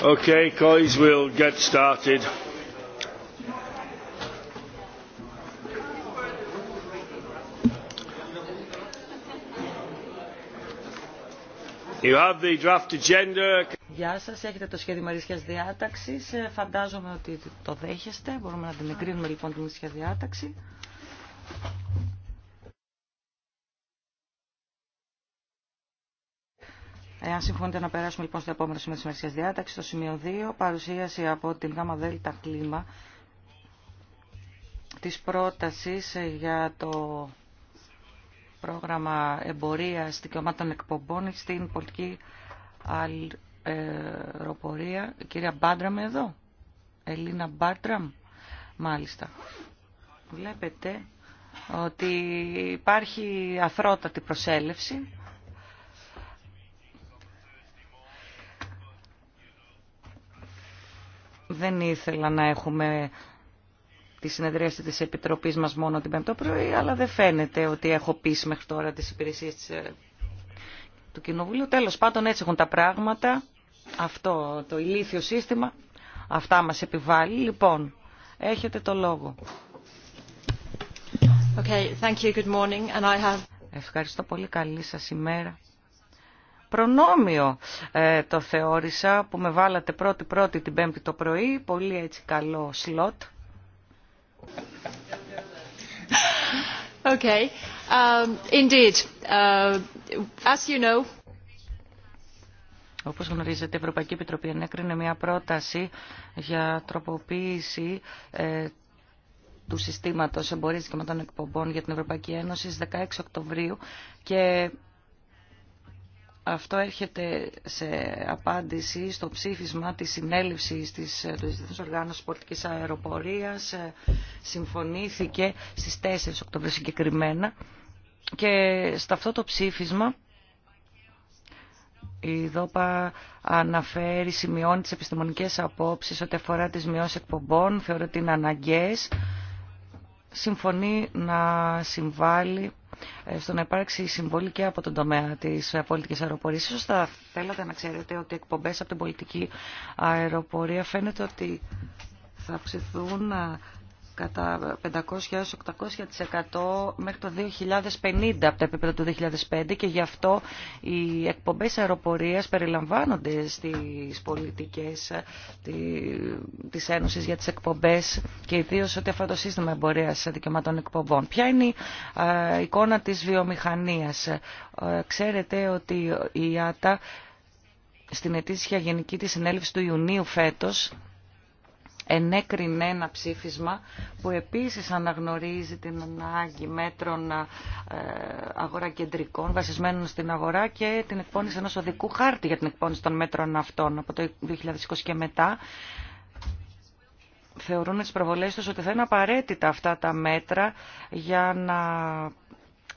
Okay, we'll get started. You Γεια σας, έχετε το σχέδιο ρίσκιας διάταξης. Ε, φαντάζομαι ότι το δέχεστε. Μπορούμε να την εγκρίνουμε λοιπόν την μερίσια διάταξη. Εάν συμφωνείτε να περάσουμε λοιπόν στο επόμενο σημείο τη διάταξη, το σημείο 2, παρουσίαση από την ΓΔ Κλίμα της πρότασης για το πρόγραμμα εμπορίας δικαιωμάτων εκπομπών στην πολιτική αεροπορία. Κυρία Μπάντραμ εδώ. Ελίνα Μπάντραμ. Μάλιστα. Βλέπετε ότι υπάρχει αθρότατη προσέλευση δεν ήθελα να έχουμε τη συνεδρίαση της Επιτροπής μας μόνο την Πέμπτο πρωί, αλλά δεν φαίνεται ότι έχω πείσει μέχρι τώρα τις υπηρεσίες της, ε, του Κοινοβουλίου. Τέλος πάντων έτσι έχουν τα πράγματα, αυτό το ηλίθιο σύστημα, αυτά μας επιβάλλει. Λοιπόν, έχετε το λόγο. Okay, thank you. Good morning. And I have... Ευχαριστώ πολύ. Καλή σας ημέρα προνόμιο ε, το θεώρησα που με βάλατε πρώτη-πρώτη την πέμπτη το πρωί. Πολύ έτσι καλό σλότ. Okay. Um, indeed. Uh, as you know... Όπως γνωρίζετε, η Ευρωπαϊκή Επιτροπή ενέκρινε μια πρόταση για τροποποίηση ε, του συστήματος εμπορίας και μετών εκπομπών για την Ευρωπαϊκή Ένωση στις 16 Οκτωβρίου και αυτό έρχεται σε απάντηση στο ψήφισμα της συνέλευσης της Διεθνούς Οργάνωσης Πολιτικής Αεροπορίας. Ε, συμφωνήθηκε στις 4 Οκτωβρίου συγκεκριμένα. Και σε αυτό το ψήφισμα η ΔΟΠΑ αναφέρει, σημειώνει τις επιστημονικές απόψεις ότι αφορά τις μειώσει εκπομπών, θεωρεί ότι είναι αναγκαίες. Συμφωνεί να συμβάλλει ε, στο να υπάρξει συμβολή και από τον τομέα της ε, πολιτικής αεροπορίας. Ίσως θα θέλατε να ξέρετε ότι εκπομπές από την πολιτική αεροπορία φαίνεται ότι θα αυξηθούν ε, κατά 500-800% μέχρι το 2050 από τα επίπεδα του 2005 και γι' αυτό οι εκπομπές αεροπορίας περιλαμβάνονται στις πολιτικές ε, της Ένωσης για τις εκπομπές και ιδίως ό,τι αυτό το σύστημα εμπορίας δικαιωμάτων εκπομπών. Ποια είναι η ε, εικόνα της βιομηχανίας. Ε, ξέρετε ότι η ΙΑΤΑ στην ετήσια γενική της συνέλευση του Ιουνίου φέτος ενέκρινε ένα ψήφισμα που επίσης αναγνωρίζει την ανάγκη μέτρων ε, αγορακεντρικών βασισμένων στην αγορά και την εκπόνηση ενός οδικού χάρτη για την εκπόνηση των μέτρων αυτών από το 2020 και μετά θεωρούν τις προβολές τους ότι θα είναι απαραίτητα αυτά τα μέτρα για να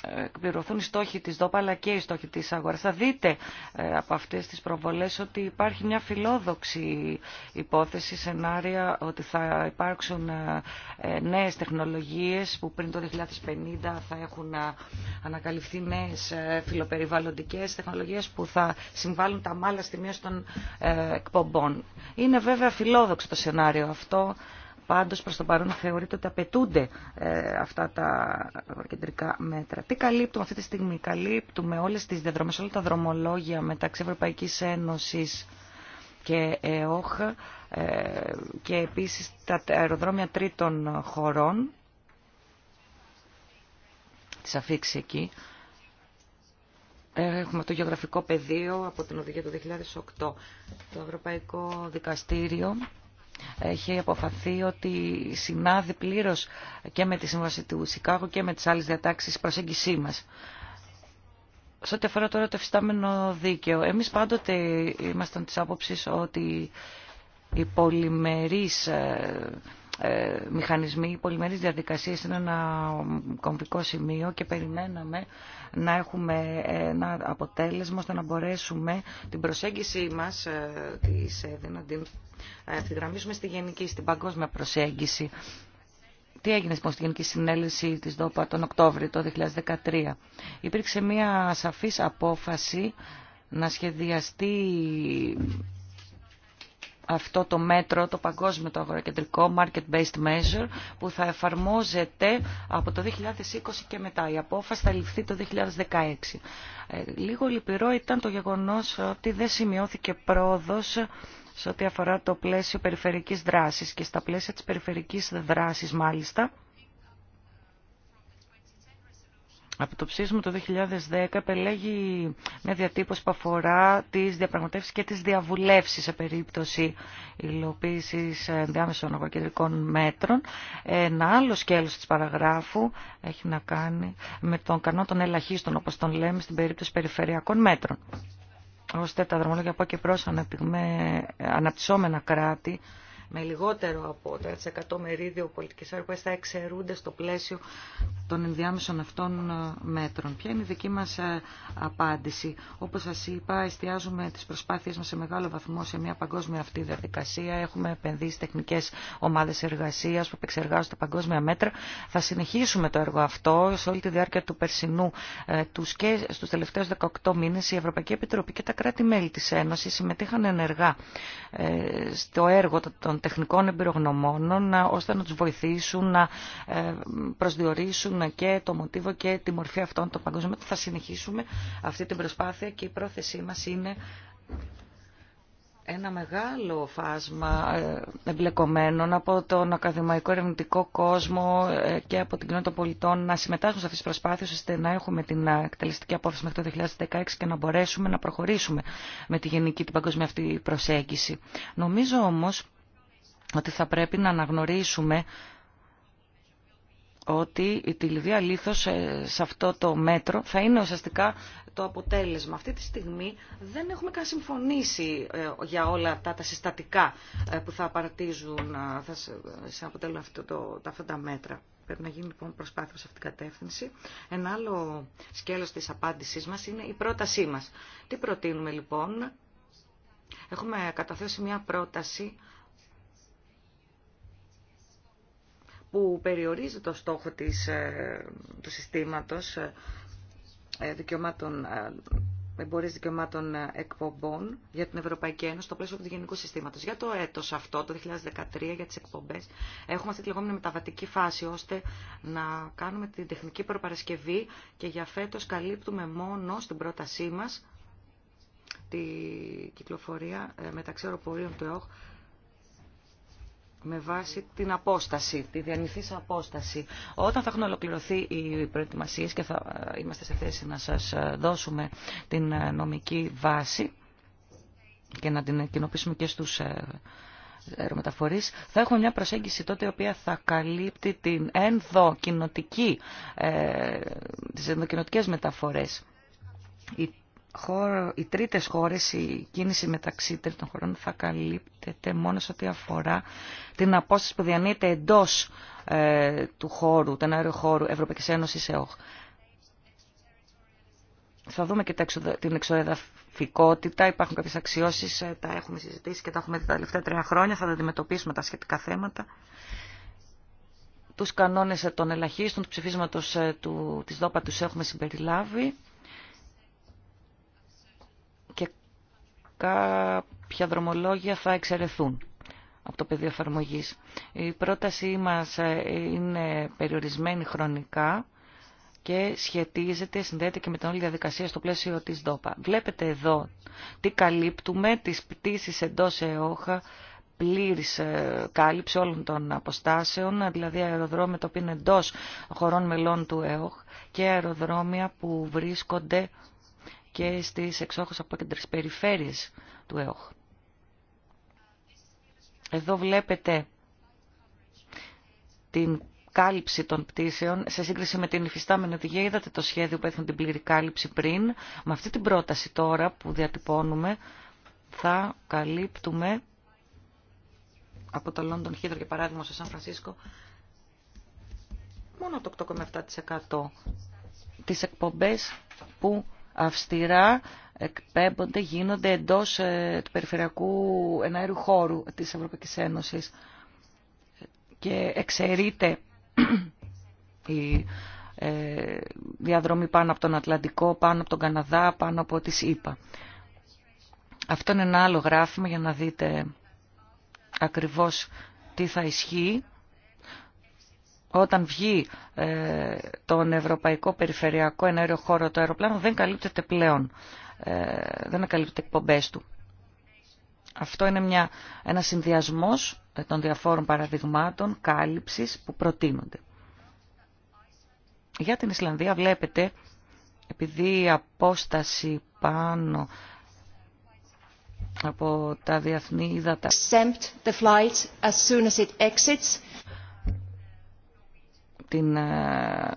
εκπληρωθούν οι στόχοι της ΔΟΠΑ αλλά και οι στόχοι της αγοράς. Θα δείτε ε, από αυτές τις προβολές ότι υπάρχει μια φιλόδοξη υπόθεση, σενάρια ότι θα υπάρξουν ε, ε, νέες τεχνολογίες που πριν το 2050 θα έχουν ανακαλυφθεί νέες φιλοπεριβαλλοντικές τεχνολογίες που θα συμβάλλουν τα μάλλα στη μείωση των εκπομπών. Είναι βέβαια φιλόδοξο το σενάριο αυτό. Πάντως προς το παρόν θεωρείται ότι απαιτούνται ε, αυτά τα κεντρικά μέτρα. Τι καλύπτουμε αυτή τη στιγμή. Καλύπτουμε όλες τις διαδρομές, όλα τα δρομολόγια μεταξύ Ευρωπαϊκής Ένωσης και ΕΟΧ ε, και επίσης τα αεροδρόμια τρίτων χωρών. Τις αφήξει εκεί. Έχουμε το γεωγραφικό πεδίο από την οδηγία του 2008. Το Ευρωπαϊκό Δικαστήριο έχει αποφαθεί ότι συνάδει πλήρως και με τη Σύμβαση του Σικάγου και με τις άλλες διατάξεις προσέγγισή μας. Σε ό,τι αφορά τώρα το εφιστάμενο δίκαιο, εμείς πάντοτε ήμασταν της άποψης ότι οι πολυμερείς ε, ε, μηχανισμοί, οι πολυμερείς διαδικασίες είναι ένα κομβικό σημείο και περιμέναμε να έχουμε ένα αποτέλεσμα ώστε να μπορέσουμε την προσέγγιση μας ε, της ΕΔΕ να την ε, ευθυγραμμίσουμε στη γενική, στην παγκόσμια προσέγγιση. Τι έγινε λοιπόν, στην Γενική Συνέλευση της ΔΟΠΑ τον Οκτώβριο το 2013. Υπήρξε μια σαφής απόφαση να σχεδιαστεί αυτό το μέτρο, το παγκόσμιο το αγορακεντρικό market-based measure που θα εφαρμόζεται από το 2020 και μετά. Η απόφαση θα ληφθεί το 2016. Ε, λίγο λυπηρό ήταν το γεγονός ότι δεν σημειώθηκε πρόοδος σε ό,τι αφορά το πλαίσιο περιφερικής δράσης και στα πλαίσια της περιφερικής δράσης μάλιστα Από το ψήσιμο το 2010 επελέγει μια διατύπωση που αφορά τις διαπραγματεύσεις και τις διαβουλεύσεις σε περίπτωση υλοποίησης διάμεσων αγροκεντρικών μέτρων. Ένα άλλο σκέλος της παραγράφου έχει να κάνει με τον κανόνα των ελαχίστων, όπως τον λέμε, στην περίπτωση περιφερειακών μέτρων ώστε τα δρομολόγια από και προς αναπτυσσόμενα κράτη με λιγότερο από το 100% μερίδιο πολιτικής έργου, θα εξαιρούνται στο πλαίσιο των ενδιάμεσων αυτών ε, μέτρων. Ποια είναι η δική μας ε, απάντηση. Όπως σας είπα, εστιάζουμε τις προσπάθειες μας σε μεγάλο βαθμό σε μια παγκόσμια αυτή διαδικασία. Έχουμε επενδύσει τεχνικές ομάδες εργασίας που επεξεργάζονται παγκόσμια μέτρα. Θα συνεχίσουμε το έργο αυτό σε όλη τη διάρκεια του περσινού ε, τους και στους τελευταίους 18 μήνες η Ευρωπαϊκή Επιτροπή και τα κράτη-μέλη της Ένωσης συμμετείχαν ενεργά στο έργο των τεχνικών εμπειρογνωμόνων ε, ώστε να τους βοηθήσουν να ε, προσδιορίσουν και το μοτίβο και τη μορφή αυτών των παγκοσμίων. Θα συνεχίσουμε αυτή την προσπάθεια και η πρόθεσή μας είναι ένα μεγάλο φάσμα ε, εμπλεκομένων από τον ακαδημαϊκό ερευνητικό κόσμο και από την κοινότητα πολιτών να συμμετάσχουν σε αυτές τις προσπάθειες ώστε να έχουμε την εκτελεστική απόφαση μέχρι το 2016 και να μπορέσουμε να προχωρήσουμε με τη γενική την παγκόσμια αυτή προσέγγιση. Νομίζω όμως ότι θα πρέπει να αναγνωρίσουμε ότι η Τυλιβία λήθος ε, σε αυτό το μέτρο θα είναι ουσιαστικά το αποτέλεσμα. Αυτή τη στιγμή δεν έχουμε καν συμφωνήσει ε, για όλα τα συστατικά ε, που θα απαρτίζουν, θα σε αποτελούν αυτό το, αυτά τα μέτρα. Πρέπει να γίνει λοιπόν προσπάθεια σε αυτήν την κατεύθυνση. Ένα άλλο σκέλος της απάντησής μας είναι η πρότασή μας. Τι προτείνουμε λοιπόν. Έχουμε καταθέσει μια πρόταση που περιορίζει το στόχο της, ε, του συστήματος ε, δικαιωμάτων ε, εμπορίε δικαιωμάτων εκπομπών για την Ευρωπαϊκή Ένωση στο πλαίσιο του Γενικού Συστήματος. Για το έτος αυτό, το 2013, για τις εκπομπές, έχουμε αυτή τη λεγόμενη μεταβατική φάση, ώστε να κάνουμε την τεχνική προπαρασκευή και για φέτος καλύπτουμε μόνο στην πρότασή μα τη κυκλοφορία μεταξύ αεροπορίων του ΕΟΧ με βάση την απόσταση, τη διανηθής απόσταση. Όταν θα έχουν ολοκληρωθεί οι προετοιμασίε και θα ε, είμαστε σε θέση να σας ε, δώσουμε την ε, νομική βάση και να την κοινοποιήσουμε και στους αερομεταφορείς, θα έχουμε μια προσέγγιση τότε η οποία θα καλύπτει την ενδοκοινοτική, ε, τις μεταφορές οι τρίτες χώρες, η κίνηση μεταξύ τρίτων χωρών θα καλύπτεται μόνο σε ό,τι αφορά την απόσταση που διανύεται εντός ε, του χώρου, του χώρου Ευρωπαϊκής Ένωσης ΕΟΧ. Θα δούμε και την εξοεδαφικότητα. Υπάρχουν κάποιες αξιώσεις, ε, τα έχουμε συζητήσει και τα έχουμε δει τα τελευταία τρία χρόνια. Θα τα αντιμετωπίσουμε τα σχετικά θέματα. Τους κανόνες των ελαχίστων του ψηφίσματος ε, του, της ΔΟΠΑ του έχουμε συμπεριλάβει. ποια δρομολόγια θα εξαιρεθούν από το πεδίο εφαρμογή. Η πρότασή μας ε, είναι περιορισμένη χρονικά και σχετίζεται, συνδέεται και με την όλη διαδικασία στο πλαίσιο της ΔΟΠΑ. Βλέπετε εδώ τι καλύπτουμε, τις πτήσεις εντός ΕΟΧΑ, πλήρης ε, κάλυψη όλων των αποστάσεων, δηλαδή αεροδρόμια τα οποία είναι εντός χωρών μελών του ΕΟΧ και αεροδρόμια που βρίσκονται και στις από απόκεντρες περιφέρειες του ΕΟΧ. Εδώ βλέπετε την κάλυψη των πτήσεων σε σύγκριση με την υφιστάμενη οδηγία. Είδατε το σχέδιο που έχουν την πλήρη κάλυψη πριν. Με αυτή την πρόταση τώρα που διατυπώνουμε θα καλύπτουμε από το London Heathrow για παράδειγμα στο Σαν Φρανσίσκο μόνο το 8,7% τις εκπομπές που αυστηρά εκπέμπονται, γίνονται εντός ε, του περιφερειακού εναέρου χώρου της Ευρωπαϊκής Ένωσης και εξαιρείται η ε, διαδρομή πάνω από τον Ατλαντικό, πάνω από τον Καναδά, πάνω από τις ΗΠΑ. Αυτό είναι ένα άλλο γράφημα για να δείτε ακριβώς τι θα ισχύει όταν βγει ε, τον Ευρωπαϊκό Περιφερειακό Ενέριο Χώρο το αεροπλάνο δεν καλύπτεται πλέον, ε, δεν καλύπτεται εκπομπέ του. Αυτό είναι μια, ένα συνδυασμός ε, των διαφόρων παραδειγμάτων κάλυψης που προτείνονται. Για την Ισλανδία βλέπετε, επειδή η απόσταση πάνω από τα διεθνή ύδατα την ε,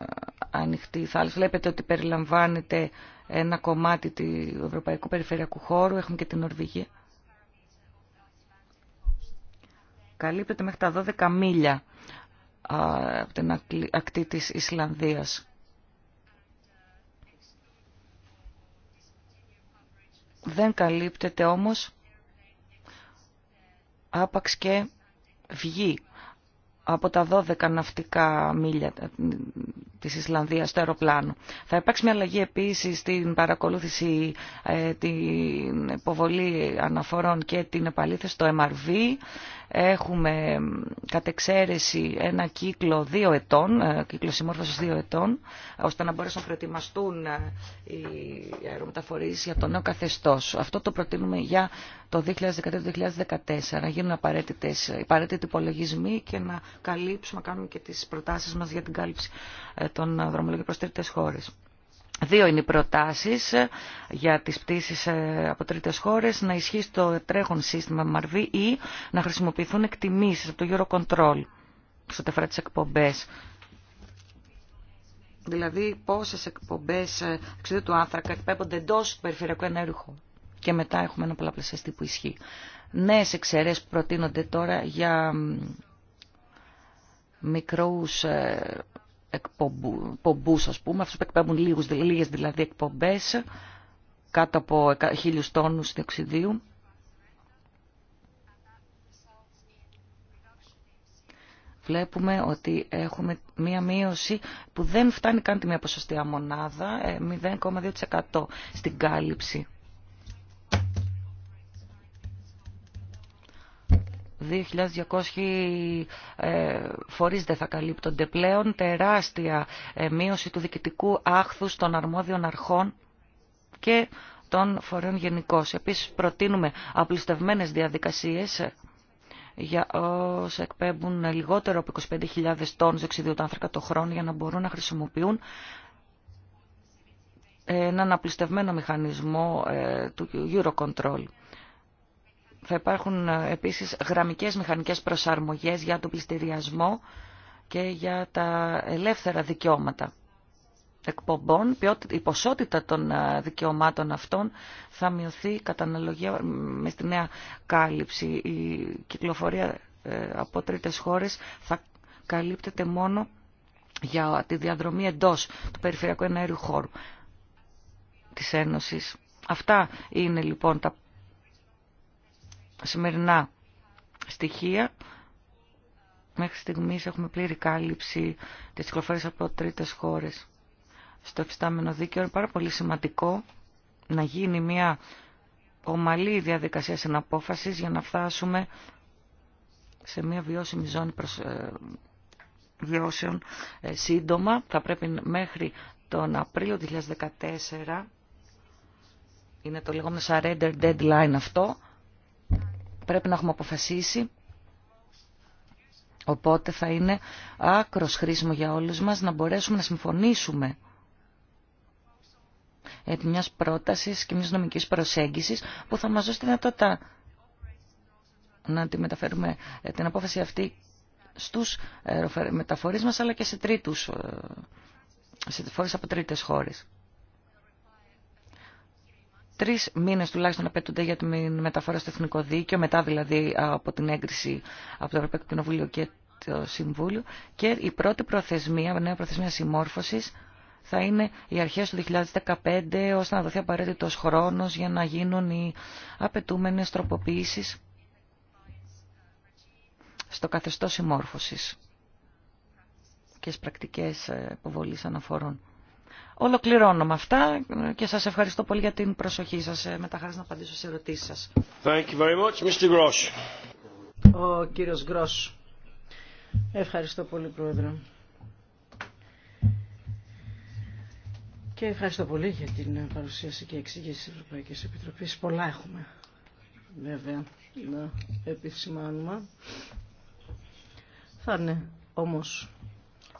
ανοιχτή θάλασσα. Βλέπετε ότι περιλαμβάνεται ένα κομμάτι του Ευρωπαϊκού Περιφερειακού Χώρου, έχουμε και την Νορβηγία. Καλύπτεται μέχρι τα 12 μίλια από την ακτή της Ισλανδίας. Δεν καλύπτεται όμως άπαξ και βγει από τα 12 ναυτικά μίλια ε, της Ισλανδίας στο αεροπλάνο. Θα υπάρξει μια αλλαγή επίσης στην παρακολούθηση, ε, την υποβολή αναφορών και την επαλήθευση στο MRV. Έχουμε κατ' εξαίρεση ένα κύκλο δύο ετών, ε, κύκλο συμμόρφωσης δύο ετών, ώστε να μπορέσουν να προετοιμαστούν ε, οι αερομεταφορείς για το νέο καθεστώς. Αυτό το προτείνουμε για το 2013-2014, να γίνουν απαραίτητοι υπολογισμοί και να καλύψουμε, να κάνουμε και τις προτάσεις μας για την κάλυψη ε, των δρομολόγων προς τρίτες χώρες. Δύο είναι οι προτάσεις ε, για τις πτήσεις ε, από τρίτες χώρες, να ισχύσει το τρέχον σύστημα Μαρβή ή να χρησιμοποιηθούν εκτιμήσεις από το Eurocontrol στο τεφρά τις εκπομπές. Δηλαδή πόσες εκπομπές εξωτερικού του άνθρακα εκπέμπονται εντό του περιφερειακού ενέργου και μετά έχουμε ένα πολλαπλασιαστή που ισχύει. Νέες εξαιρέσεις που προτείνονται τώρα για μικρούς ε, εκπομπούς ας πούμε, αυτούς που εκπέμπουν λίγους, δηλαδή εκπομπές κάτω από χίλιους τόνους διοξιδίου. Βλέπουμε ότι έχουμε μία μείωση που δεν φτάνει καν τη μία ποσοστία μονάδα, 0,2% ε, στην κάλυψη 2.200 ε, φορείς δεν θα καλύπτονται πλέον, τεράστια ε, μείωση του διοικητικού άχθους των αρμόδιων αρχών και των φορέων γενικώ. Επίσης προτείνουμε απλουστευμένες διαδικασίες για όσοι εκπέμπουν λιγότερο από 25.000 τόνους δεξιδιού άνθρακα το χρόνο για να μπορούν να χρησιμοποιούν έναν απλουστευμένο μηχανισμό ε, του Eurocontrol. Θα υπάρχουν ε, επίσης γραμμικές μηχανικές προσαρμογές για τον πληστηριασμό και για τα ελεύθερα δικαιώματα εκπομπών. Η ποσότητα των ε, δικαιωμάτων αυτών θα μειωθεί κατά αναλογία με τη νέα κάλυψη. Η κυκλοφορία ε, από τρίτες χώρες θα καλύπτεται μόνο για τη διαδρομή εντός του περιφερειακού εναέριου χώρου της Ένωσης. Αυτά είναι λοιπόν τα σημερινά στοιχεία. Μέχρι στιγμή έχουμε πλήρη κάλυψη της κυκλοφορίας από τρίτε χώρες. Στο εφιστάμενο δίκαιο είναι πάρα πολύ σημαντικό να γίνει μια ομαλή διαδικασία συναπόφασης για να φτάσουμε σε μια βιώσιμη ζώνη προς, ε, βιώσεων ε, σύντομα. Θα πρέπει μέχρι τον Απρίλιο 2014, είναι το λεγόμενο surrender deadline αυτό, πρέπει να έχουμε αποφασίσει. Οπότε θα είναι άκρος χρήσιμο για όλους μας να μπορέσουμε να συμφωνήσουμε επί μιας πρότασης και μιας νομικής προσέγγισης που θα μας δώσει τη δυνατότητα να τη μεταφέρουμε ε, την απόφαση αυτή στους ε, μεταφορείς μας αλλά και σε τρίτους, ε, σε φορές από τρίτες χώρες. Τρει μήνε τουλάχιστον απαιτούνται για τη μεταφορά στο Εθνικό Δίκαιο, μετά δηλαδή από την έγκριση από το Ευρωπαϊκό Κοινοβούλιο και το Συμβούλιο. Και η πρώτη προθεσμία, η νέα προθεσμία συμμόρφωση, θα είναι οι αρχέ του 2015, ώστε να δοθεί απαραίτητο χρόνο για να γίνουν οι απαιτούμενε τροποποιήσει στο καθεστώ συμμόρφωση και στι πρακτικέ ε, υποβολή αναφορών. Ολοκληρώνω με αυτά και σας ευχαριστώ πολύ για την προσοχή σας. Ε, με τα χαράς να απαντήσω σε ερωτήσεις σας. Thank you very much, Mr. Gross. Ο κύριος Γκρός. Ευχαριστώ πολύ, Πρόεδρε. Και ευχαριστώ πολύ για την παρουσίαση και εξήγηση της Ευρωπαϊκής Επιτροπής. Πολλά έχουμε, βέβαια, να επισημάνουμε. Θα είναι όμως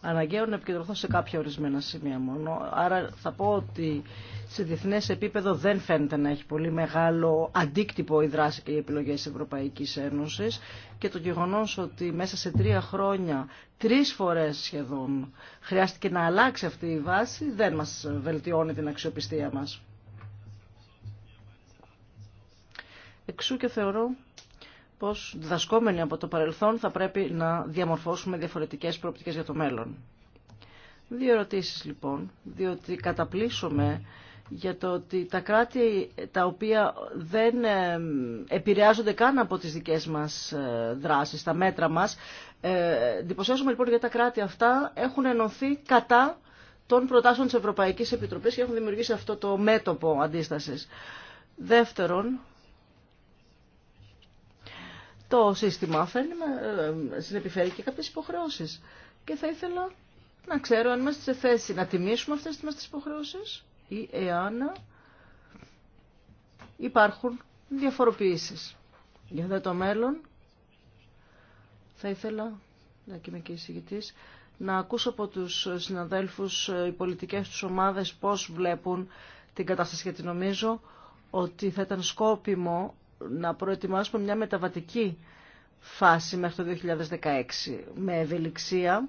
αναγκαίο να επικεντρωθώ σε κάποια ορισμένα σημεία μόνο. Άρα θα πω ότι σε διεθνέ επίπεδο δεν φαίνεται να έχει πολύ μεγάλο αντίκτυπο η δράση και οι επιλογέ τη Ευρωπαϊκή Ένωση και το γεγονό ότι μέσα σε τρία χρόνια, τρει φορέ σχεδόν, χρειάστηκε να αλλάξει αυτή η βάση, δεν μα βελτιώνει την αξιοπιστία μα. Εξού και θεωρώ πως διδασκόμενοι από το παρελθόν θα πρέπει να διαμορφώσουμε διαφορετικές προοπτικές για το μέλλον. Δύο ερωτήσεις λοιπόν, διότι καταπλήσουμε για το ότι τα κράτη τα οποία δεν ε, επηρεάζονται καν από τις δικές μας ε, δράσεις, τα μέτρα μας, ε, εντυπωσιάζουμε λοιπόν για τα κράτη αυτά έχουν ενωθεί κατά των προτάσεων της Ευρωπαϊκής Επιτροπής και έχουν δημιουργήσει αυτό το μέτωπο αντίστασης. Δεύτερον, το σύστημα φέρνει, ε, συνεπιφέρει και κάποιες υποχρεώσεις. Και θα ήθελα να ξέρω αν είμαστε σε θέση να τιμήσουμε αυτές τις υποχρεώσεις ή εάν υπάρχουν διαφοροποιήσεις. Για το μέλλον θα ήθελα, να είμαι να ακούσω από τους συναδέλφους ε, οι πολιτικές τους ομάδες πώς βλέπουν την κατάσταση γιατί νομίζω ότι θα ήταν σκόπιμο να προετοιμάσουμε μια μεταβατική φάση μέχρι το 2016 με ευελιξία.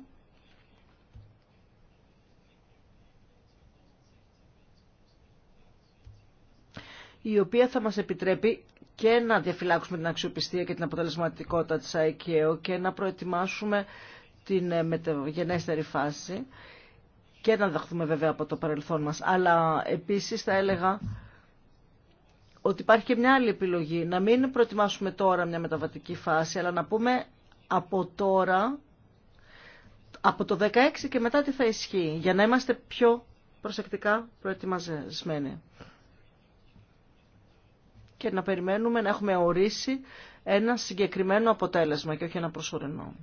η οποία θα μας επιτρέπει και να διαφυλάξουμε την αξιοπιστία και την αποτελεσματικότητα της ΑΕΚΕΟ και να προετοιμάσουμε την ε, μεταγενέστερη φάση και να δεχθούμε βέβαια από το παρελθόν μας. Αλλά επίσης θα έλεγα ότι υπάρχει και μια άλλη επιλογή. Να μην προετοιμάσουμε τώρα μια μεταβατική φάση, αλλά να πούμε από τώρα, από το 16 και μετά τι θα ισχύει, για να είμαστε πιο προσεκτικά προετοιμασμένοι. Και να περιμένουμε να έχουμε ορίσει ένα συγκεκριμένο αποτέλεσμα και όχι ένα προσωρινό.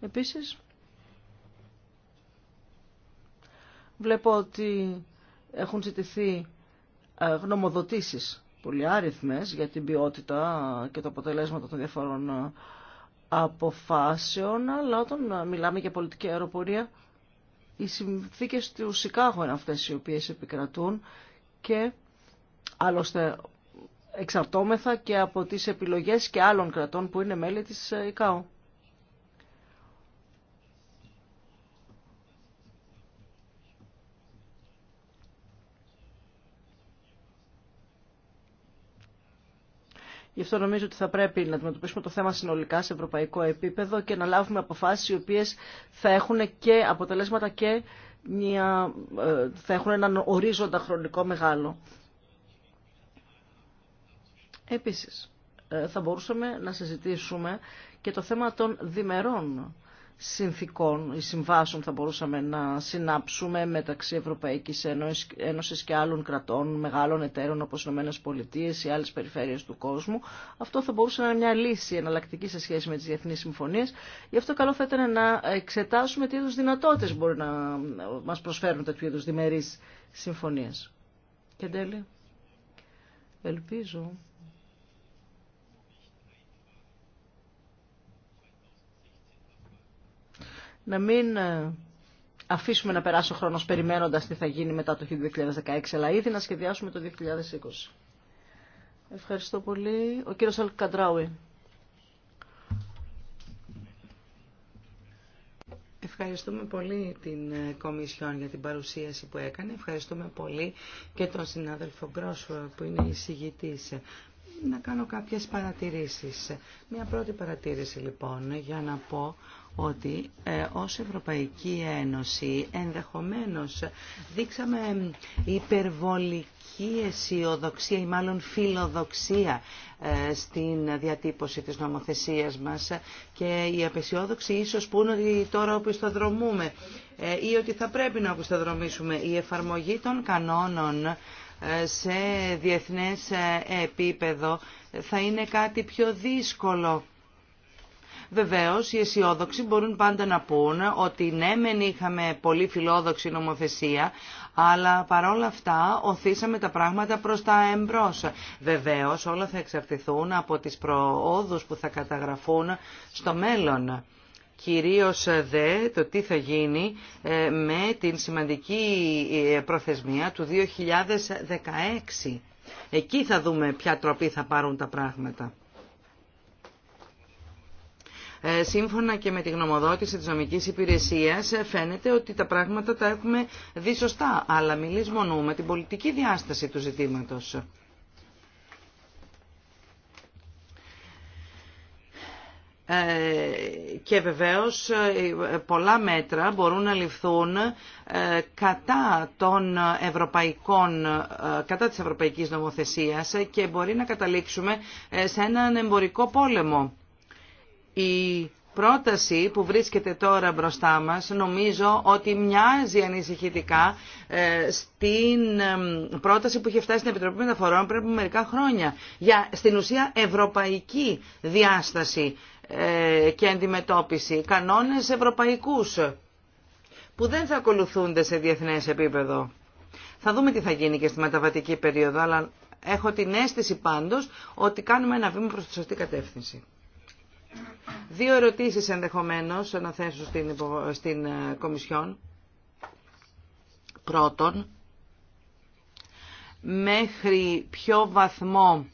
Επίσης, βλέπω ότι έχουν ζητηθεί ε, γνωμοδοτήσεις πολύ άριθμες για την ποιότητα και το αποτελέσματα των διαφορών ε, αποφάσεων, αλλά όταν ε, μιλάμε για πολιτική αεροπορία, οι συνθήκες του Σικάγου είναι αυτές οι οποίες επικρατούν και άλλωστε εξαρτώμεθα και από τις επιλογές και άλλων κρατών που είναι μέλη της ΕΚΑΟ. Γι' αυτό νομίζω ότι θα πρέπει να αντιμετωπίσουμε το θέμα συνολικά σε ευρωπαϊκό επίπεδο και να λάβουμε αποφάσεις οι οποίες θα έχουν και αποτελέσματα και μια, ε, θα έχουν έναν ορίζοντα χρονικό μεγάλο. Επίσης, ε, θα μπορούσαμε να συζητήσουμε και το θέμα των διμερών συνθήκων ή συμβάσεων θα μπορούσαμε να συνάψουμε μεταξύ Ευρωπαϊκής Ένωσης και άλλων κρατών, μεγάλων εταίρων όπως οι ΗΠΑ ή άλλες περιφέρειες του κόσμου. Αυτό θα μπορούσε να είναι μια λύση εναλλακτική σε σχέση με τις διεθνείς συμφωνίες. Γι' αυτό καλό θα ήταν να εξετάσουμε τι είδους δυνατότητες μπορεί να μας προσφέρουν τέτοιου είδους διμερείς συμφωνίες. Και τέλει, ελπίζω να μην ε, αφήσουμε να περάσει ο χρόνος περιμένοντας τι θα γίνει μετά το 2016, αλλά ήδη να σχεδιάσουμε το 2020. Ευχαριστώ πολύ. Ο κύριος Αλκαντράουι. Ευχαριστούμε πολύ την ε, Κομισιόν για την παρουσίαση που έκανε. Ευχαριστούμε πολύ και τον συνάδελφο Γκρόσου ε, που είναι εισηγητής. Να κάνω κάποιες παρατηρήσεις. Μια πρώτη παρατήρηση λοιπόν για να πω ότι ε, ως Ευρωπαϊκή Ένωση ενδεχομένως δείξαμε υπερβολική αισιοδοξία ή μάλλον φιλοδοξία ε, στην διατύπωση της νομοθεσίας μας και η απεσιόδοξη πούν ότι τώρα οπισθοδρομούμε ε, ή ότι θα πρέπει να οπισθοδρομήσουμε η εφαρμογή των κανόνων σε διεθνές επίπεδο θα είναι κάτι πιο δύσκολο Βεβαίως, οι αισιόδοξοι μπορούν πάντα να πούν ότι ναι, μεν είχαμε πολύ φιλόδοξη νομοθεσία, αλλά παρόλα αυτά οθήσαμε τα πράγματα προς τα εμπρός. Βεβαίως, όλα θα εξαρτηθούν από τις προόδους που θα καταγραφούν στο μέλλον κυρίως δε το τι θα γίνει ε, με την σημαντική ε, προθεσμία του 2016. Εκεί θα δούμε ποια τροπή θα πάρουν τα πράγματα. Ε, σύμφωνα και με τη γνωμοδότηση της νομικής υπηρεσίας ε, φαίνεται ότι τα πράγματα τα έχουμε δει σωστά, αλλά μονούμε την πολιτική διάσταση του ζητήματος. Ε, και βεβαίως πολλά μέτρα μπορούν να ληφθούν κατά, των ευρωπαϊκών, κατά της ευρωπαϊκής νομοθεσίας και μπορεί να καταλήξουμε σε έναν εμπορικό πόλεμο. Η πρόταση που βρίσκεται τώρα μπροστά μας νομίζω ότι μοιάζει ανησυχητικά ε, στην πρόταση που είχε φτάσει στην Επιτροπή Μεταφορών πριν από μερικά χρόνια για στην ουσία ευρωπαϊκή διάσταση ε, και αντιμετώπιση, κανόνες ευρωπαϊκούς που δεν θα ακολουθούνται σε διεθνές επίπεδο. Θα δούμε τι θα γίνει και στη μεταβατική περίοδο, αλλά έχω την αίσθηση πάντως ότι κάνουμε ένα βήμα προς τη σωστή κατεύθυνση. Δύο ερωτήσεις ενδεχομένως να θέσω στην, στην ε, Κομισιόν. Πρώτον, μέχρι ποιο βαθμό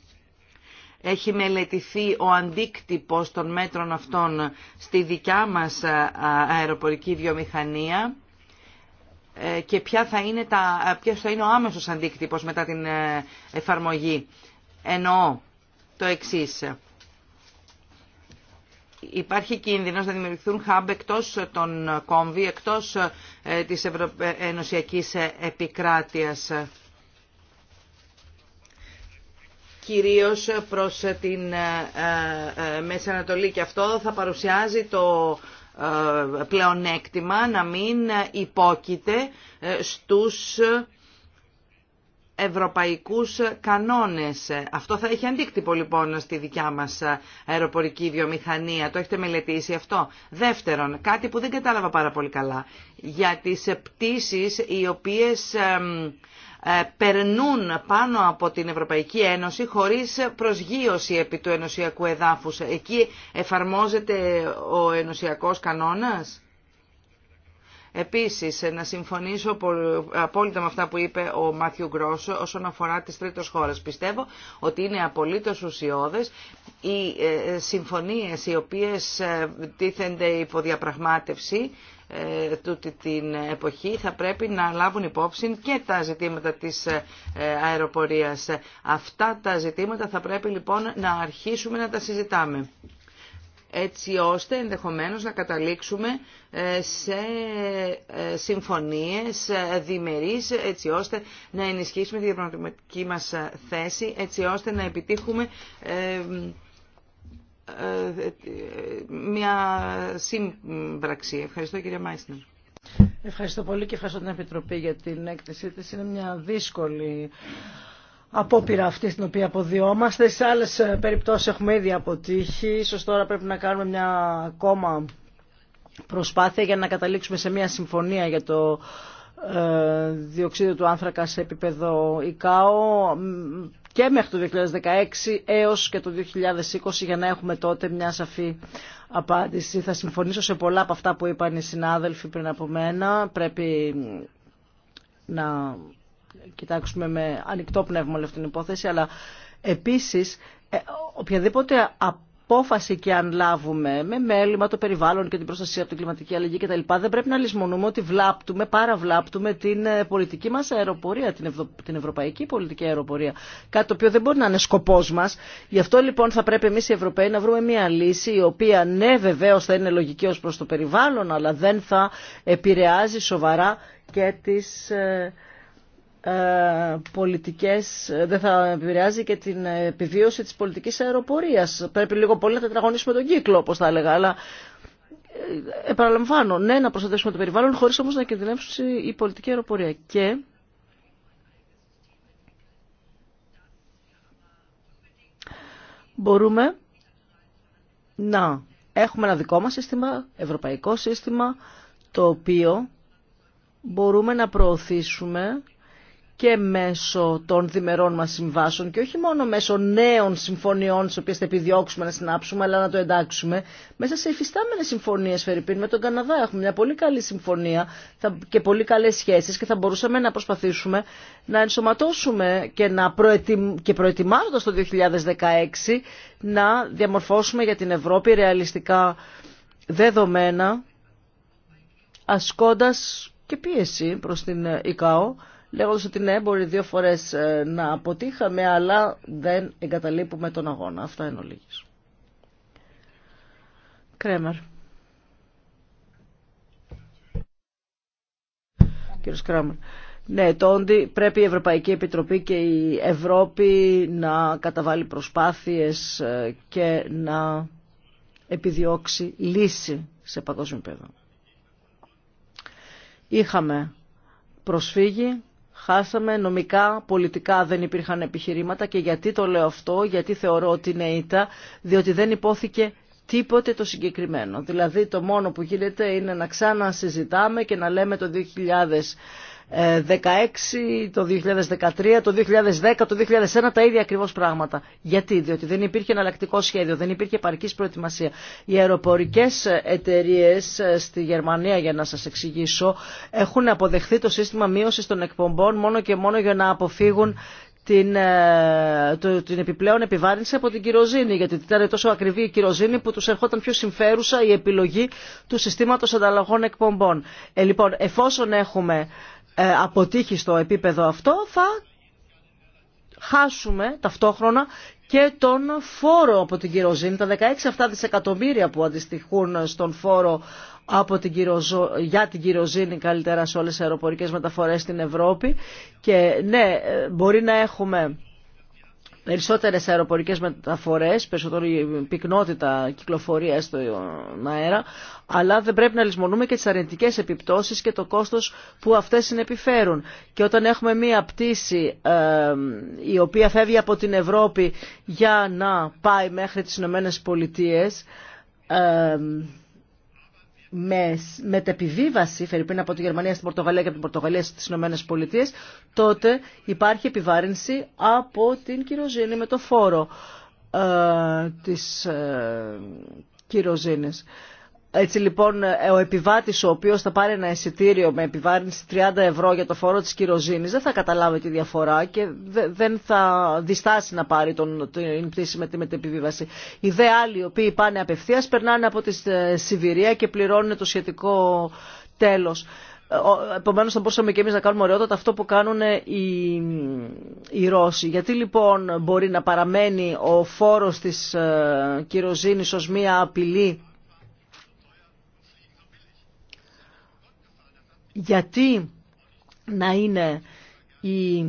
έχει μελετηθεί ο αντίκτυπος των μέτρων αυτών στη δικιά μας ε, αεροπορική βιομηχανία ε, και ποια θα είναι τα, ποιος θα είναι ο άμεσος αντίκτυπος μετά την εφαρμογή. Εννοώ το εξής υπάρχει κίνδυνος να δημιουργηθούν hub εκτός των κόμβι, εκτός ε, της ε, ενωσιακής ε, επικράτειας. Κυρίως προς τη Μέση Ανατολή και αυτό θα παρουσιάζει το πλεονέκτημα να μην υπόκειται στους ευρωπαϊκούς κανόνες. Αυτό θα έχει αντίκτυπο λοιπόν στη δικιά μας αεροπορική βιομηχανία. Το έχετε μελετήσει αυτό. Δεύτερον, κάτι που δεν κατάλαβα πάρα πολύ καλά. Για τις πτήσεις οι οποίες ε, περνούν πάνω από την Ευρωπαϊκή Ένωση χωρίς προσγείωση επί του ενωσιακού εδάφους. Εκεί εφαρμόζεται ο ενωσιακός κανόνας. Επίσης, να συμφωνήσω απόλυτα με αυτά που είπε ο Μάθιου Γκρόσο όσον αφορά τις τρίτες χώρες. Πιστεύω ότι είναι απολύτως ουσιώδες οι ε, συμφωνίες οι οποίες ε, τίθενται υπό διαπραγμάτευση ε, τούτη την εποχή θα πρέπει να λάβουν υπόψη και τα ζητήματα της αεροπορίας. Αυτά τα ζητήματα θα πρέπει λοιπόν να αρχίσουμε να τα συζητάμε έτσι ώστε ενδεχομένως να καταλήξουμε ε, σε ε, συμφωνίες ε, διμερείς, έτσι ώστε να ενισχύσουμε τη διαπραγματική μας θέση, έτσι ώστε να επιτύχουμε μια σύμπραξη. Ευχαριστώ κύριε Μάιστερ. Ευχαριστώ πολύ και ευχαριστώ την Επιτροπή για την έκθεσή της. Είναι μια δύσκολη απόπειρα αυτή στην οποία αποδιόμαστε. Σε άλλε ε, περιπτώσεις έχουμε ήδη αποτύχει. Ίσως τώρα πρέπει να κάνουμε μια ακόμα προσπάθεια για να καταλήξουμε σε μια συμφωνία για το ε, διοξείδιο του άνθρακα σε επίπεδο ΙΚΑΟ και μέχρι το 2016 έως και το 2020 για να έχουμε τότε μια σαφή απάντηση. Θα συμφωνήσω σε πολλά από αυτά που είπαν οι συνάδελφοι πριν από μένα. Πρέπει να κοιτάξουμε με ανοιχτό πνεύμα όλη αυτή την υπόθεση, αλλά επίσης ε, οποιαδήποτε απόφαση και αν λάβουμε με μέλημα το περιβάλλον και την προστασία από την κλιματική αλλαγή κτλ. δεν πρέπει να λησμονούμε ότι βλάπτουμε, παραβλάπτουμε την ε, πολιτική μας αεροπορία, την, την ευρωπαϊκή πολιτική αεροπορία. Κάτι το οποίο δεν μπορεί να είναι σκοπός μας. Γι' αυτό λοιπόν θα πρέπει εμείς οι Ευρωπαίοι να βρούμε μια λύση η οποία ναι βεβαίω θα είναι λογική ω προς το περιβάλλον αλλά δεν θα επηρεάζει σοβαρά και τις ε, ε, πολιτικές, ε, δεν θα επηρεάζει και την επιβίωση της πολιτικής αεροπορίας. Πρέπει λίγο πολύ να τετραγωνίσουμε τον κύκλο, όπως θα έλεγα, αλλά ε, επαναλαμβάνω, ναι, να προστατεύσουμε το περιβάλλον, χωρίς όμως να κινδυνεύσει η πολιτική αεροπορία. Και μπορούμε να έχουμε ένα δικό μας σύστημα, ευρωπαϊκό σύστημα, το οποίο μπορούμε να προωθήσουμε και μέσω των διμερών μας συμβάσεων και όχι μόνο μέσω νέων συμφωνιών στις οποίες θα επιδιώξουμε να συνάψουμε αλλά να το εντάξουμε μέσα σε υφιστάμενες συμφωνίες Φερρυπίν με τον Καναδά έχουμε μια πολύ καλή συμφωνία και πολύ καλές σχέσεις και θα μπορούσαμε να προσπαθήσουμε να ενσωματώσουμε και, να προετοι... και προετοιμάζοντας το 2016 να διαμορφώσουμε για την Ευρώπη ρεαλιστικά δεδομένα ασκώντας και πίεση προς την ε, ΙΚΑΟ λέγοντας ότι ναι, μπορεί δύο φορές ε, να αποτύχαμε, αλλά δεν εγκαταλείπουμε τον αγώνα. Αυτά είναι ολίγης. Κρέμερ. Κύριος Κρέμερ. Ναι, τόντι πρέπει η Ευρωπαϊκή Επιτροπή και η Ευρώπη να καταβάλει προσπάθειες ε, και να επιδιώξει λύση σε παγκόσμιο επίπεδο. Είχαμε προσφύγει Χάσαμε νομικά, πολιτικά δεν υπήρχαν επιχειρήματα και γιατί το λέω αυτό, γιατί θεωρώ ότι είναι ήττα, διότι δεν υπόθηκε τίποτε το συγκεκριμένο. Δηλαδή το μόνο που γίνεται είναι να ξανασυζητάμε και να λέμε το 2000 16, το 2013, το 2010, το 2001 τα ίδια ακριβώς πράγματα. Γιατί, διότι δεν υπήρχε εναλλακτικό σχέδιο, δεν υπήρχε επαρκή προετοιμασία. Οι αεροπορικές εταιρείες ε, στη Γερμανία, για να σας εξηγήσω, έχουν αποδεχθεί το σύστημα μείωσης των εκπομπών μόνο και μόνο για να αποφύγουν την, ε, το, την επιπλέον επιβάρυνση από την κυροζήνη, γιατί ήταν τόσο ακριβή η κυροζήνη που τους ερχόταν πιο συμφέρουσα η επιλογή του συστήματος ανταλλαγών εκπομπών. Ε, λοιπόν, εφόσον έχουμε ε, αποτύχει στο επίπεδο αυτό θα χάσουμε ταυτόχρονα και τον φόρο από την κυροζήνη, τα 16 αυτά δισεκατομμύρια που αντιστοιχούν στον φόρο από την για την κυροζήνη καλύτερα σε όλες τις αεροπορικές μεταφορές στην Ευρώπη. Και ναι, ε, μπορεί να έχουμε περισσότερε αεροπορικές μεταφορές, περισσότερη πυκνότητα κυκλοφορίας στον αέρα, αλλά δεν πρέπει να λησμονούμε και τις αρνητικές επιπτώσεις και το κόστος που αυτές συνεπιφέρουν. Και όταν έχουμε μία πτήση η οποία φεύγει από την Ευρώπη για να πάει μέχρι τις Ηνωμένε Πολιτείες, με μετεπιβίβαση, πριν από τη Γερμανία στην Πορτογαλία και από την Πορτογαλία στις Ηνωμένε Πολιτείε, τότε υπάρχει επιβάρυνση από την κυροζήνη με το φόρο ε, της ε, έτσι λοιπόν ε, ο επιβάτης ο οποίος θα πάρει ένα εισιτήριο με επιβάρυνση 30 ευρώ για το φόρο της κυροζήνης δεν θα καταλάβει τη διαφορά και δεν θα διστάσει να πάρει τον, την πτήση με την επιβίβαση. Οι δε άλλοι οι οποίοι πάνε απευθείας περνάνε από τη ε, Σιβηρία και πληρώνουν το σχετικό τέλος. Ε, Επομένω, θα μπορούσαμε και εμεί να κάνουμε ωραιότατα αυτό που κάνουν οι, οι Ρώσοι. Γιατί λοιπόν μπορεί να παραμένει ο φόρο τη ε, κυροζήνη ω μία απειλή γιατί να είναι οι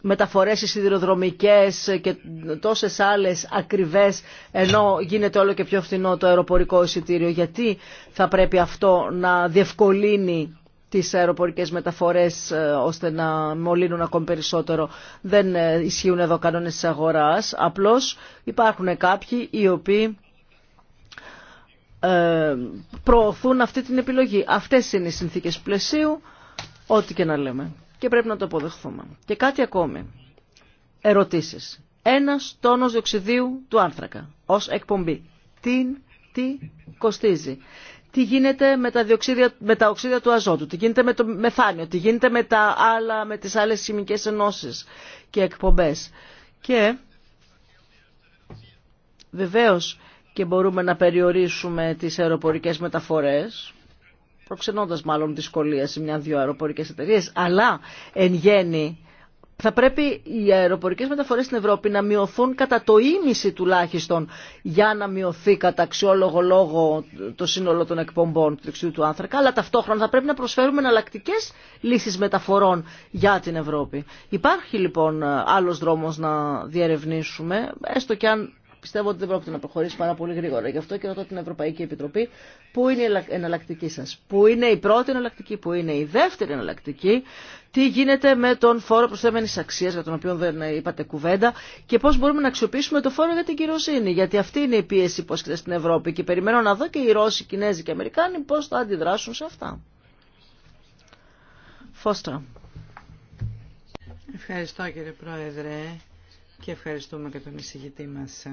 μεταφορές οι σιδηροδρομικές και τόσες άλλες ακριβές ενώ γίνεται όλο και πιο φθηνό το αεροπορικό εισιτήριο γιατί θα πρέπει αυτό να διευκολύνει τις αεροπορικές μεταφορές ε, ώστε να μολύνουν ακόμη περισσότερο. Δεν ε, ισχύουν εδώ κανόνες της αγοράς, απλώς υπάρχουν κάποιοι οι οποίοι ε, προωθούν αυτή την επιλογή. Αυτές είναι οι συνθήκες πλαισίου, ό,τι και να λέμε. Και πρέπει να το αποδεχθούμε. Και κάτι ακόμη. Ερωτήσεις. Ένας τόνος διοξιδίου του άνθρακα ως εκπομπή. Τι, τι κοστίζει. Τι γίνεται με τα, διοξίδια, με τα οξύδια του αζότου, τι γίνεται με το μεθάνιο, τι γίνεται με, τα άλλα, με τις άλλες χημικές ενώσεις και εκπομπές. Και βεβαίως και μπορούμε να περιορίσουμε τις αεροπορικές μεταφορές, προξενώντας μάλλον δυσκολία σε μια-δυο αεροπορικές εταιρείες, αλλά εν γέννη θα πρέπει οι αεροπορικές μεταφορές στην Ευρώπη να μειωθούν κατά το ίμιση τουλάχιστον για να μειωθεί κατά αξιόλογο λόγο το σύνολο των εκπομπών του δεξιού του άνθρακα, αλλά ταυτόχρονα θα πρέπει να προσφέρουμε εναλλακτικέ λύσεις μεταφορών για την Ευρώπη. Υπάρχει λοιπόν άλλος δρόμος να διερευνήσουμε, έστω και αν πιστεύω ότι δεν πρόκειται να προχωρήσει πάρα πολύ γρήγορα. Γι' αυτό και ρωτώ την Ευρωπαϊκή Επιτροπή πού είναι η εναλλακτική σα. πού είναι η πρώτη εναλλακτική, πού είναι η δεύτερη εναλλακτική, τι γίνεται με τον φόρο προσθέμενη αξία, για τον οποίο δεν είπατε κουβέντα και πώ μπορούμε να αξιοποιήσουμε το φόρο για την κυριοσύνη. Γιατί αυτή είναι η πίεση που ασκείται στην Ευρώπη και περιμένω να δω και οι Ρώσοι, Κινέζοι και Αμερικάνοι πώ θα αντιδράσουν σε αυτά. Φώστα. Ευχαριστώ κύριε Πρόεδρε και ευχαριστούμε και τον εισηγητή μας.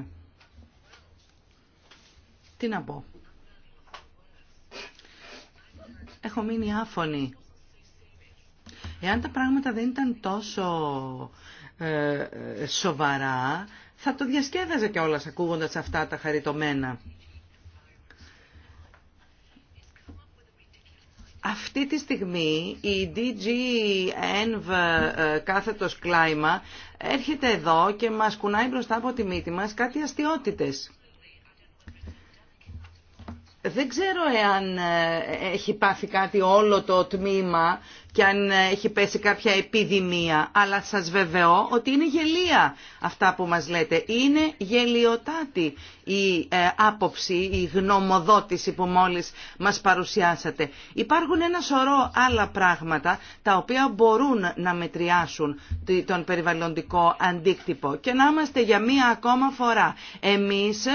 Τι να πω. Έχω μείνει άφωνη. Εάν τα πράγματα δεν ήταν τόσο ε, ε, σοβαρά, θα το διασκέδαζα κιόλας ακούγοντας αυτά τα χαριτωμένα. Αυτή τη στιγμή η DG ENV ε, κάθετος κλάιμα έρχεται εδώ και μας κουνάει μπροστά από τη μύτη μας κάτι αστείωτητες δεν ξέρω εάν ε, έχει πάθει κάτι όλο το τμήμα και αν ε, έχει πέσει κάποια επιδημία, αλλά σας βεβαιώ ότι είναι γελία αυτά που μας λέτε. Είναι γελιοτάτη η ε, άποψη, η γνωμοδότηση που μόλις μας παρουσιάσατε. Υπάρχουν ένα σωρό άλλα πράγματα τα οποία μπορούν να μετριάσουν τον περιβαλλοντικό αντίκτυπο και να είμαστε για μία ακόμα φορά εμείς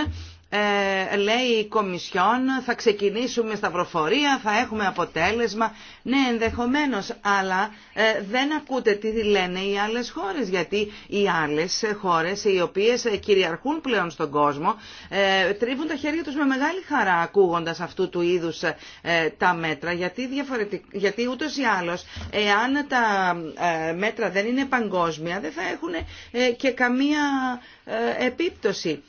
ε, λέει η Κομισιόν θα ξεκινήσουμε στα προφορία, θα έχουμε αποτέλεσμα. Ναι, ενδεχομένως, αλλά ε, δεν ακούτε τι λένε οι άλλες χώρες, γιατί οι άλλες χώρες οι οποίες ε, κυριαρχούν πλέον στον κόσμο ε, τρίβουν τα χέρια τους με μεγάλη χαρά ακούγοντας αυτού του είδους τα μέτρα, γιατί, διαφορετικ... γιατί ούτως ή άλλως εάν τα μέτρα δεν είναι παγκόσμια δεν θα έχουν και καμία επίπτωση.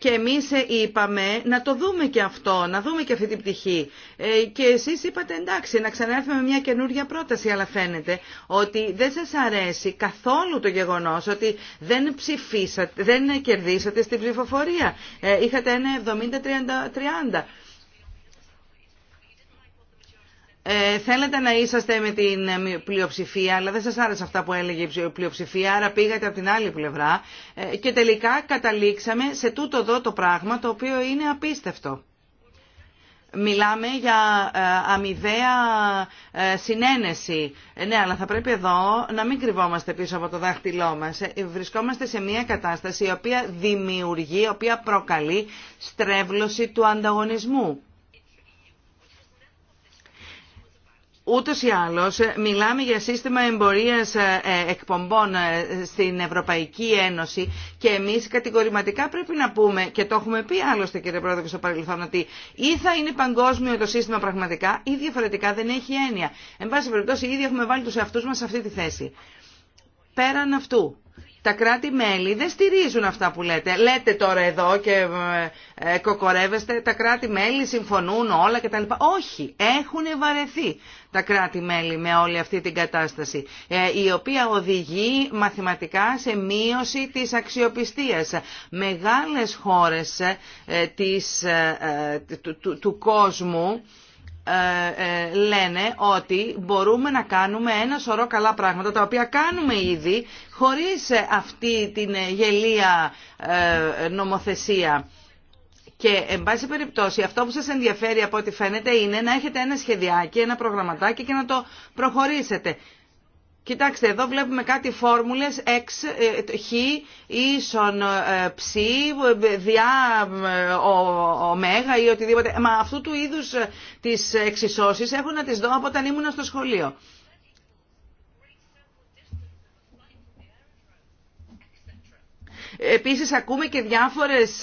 Και εμεί ε, είπαμε να το δούμε και αυτό, να δούμε και αυτή την πτυχή. Ε, και εσεί είπατε εντάξει, να ξανάρθουμε με μια καινούργια πρόταση, αλλά φαίνεται ότι δεν σα αρέσει καθόλου το γεγονό ότι δεν ψηφίσατε, δεν κερδίσατε στην ψηφοφορία. Ε, είχατε ένα 70-30 ε, θέλετε να είσαστε με την ε, πλειοψηφία, αλλά δεν σας άρεσε αυτά που έλεγε η πλειοψηφία, άρα πήγατε από την άλλη πλευρά ε, και τελικά καταλήξαμε σε τούτο εδώ το πράγμα το οποίο είναι απίστευτο. Μιλάμε για ε, αμοιβαία συνένεση. Ναι, αλλά θα πρέπει εδώ να μην κρυβόμαστε πίσω από το δάχτυλό μας. Βρισκόμαστε σε μια κατάσταση η οποία δημιουργεί, η οποία προκαλεί στρέβλωση του ανταγωνισμού. Ούτως ή άλλως μιλάμε για σύστημα εμπορίας ε, εκπομπών ε, στην Ευρωπαϊκή Ένωση και εμείς κατηγορηματικά πρέπει να πούμε και το έχουμε πει άλλωστε κύριε Πρόεδρε στο παρελθόν ότι ή θα είναι παγκόσμιο το σύστημα πραγματικά ή διαφορετικά δεν έχει έννοια. Εν πάση περιπτώσει ήδη έχουμε βάλει τους εαυτούς μας σε αυτή τη θέση. Πέραν αυτού τα κράτη-μέλη δεν στηρίζουν αυτά που λέτε. Λέτε τώρα εδώ και ε, ε, κοκορεύεστε, τα κράτη-μέλη συμφωνούν όλα κτλ. Όχι, έχουν βαρεθεί τα κράτη-μέλη με όλη αυτή την κατάσταση, ε, η οποία οδηγεί μαθηματικά σε μείωση της αξιοπιστίας. Μεγάλες χώρες της, του κόσμου ε, ε, λένε ότι μπορούμε να κάνουμε ένα σωρό καλά πράγματα τα οποία κάνουμε ήδη χωρίς ε, αυτή την γελία νομοθεσία. Και, εν πάση περιπτώσει, αυτό που σας ενδιαφέρει από ό,τι φαίνεται είναι να έχετε ένα σχεδιάκι, ένα προγραμματάκι και να το προχωρήσετε. Κοιτάξτε, εδώ βλέπουμε κάτι φόρμουλες x, ε, χ ίσον ε, ψ, διά ε, ωμέγα ή οτιδήποτε. Μα αυτού του είδους τις εξισώσεις έχω να τις δω από όταν ήμουν στο σχολείο. Επίσης ακούμε και διάφορες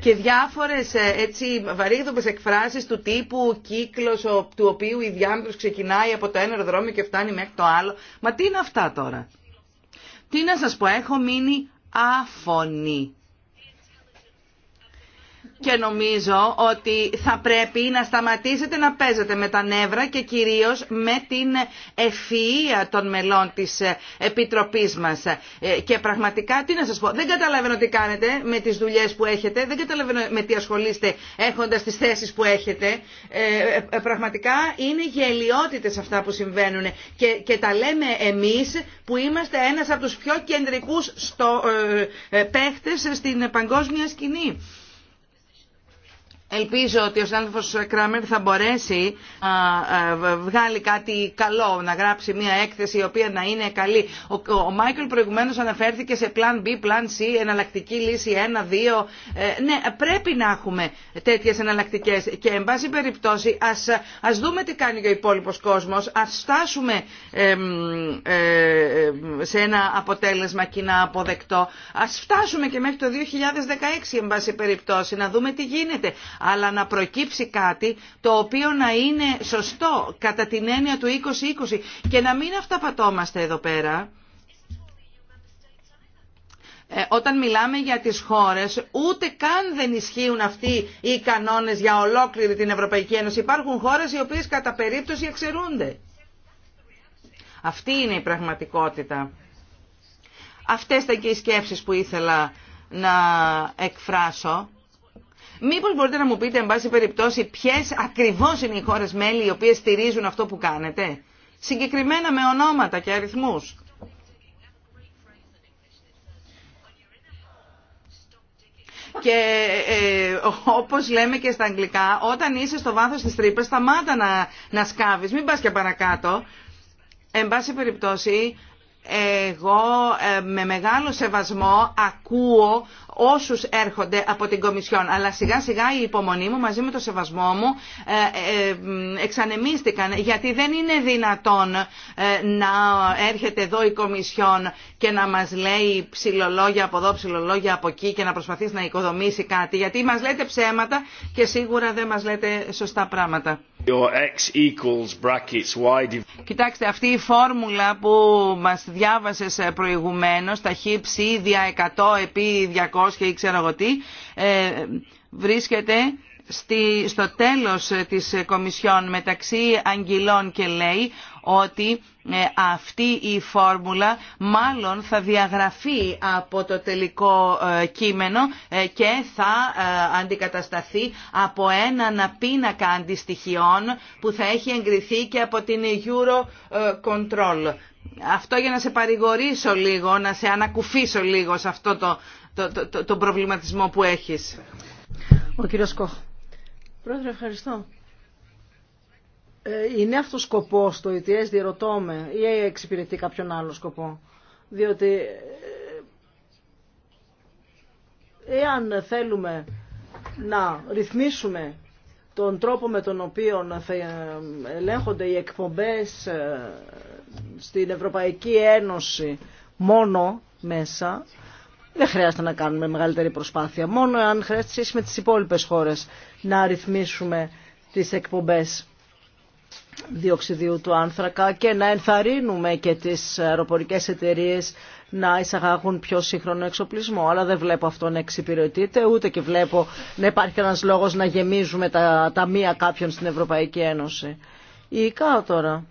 και διάφορες ε, έτσι βαρύγδουπες εκφράσεις του τύπου κύκλος του οποίου η διάμετρος ξεκινάει από το ένα αεροδρόμιο και φτάνει μέχρι το άλλο. Μα τι είναι αυτά τώρα. Τι να σας πω, έχω μείνει άφωνη και νομίζω ότι θα πρέπει να σταματήσετε να παίζετε με τα νεύρα και κυρίως με την ευφυΐα των μελών της Επιτροπής μας. Ε, και πραγματικά, τι να σας πω, δεν καταλαβαίνω τι κάνετε με τις δουλειές που έχετε, δεν καταλαβαίνω με τι ασχολείστε έχοντας τις θέσεις που έχετε. Ε, ε, πραγματικά είναι γελιότητες αυτά που συμβαίνουν και, και τα λέμε εμείς που είμαστε ένας από τους πιο κεντρικούς στο, παίχτες στην παγκόσμια σκηνή. Ελπίζω ότι ο συνάδελφος Κράμερ θα μπορέσει να ε, βγάλει κάτι καλό, να γράψει μια έκθεση η οποία να είναι καλή. Ο, ο Μάικλ προηγουμένως αναφέρθηκε σε plan B, πλαν C, εναλλακτική λύση 1, 2. Ε, ναι, πρέπει να έχουμε τέτοιες εναλλακτικέ και εν πάση περιπτώσει ας, ας δούμε τι κάνει ο υπόλοιπος κόσμος, ας φτάσουμε ε, σε ένα αποτέλεσμα κοινά αποδεκτό, ας φτάσουμε και μέχρι το 2016 εν πάση περιπτώσει, να δούμε τι γίνεται αλλά να προκύψει κάτι το οποίο να είναι σωστό κατά την έννοια του 2020 και να μην αυταπατώμαστε εδώ πέρα. Ε, όταν μιλάμε για τις χώρες, ούτε καν δεν ισχύουν αυτοί οι κανόνες για ολόκληρη την Ευρωπαϊκή Ένωση. Υπάρχουν χώρες οι οποίες κατά περίπτωση εξαιρούνται. Αυτή είναι η πραγματικότητα. Αυτές ήταν και οι σκέψεις που ήθελα να εκφράσω Μήπως μπορείτε να μου πείτε, εν πάση περιπτώσει, ποιε ακριβώς είναι οι χώρε μέλη οι οποίες στηρίζουν αυτό που κάνετε. Συγκεκριμένα με ονόματα και αριθμούς. Και ε, όπως λέμε και στα αγγλικά, όταν είσαι στο βάθος της τρύπας σταμάτα να, να σκάβεις, μην πας και παρακάτω. Εν πάση περιπτώσει, εγώ ε, με μεγάλο σεβασμό ακούω όσους έρχονται από την Κομισιόν. Αλλά σιγά σιγά η υπομονή μου μαζί με το σεβασμό μου ε, ε, εξανεμίστηκαν. Γιατί δεν είναι δυνατόν να έρχεται εδώ η Κομισιόν και να μας λέει ψηλολόγια από εδώ, ψηλολόγια από εκεί και να προσπαθείς να οικοδομήσει κάτι. Γιατί μας λέτε ψέματα και σίγουρα δεν μας λέτε σωστά πράγματα. Κοιτάξτε, αυτή η φόρμουλα που μας διάβασες ε, προηγουμένως, τα χύψη δια 100 επί 200 ή ξέρω εγώ τι, ε, βρίσκεται στη, στο τέλος ε, της Κομισιόν μεταξύ Αγγυλών και λέει ότι ε, αυτή η φόρμουλα μάλλον θα διαγραφεί από το τελικό ε, κείμενο ε, και θα αντικατασταθεί από έναν πίνακα αντιστοιχειών που θα έχει εγκριθεί και από την Eurocontrol. Αυτό για να σε παρηγορήσω λίγο, να σε ανακουφίσω λίγο σε αυτό το, το, προβληματισμό που έχεις. Ο κύριος Κόχ. Πρόεδρε, ευχαριστώ. Ε, είναι αυτός σκοπός το ETS, διερωτώ με, ή εξυπηρετεί κάποιον άλλο σκοπό. Διότι ε, εάν θέλουμε να ρυθμίσουμε τον τρόπο με τον οποίο θα ε, ελέγχονται οι εκπομπές στην Ευρωπαϊκή Ένωση μόνο μέσα, δεν χρειάζεται να κάνουμε μεγαλύτερη προσπάθεια. Μόνο αν χρειάζεται με τις υπόλοιπες χώρες να ρυθμίσουμε τις εκπομπές διοξιδίου του άνθρακα και να ενθαρρύνουμε και τις αεροπορικές εταιρείες να εισαγάγουν πιο σύγχρονο εξοπλισμό. Αλλά δεν βλέπω αυτό να εξυπηρετείται, ούτε και βλέπω να υπάρχει ένας λόγος να γεμίζουμε τα ταμεία κάποιων στην Ευρωπαϊκή Ένωση. Η ΙΚΑ τώρα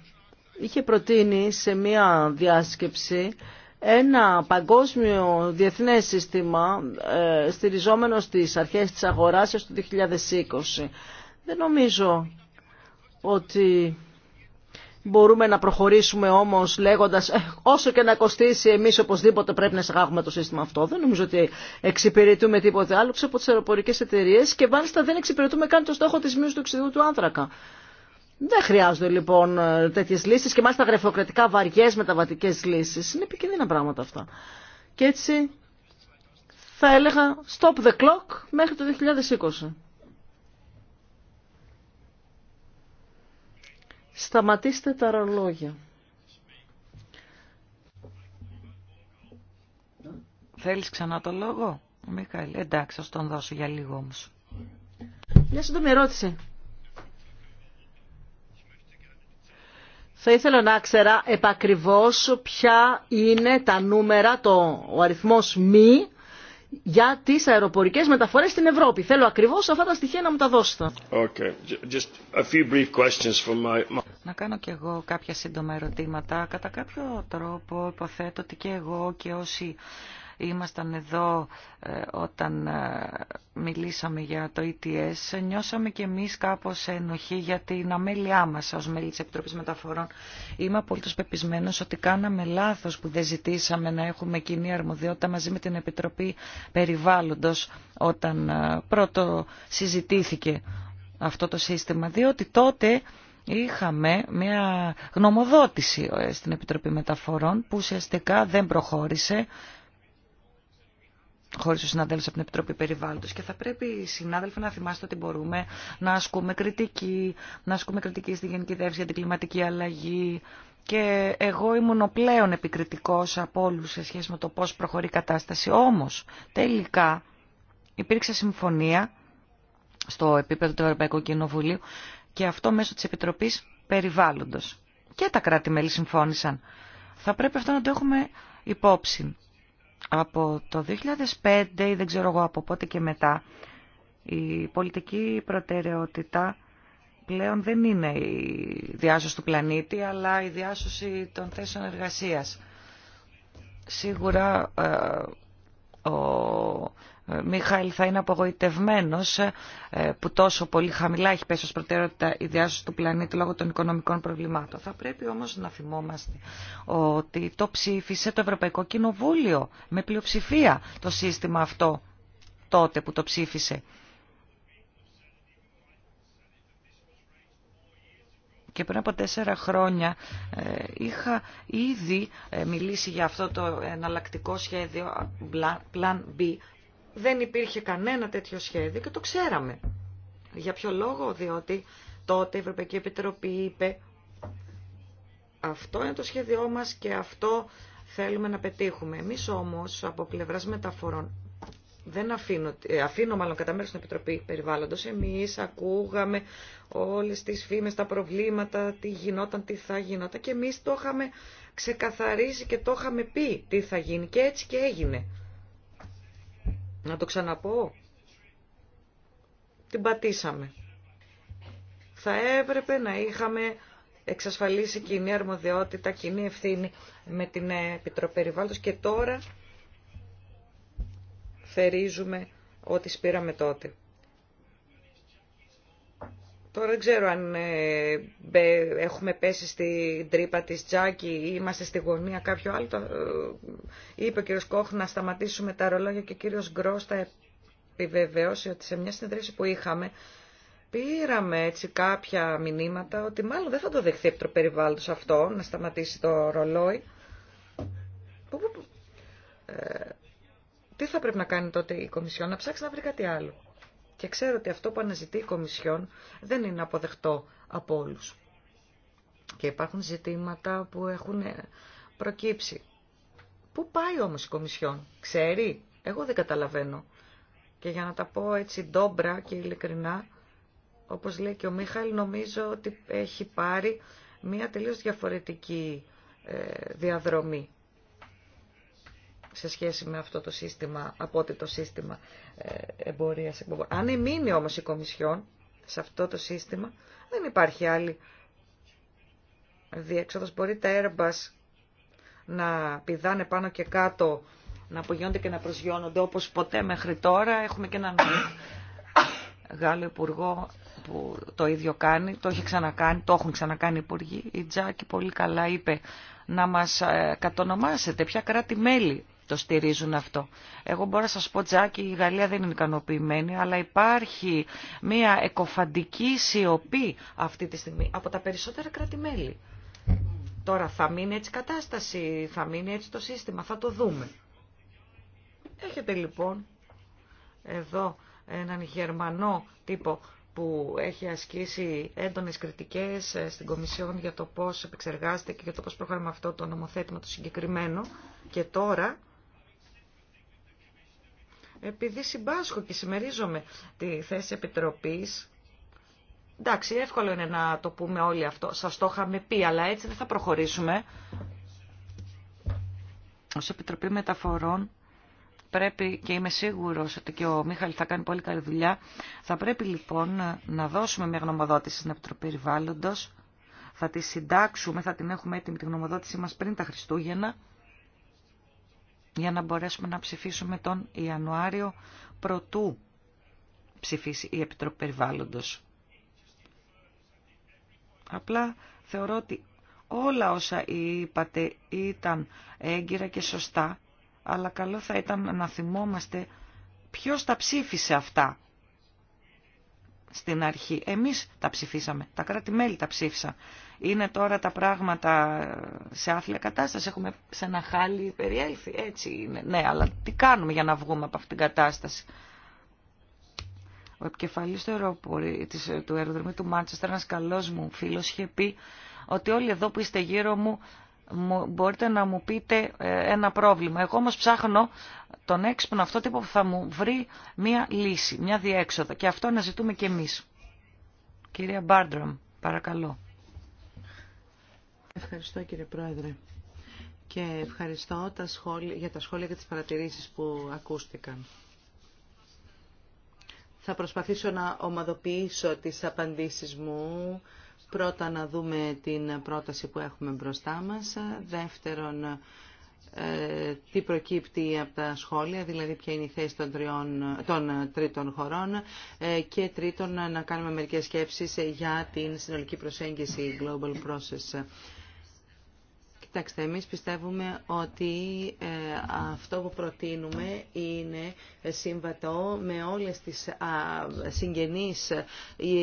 είχε προτείνει σε μία διάσκεψη ένα παγκόσμιο διεθνές σύστημα ε, στηριζόμενο στις αρχές της αγοράς του το 2020. Δεν νομίζω ότι μπορούμε να προχωρήσουμε όμως λέγοντας «Ε, όσο και να κοστίσει εμείς οπωσδήποτε πρέπει να εισαγάγουμε το σύστημα αυτό. Δεν νομίζω ότι εξυπηρετούμε τίποτε άλλο από τις αεροπορικές εταιρείε και μάλιστα δεν εξυπηρετούμε καν το στόχο της μείωσης του οξυδιού του άνθρακα. Δεν χρειάζονται λοιπόν ε, τέτοιε λύσει και μάλιστα γραφειοκρατικά βαριές μεταβατικές λύσει. Είναι επικίνδυνα πράγματα αυτά. Και έτσι θα έλεγα stop the clock μέχρι το 2020. Σταματήστε τα ρολόγια. Θέλεις ξανά το λόγο, Μιχαήλ. Εντάξει, θα τον δώσω για λίγο όμως. Μια σύντομη ερώτηση. Θα ήθελα να ξέρω επακριβώς ποια είναι τα νούμερα, το, ο αριθμός μη για τις αεροπορικές μεταφορές στην Ευρώπη. Θέλω ακριβώς αυτά τα στοιχεία να μου τα δώσετε. Okay. Just a few brief questions my... Να κάνω κι εγώ κάποια σύντομα ερωτήματα. Κατά κάποιο τρόπο υποθέτω ότι και εγώ και όσοι ήμασταν εδώ ε, όταν ε, μιλήσαμε για το ETS, νιώσαμε και εμείς κάπως ενοχή για την αμέλειά μας ως μέλη της Επιτροπής Μεταφορών. Είμαι απολύτως πεπισμένος ότι κάναμε λάθος που δεν ζητήσαμε να έχουμε κοινή αρμοδιότητα μαζί με την Επιτροπή Περιβάλλοντος όταν ε, πρώτο συζητήθηκε αυτό το σύστημα, διότι τότε είχαμε μια γνωμοδότηση στην Επιτροπή Μεταφορών που ουσιαστικά δεν προχώρησε χωρίς τους συναδέλφους από την Επιτροπή Περιβάλλοντος και θα πρέπει οι συνάδελφοι να θυμάστε ότι μπορούμε να ασκούμε κριτική, να ασκούμε κριτική στη Γενική Δεύση για την κλιματική αλλαγή και εγώ ήμουν ο πλέον επικριτικός από όλου σε σχέση με το πώς προχωρεί η κατάσταση. Όμως τελικά υπήρξε συμφωνία στο επίπεδο του Ευρωπαϊκού Κοινοβουλίου και αυτό μέσω της Επιτροπής Περιβάλλοντος. Και τα κράτη-μέλη συμφώνησαν. Θα πρέπει αυτό να το έχουμε υπόψη. Από το 2005 ή δεν ξέρω εγώ από πότε και μετά, η πολιτική προτεραιότητα πλέον δεν είναι η διάσωση του πλανήτη, αλλά η διάσωση των θέσεων εργασίας. Σίγουρα ε, ο ε, Μιχαήλ θα είναι απογοητευμένος ε, που τόσο πολύ χαμηλά έχει πέσει ως προτεραιότητα η διάσωση του πλανήτη λόγω των οικονομικών προβλημάτων. Θα πρέπει όμως να θυμόμαστε ότι το ψήφισε το Ευρωπαϊκό Κοινοβούλιο με πλειοψηφία το σύστημα αυτό τότε που το ψήφισε. και πριν από τέσσερα χρόνια ε, είχα ήδη μιλήσει για αυτό το εναλλακτικό σχέδιο Plan B δεν υπήρχε κανένα τέτοιο σχέδιο και το ξέραμε. Για ποιο λόγο, διότι τότε η Ευρωπαϊκή Επιτροπή είπε αυτό είναι το σχέδιό μας και αυτό θέλουμε να πετύχουμε. Εμείς όμως από πλευράς μεταφορών δεν αφήνω, ε, αφήνω μάλλον κατά μέρος την Επιτροπή Περιβάλλοντος, εμείς ακούγαμε όλες τις φήμες, τα προβλήματα, τι γινόταν, τι θα γινόταν και εμείς το είχαμε ξεκαθαρίσει και το είχαμε πει τι θα γίνει και έτσι και έγινε. Να το ξαναπώ. Την πατήσαμε. Θα έπρεπε να είχαμε εξασφαλίσει κοινή αρμοδιότητα, κοινή ευθύνη με την Επιτροπή Περιβάλλοντος και τώρα θερίζουμε ό,τι σπήραμε τότε. Τώρα δεν ξέρω αν ε, έχουμε πέσει στην τρύπα της Τζάκη ή είμαστε στη γωνία κάποιο άλλο. Ε, είπε ο κύριος Κόχ να σταματήσουμε τα ρολόγια και ο κύριος Γκρός θα επιβεβαιώσει ότι σε μια συνεδρίαση που είχαμε πήραμε έτσι κάποια μηνύματα ότι μάλλον δεν θα το δεχθεί το περιβάλλοντος αυτό να σταματήσει το ρολόι. Ε, τι θα πρέπει να κάνει τότε η Κομισιόν, να ψάξει να βρει κάτι άλλο. Και ξέρω ότι αυτό που αναζητεί η Κομισιόν δεν είναι αποδεκτό από όλους. Και υπάρχουν ζητήματα που έχουν προκύψει. Πού πάει όμως η Κομισιόν, ξέρει, εγώ δεν καταλαβαίνω. Και για να τα πω έτσι ντόμπρα και ειλικρινά, όπως λέει και ο Μίχαλ, νομίζω ότι έχει πάρει μια τελείως διαφορετική ε, διαδρομή σε σχέση με αυτό το σύστημα, το σύστημα ε, εμπορίας Αν εμείνει όμως η Κομισιόν σε αυτό το σύστημα, δεν υπάρχει άλλη διέξοδος. Μπορεί τα έρμπα να πηδάνε πάνω και κάτω, να απογειώνονται και να προσγειώνονται όπως ποτέ μέχρι τώρα. Έχουμε και έναν Γάλλο Υπουργό που το ίδιο κάνει, το έχει ξανακάνει, το έχουν ξανακάνει οι Υπουργοί. Η Τζάκη πολύ καλά είπε να μας ε, κατονομάσετε ποια κράτη-μέλη το στηρίζουν αυτό. Εγώ μπορώ να σας πω, Τζάκη, η Γαλλία δεν είναι ικανοποιημένη, αλλά υπάρχει μια εκοφαντική σιωπή αυτή τη στιγμή από τα περισσότερα Τώρα θα μείνει έτσι κατάσταση, θα μείνει έτσι το σύστημα, θα το δούμε. Έχετε λοιπόν εδώ έναν Γερμανό τύπο που έχει ασκήσει έντονες κριτικές ε, στην Κομισιόν για το πώς επεξεργάζεται και για το πώς προχωράμε αυτό το νομοθέτημα το συγκεκριμένο και τώρα επειδή συμπάσχω και συμμερίζομαι τη θέση επιτροπής, εντάξει, εύκολο είναι να το πούμε όλοι αυτό, σας το είχαμε πει, αλλά έτσι δεν θα προχωρήσουμε. Ως Επιτροπή Μεταφορών πρέπει και είμαι σίγουρος ότι και ο Μίχαλη θα κάνει πολύ καλή δουλειά. Θα πρέπει λοιπόν να δώσουμε μια γνωμοδότηση στην Επιτροπή Περιβάλλοντος. Θα τη συντάξουμε, θα την έχουμε έτοιμη τη γνωμοδότησή μας πριν τα Χριστούγεννα για να μπορέσουμε να ψηφίσουμε τον Ιανουάριο προτού ψηφίσει η Επιτροπή Περιβάλλοντος. Απλά θεωρώ ότι όλα όσα είπατε ήταν έγκυρα και σωστά, αλλά καλό θα ήταν να θυμόμαστε ποιος τα ψήφισε αυτά στην αρχή. Εμείς τα ψηφίσαμε, τα κράτη-μέλη τα ψήφισαν. Είναι τώρα τα πράγματα σε άθλια κατάσταση, έχουμε σε ένα χάλι περιέλθει, έτσι είναι. Ναι, αλλά τι κάνουμε για να βγούμε από αυτήν την κατάσταση. Ο επικεφαλής του, της, του αεροδρομίου του Μάντσεστερ, ένας καλός μου φίλος, είχε πει ότι όλοι εδώ που είστε γύρω μου μπορείτε να μου πείτε ε, ένα πρόβλημα. Εγώ όμως ψάχνω τον έξυπνο αυτό τύπο που θα μου βρει μια λύση, μια διέξοδο. Και αυτό να ζητούμε κι εμείς. Κυρία Μπάρντραμ, παρακαλώ. Ευχαριστώ κύριε Πρόεδρε και ευχαριστώ τα σχόλια, για τα σχόλια και τις παρατηρήσεις που ακούστηκαν. Θα προσπαθήσω να ομαδοποιήσω τις απαντήσεις μου. Πρώτα να δούμε την πρόταση που έχουμε μπροστά μας. Δεύτερον, ε, τι προκύπτει από τα σχόλια, δηλαδή ποια είναι η θέση των, τριών, των τρίτων χωρών ε, και τρίτον να κάνουμε μερικές σκέψεις για την συνολική προσέγγιση Global Process. Κοιτάξτε, εμείς πιστεύουμε ότι ε, αυτό που προτείνουμε είναι συμβατό με όλες τις συγγενείς οι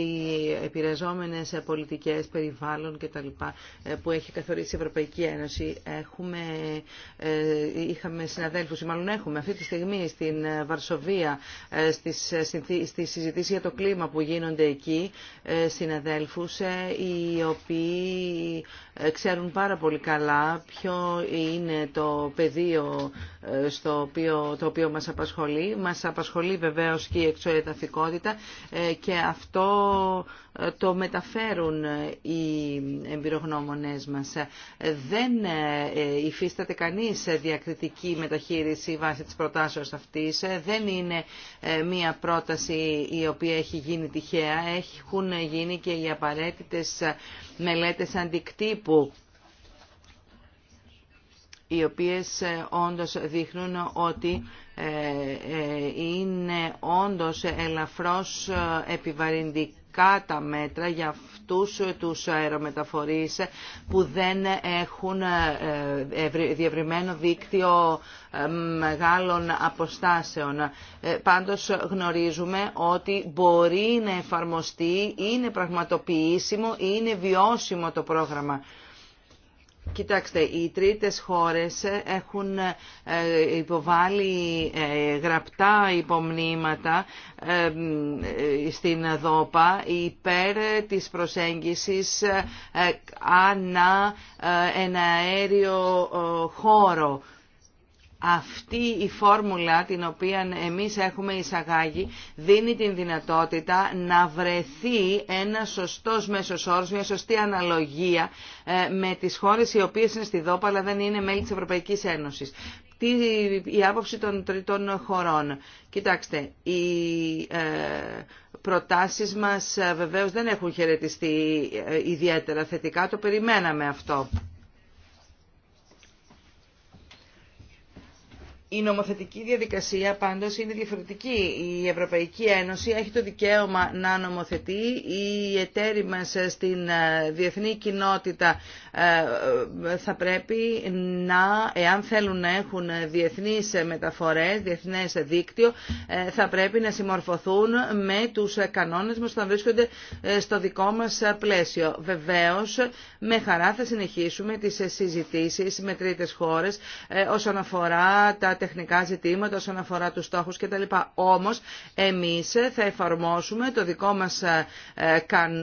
επηρεαζόμενες πολιτικές, περιβάλλον κτλ. Ε, που έχει καθορίσει η Ευρωπαϊκή Ένωση. Έχουμε, ε, είχαμε συναδέλφους, ή μάλλον έχουμε αυτή τη στιγμή στην Βαρσοβία, στις, στη συζητήση για το κλίμα που γίνονται εκεί, συναδέλφους οι οποίοι ξέρουν πάρα πολύ καλά ποιο είναι το πεδίο ε, στο οποίο, το οποίο μας απασχολεί. Μας απασχολεί βεβαίως και η εξωεταφικότητα ε, και αυτό ε, το μεταφέρουν οι εμπειρογνώμονές μας. Δεν υφίσταται κανείς διακριτική μεταχείριση βάσει της προτάσεως αυτής. Δεν είναι μία πρόταση η οποία έχει γίνει τυχαία. Έχουν γίνει και οι απαραίτητες μελέτες αντικτύπου οι οποίες ε, όντως δείχνουν ότι ε, ε, είναι όντως ελαφρώς επιβαρυντικά τα μέτρα για αυτούς τους αερομεταφορείς που δεν έχουν διευρυμένο δίκτυο μεγάλων αποστάσεων. Πάντως γνωρίζουμε ότι μπορεί να εφαρμοστεί, είναι πραγματοποιήσιμο, είναι βιώσιμο το πρόγραμμα. Κοιτάξτε, οι τρίτες χώρες έχουν ε, υποβάλει ε, γραπτά υπομνήματα ε, στην ΔΟΠΑ υπέρ της προσέγγισης ανά ένα αέριο χώρο αυτή η φόρμουλα την οποία εμείς έχουμε εισαγάγει δίνει την δυνατότητα να βρεθεί ένα σωστός μέσος όρος, μια σωστή αναλογία ε, με τις χώρες οι οποίες είναι στη ΔΟΠΑ αλλά δεν είναι μέλη της Ευρωπαϊκής Ένωσης. Τι, η άποψη των τριτών χωρών. Κοιτάξτε, οι ε, προτάσεις μας ε, βεβαίως δεν έχουν χαιρετιστεί ιδιαίτερα θετικά, το περιμέναμε αυτό. Η νομοθετική διαδικασία πάντως είναι διαφορετική. Η Ευρωπαϊκή Ένωση έχει το δικαίωμα να νομοθετεί. Οι εταίροι μας ε, στην ε, διεθνή κοινότητα ε, θα πρέπει να, εάν θέλουν να έχουν διεθνείς μεταφορές, διεθνές δίκτυο, θα πρέπει να συμμορφωθούν με τους κανόνες μας που θα βρίσκονται στο δικό μας πλαίσιο. Βεβαίως, με χαρά θα συνεχίσουμε τις συζητήσεις με τρίτες χώρες όσον αφορά τα τεχνικά ζητήματα, όσον αφορά τους στόχους κτλ. Όμως εμείς θα εφαρμόσουμε το δικό μας, ε,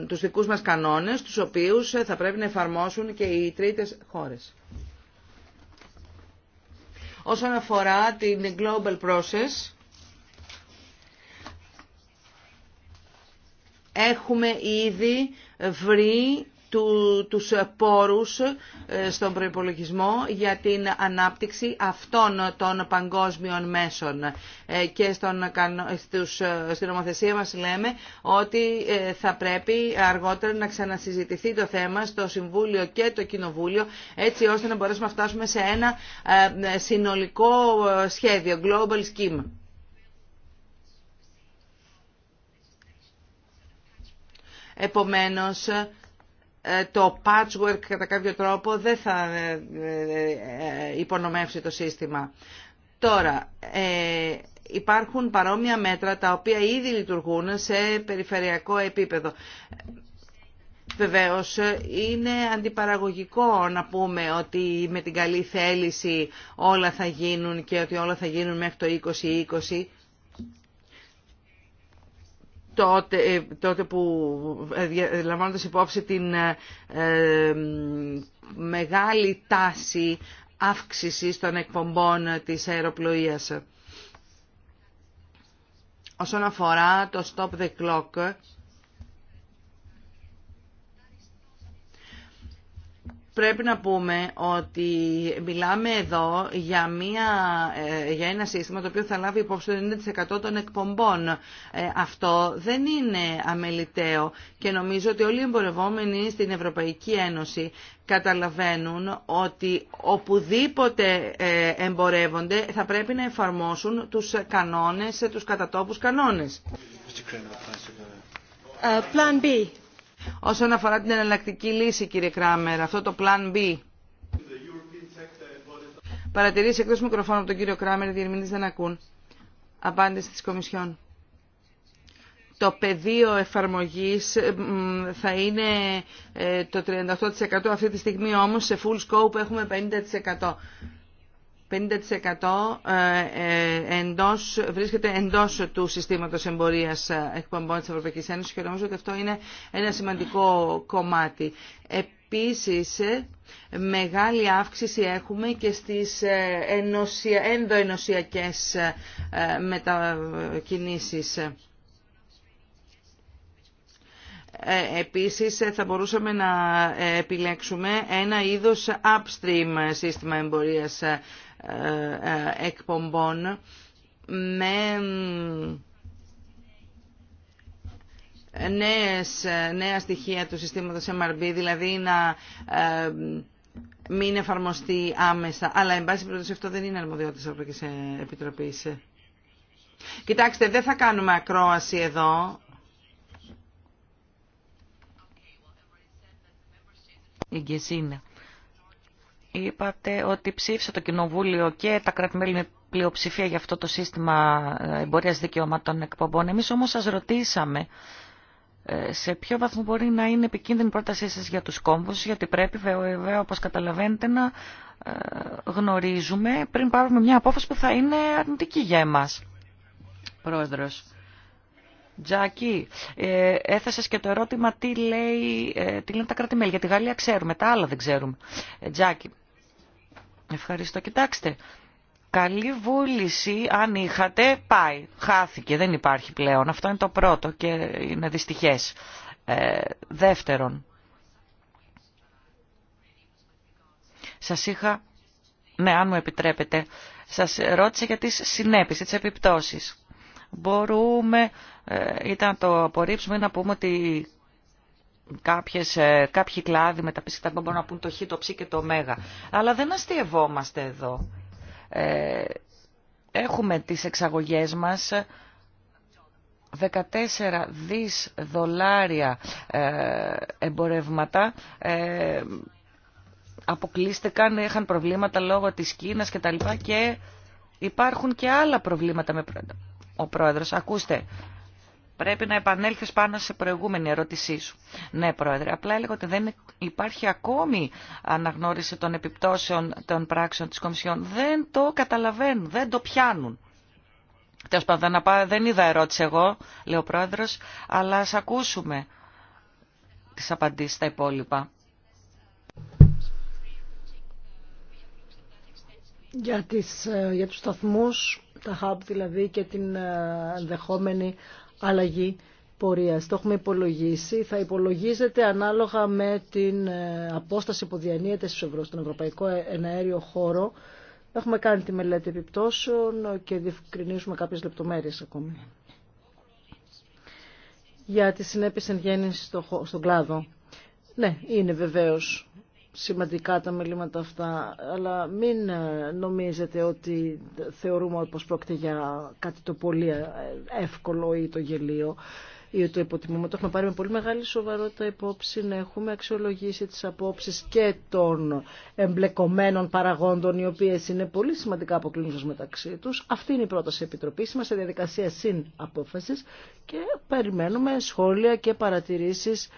τους δικούς μας κανόνες, τους οποίους θα πρέπει να εφαρμόσουν και οι τρίτες χώρες. Όσον αφορά την Global Process, έχουμε ήδη βρει του, τους πόρους ε, στον προϋπολογισμό για την ανάπτυξη αυτών των παγκόσμιων μέσων. Ε, και στον, στους, ε, στην ομοθεσία μας λέμε ότι θα πρέπει αργότερα να ξανασυζητηθεί το θέμα στο Συμβούλιο και το Κοινοβούλιο έτσι ώστε να μπορέσουμε να φτάσουμε σε ένα συνολικό σχέδιο, global scheme. Επομένως, ε, το patchwork κατά κάποιο τρόπο δεν θα ε, ε, υπονομεύσει το σύστημα. Τώρα, υπάρχουν παρόμοια μέτρα τα οποία ήδη λειτουργούν σε περιφερειακό επίπεδο. Βεβαίως είναι αντιπαραγωγικό να πούμε ότι με την καλή θέληση όλα θα γίνουν και ότι όλα θα γίνουν μέχρι το 2020 τότε, ε, τότε που ε, λαμβάνοντα υπόψη την ε, μεγάλη τάση αύξησης των εκπομπών της αεροπλοείας. Όσον αφορά το stop the clock, Πρέπει να πούμε ότι μιλάμε εδώ για, μια, ε, για ένα σύστημα το οποίο θα λάβει υπόψη το 90% των εκπομπών. Ε, αυτό δεν είναι αμεληταίο και νομίζω ότι όλοι οι εμπορευόμενοι στην Ευρωπαϊκή Ένωση καταλαβαίνουν ότι οπουδήποτε ε, εμπορεύονται θα πρέπει να εφαρμόσουν τους κανόνες, τους κατατόπους κανόνες. Uh, plan B. Όσον αφορά την εναλλακτική λύση, κύριε Κράμερ, αυτό το Plan B. Παρατηρήσει εκτό μικροφώνου από τον κύριο Κράμερ, οι διερμηνεί δεν ακούν. Απάντηση τη Κομισιόν. Το πεδίο εφαρμογής ε, θα είναι ε, το 38% αυτή τη στιγμή όμως σε full scope έχουμε 50%. 50% ε, ε, εντός, βρίσκεται εντός του συστήματος εμπορίας ε, εκπομπών της Ευρωπαϊκής Ένωσης και νομίζω ότι αυτό είναι ένα σημαντικό κομμάτι. Επίσης, μεγάλη αύξηση έχουμε και στις ενωσια, ενδοενωσιακές μετακινήσεις. Επίσης θα μπορούσαμε να επιλέξουμε ένα είδος upstream σύστημα εμπορίας ε, εκπομπών με ε, ε, νέα στοιχεία του συστήματος MRB, δηλαδή να μην εφαρμοστεί άμεσα. Αλλά, εν πάση περιπτώσει, αυτό δεν είναι αρμοδιότητα της Ευρωπαϊκής Επιτροπής. Κοιτάξτε, δεν θα κάνουμε ακρόαση εδώ. Η Είπατε ότι ψήφισε το Κοινοβούλιο και τα κράτη-μέλη με πλειοψηφία για αυτό το σύστημα ε, εμπορίας δικαιωμάτων εκπομπών. Εμείς όμως σας ρωτήσαμε ε, σε ποιο βαθμό μπορεί να είναι επικίνδυνη η πρότασή σας για τους κόμβους, γιατί πρέπει βέβαια όπως καταλαβαίνετε να ε, γνωρίζουμε πριν πάρουμε μια απόφαση που θα είναι αρνητική για εμάς. Πρόεδρος. Τζάκι, ε, έθεσες και το ερώτημα τι, λέει, τι λένε τα κρατημέλη, Για τη Γαλλία ξέρουμε, τα άλλα δεν ξέρουμε. Τζάκι, Ευχαριστώ. Κοιτάξτε, καλή βούληση αν είχατε πάει. Χάθηκε, δεν υπάρχει πλέον. Αυτό είναι το πρώτο και είναι δυστυχές. Ε, δεύτερον, σας είχα, ναι αν μου επιτρέπετε, σας ρώτησα για τις συνέπειες, τις επιπτώσεις. Μπορούμε, ε, ήταν το απορρίψουμε να πούμε ότι κάποιες, ε, κάποιοι κλάδοι με τα που μπορούν να πούν το χ, το ψ και το μέγα. Αλλά δεν αστειευόμαστε εδώ. Ε, έχουμε τις εξαγωγές μας 14 δις δολάρια ε, εμπορεύματα ε, αποκλείστηκαν, είχαν προβλήματα λόγω της Κίνας και τα λοιπά και υπάρχουν και άλλα προβλήματα με ο πρόεδρος. Ακούστε, Πρέπει να επανέλθεις πάνω σε προηγούμενη ερώτησή σου. Ναι, Πρόεδρε, απλά έλεγα ότι δεν υπάρχει ακόμη αναγνώριση των επιπτώσεων των πράξεων της Κομισιόν. Δεν το καταλαβαίνουν, δεν το πιάνουν. Τέλο πάντων, δεν είδα ερώτηση εγώ, λέει ο Πρόεδρος, αλλά ας ακούσουμε τις απαντήσεις στα υπόλοιπα. Για, τις, ε, για τους σταθμούς, τα hub δηλαδή και την ε, ενδεχόμενη αλλαγή πορεία. Το έχουμε υπολογίσει. Θα υπολογίζεται ανάλογα με την ε, απόσταση που διανύεται στον Ευρωπαϊκό ε-, Εναέριο Χώρο. Έχουμε κάνει τη μελέτη επιπτώσεων και διευκρινίζουμε κάποιες λεπτομέρειες ακόμη. Για τις συνέπειες εν στο, στον κλάδο. Ναι, είναι βεβαίως σημαντικά τα μελήματα αυτά, αλλά μην ε, νομίζετε ότι θεωρούμε πως πρόκειται για κάτι το πολύ ε, εύκολο ή το γελίο ή το υποτιμούμε. Το έχουμε πάρει με πολύ μεγάλη σοβαρότητα υπόψη να έχουμε αξιολογήσει τις απόψεις και των εμπλεκομένων παραγόντων οι οποίες είναι πολύ σημαντικά αποκλίνουσες μεταξύ τους. Αυτή είναι η πρόταση επιτροπής. Είμαστε διαδικασία συν απόφασης και περιμένουμε σχόλια και παρατηρήσεις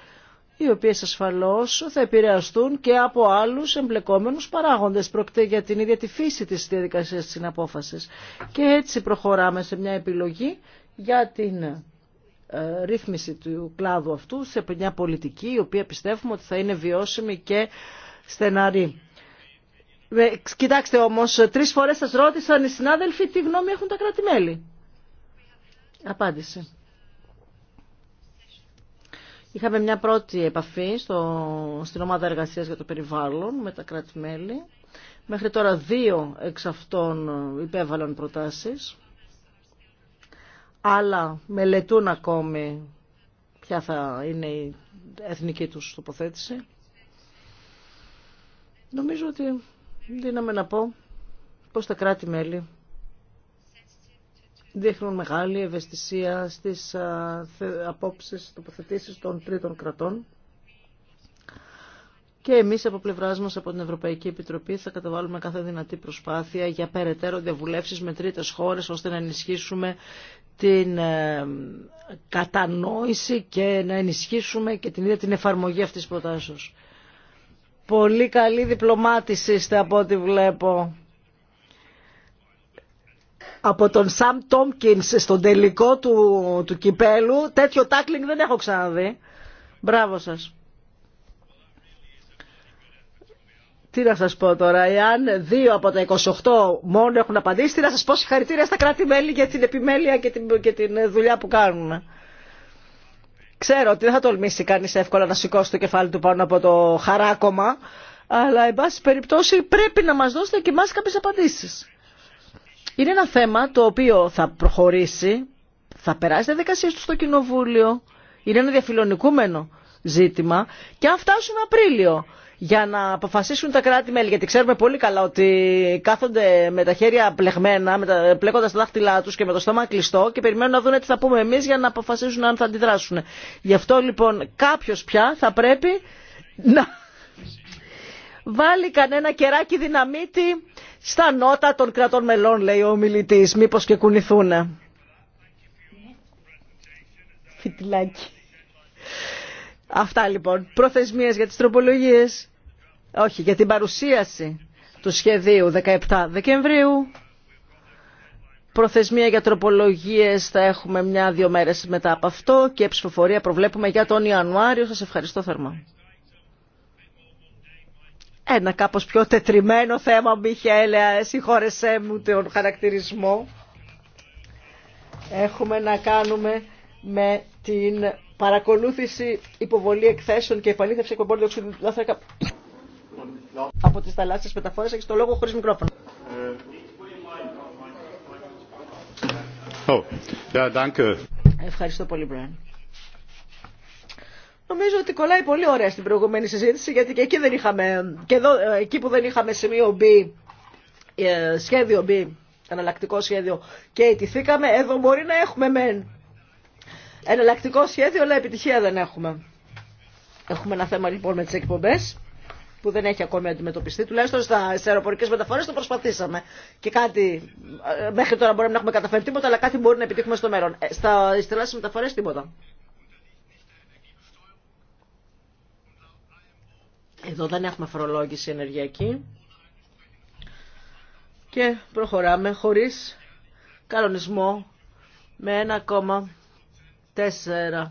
οι οποίες ασφαλώς θα επηρεαστούν και από άλλους εμπλεκόμενους παράγοντες. Πρόκειται για την ίδια τη φύση της διαδικασίας της συναπόφασης. Και έτσι προχωράμε σε μια επιλογή για την ε, ρύθμιση του κλάδου αυτού σε μια πολιτική η οποία πιστεύουμε ότι θα είναι βιώσιμη και στεναρή. Κοιτάξτε όμως, τρεις φορές σας ρώτησαν οι συνάδελφοι τι γνώμη έχουν τα κράτη-μέλη. Είχαμε μια πρώτη επαφή στο, στην ομάδα εργασίας για το περιβάλλον με τα κράτη-μέλη. Μέχρι τώρα δύο εξ αυτών υπέβαλαν προτάσεις. Άλλα μελετούν ακόμη ποια θα είναι η εθνική τους τοποθέτηση. Νομίζω ότι δίναμε να πω πως τα κράτη-μέλη δείχνουν μεγάλη ευαισθησία στις απόψεις, τοποθετήσεις των τρίτων κρατών. Και εμείς από πλευρά μας από την Ευρωπαϊκή Επιτροπή θα καταβάλουμε κάθε δυνατή προσπάθεια για περαιτέρω διαβουλεύσεις με τρίτες χώρες ώστε να ενισχύσουμε την ε, κατανόηση και να ενισχύσουμε και την ίδια την εφαρμογή αυτής της προτάσεως. Πολύ καλή διπλωμάτηση είστε από ό,τι βλέπω από τον Σαμ Τόμκινς στον τελικό του, του κυπέλου. Τέτοιο τάκλινγκ δεν έχω ξαναδεί. Μπράβο σας. Τι να σας πω τώρα, εάν δύο από τα 28 μόνο έχουν απαντήσει, τι να σας πω συγχαρητήρια στα κράτη-μέλη για την επιμέλεια και την, και την δουλειά που κάνουν. Ξέρω ότι δεν θα τολμήσει κανείς εύκολα να σηκώσει το κεφάλι του πάνω από το χαράκομα. αλλά εν πάση περιπτώσει πρέπει να μας δώσετε και εμάς κάποιες απαντήσεις. Είναι ένα θέμα το οποίο θα προχωρήσει, θα περάσει διαδικασίε του στο Κοινοβούλιο. Είναι ένα διαφιλονικούμενο ζήτημα και αν φτάσουν Απρίλιο για να αποφασίσουν τα κράτη-μέλη, γιατί ξέρουμε πολύ καλά ότι κάθονται με τα χέρια πλεγμένα, πλέκοντας τα δάχτυλά τους και με το στόμα κλειστό και περιμένουν να δουν τι θα πούμε εμείς για να αποφασίσουν αν θα αντιδράσουν. Γι' αυτό λοιπόν κάποιος πια θα πρέπει να βάλει κανένα κεράκι δυναμίτη στα νότα των κρατών μελών, λέει ο ομιλητής, μήπω και κουνηθούν. Φιτιλάκι. Αυτά λοιπόν. Προθεσμίε για τι τροπολογίε, Όχι, για την παρουσίαση του σχεδίου 17 Δεκεμβρίου. Προθεσμία για τροπολογίες θα έχουμε μια-δύο μέρες μετά από αυτό και ψηφοφορία προβλέπουμε για τον Ιανουάριο. Σας ευχαριστώ θερμά ένα κάπως πιο τετριμένο θέμα, Μιχαέλε, ε, συγχώρεσέ μου τον χαρακτηρισμό. Έχουμε να κάνουμε με την παρακολούθηση, υποβολή εκθέσεων και επαλήθευση εκπομπών διοξιδίου του άνθρακα από τις θαλάσσιες μεταφορές. Έχεις το λόγο χωρίς μικρόφωνο. Ε, oh, Ευχαριστώ πολύ, Brian. Νομίζω ότι κολλάει πολύ ωραία στην προηγούμενη συζήτηση γιατί και εκεί, δεν είχαμε, ε, εκεί που δεν είχαμε σημείο B, ε, σχέδιο B, εναλλακτικό σχέδιο και ετηθήκαμε, εδώ μπορεί να έχουμε μεν εναλλακτικό σχέδιο, αλλά επιτυχία δεν έχουμε. Έχουμε ένα θέμα λοιπόν με τι εκπομπέ που δεν έχει ακόμη αντιμετωπιστεί. Τουλάχιστον στα αεροπορικέ μεταφορέ το προσπαθήσαμε. Και κάτι, ε, μέχρι τώρα μπορεί να έχουμε καταφέρει τίποτα, αλλά κάτι μπορεί να επιτύχουμε στο μέλλον. Στα ιστελάσει μεταφορέ τίποτα. Εδώ δεν έχουμε φορολόγηση ενεργειακή και προχωράμε χωρίς κανονισμό με 1,47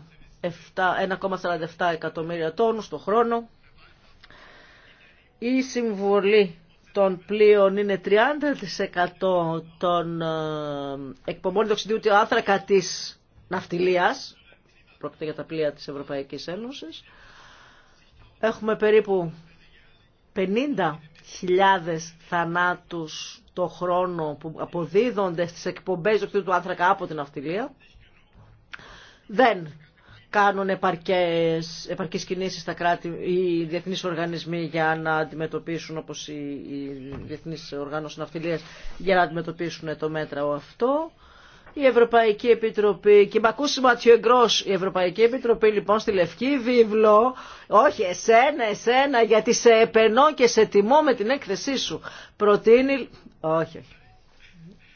εκατομμύρια τόνους το χρόνο. Η συμβολή των πλοίων είναι 30% των ε, εκπομπών διοξιδίου του άνθρακα της ναυτιλίας, πρόκειται για τα πλοία της Ευρωπαϊκής Ένωσης, Έχουμε περίπου 50.000 θανάτους το χρόνο που αποδίδονται στις εκπομπές του του άνθρακα από την αυτιλία. Δεν κάνουν επαρκές, επαρκείς κινήσεις τα κράτη, οι διεθνείς οργανισμοί για να αντιμετωπίσουν, όπως οι, οι διεθνείς οργάνωση ναυτιλίας, για να αντιμετωπίσουν το μέτρα αυτό η Ευρωπαϊκή Επιτροπή. Και με ακούσει Ματιό η Ευρωπαϊκή Επιτροπή λοιπόν στη Λευκή Βίβλο. Όχι εσένα, εσένα, γιατί σε επενώ και σε τιμώ με την έκθεσή σου. Προτείνει. Όχι, όχι.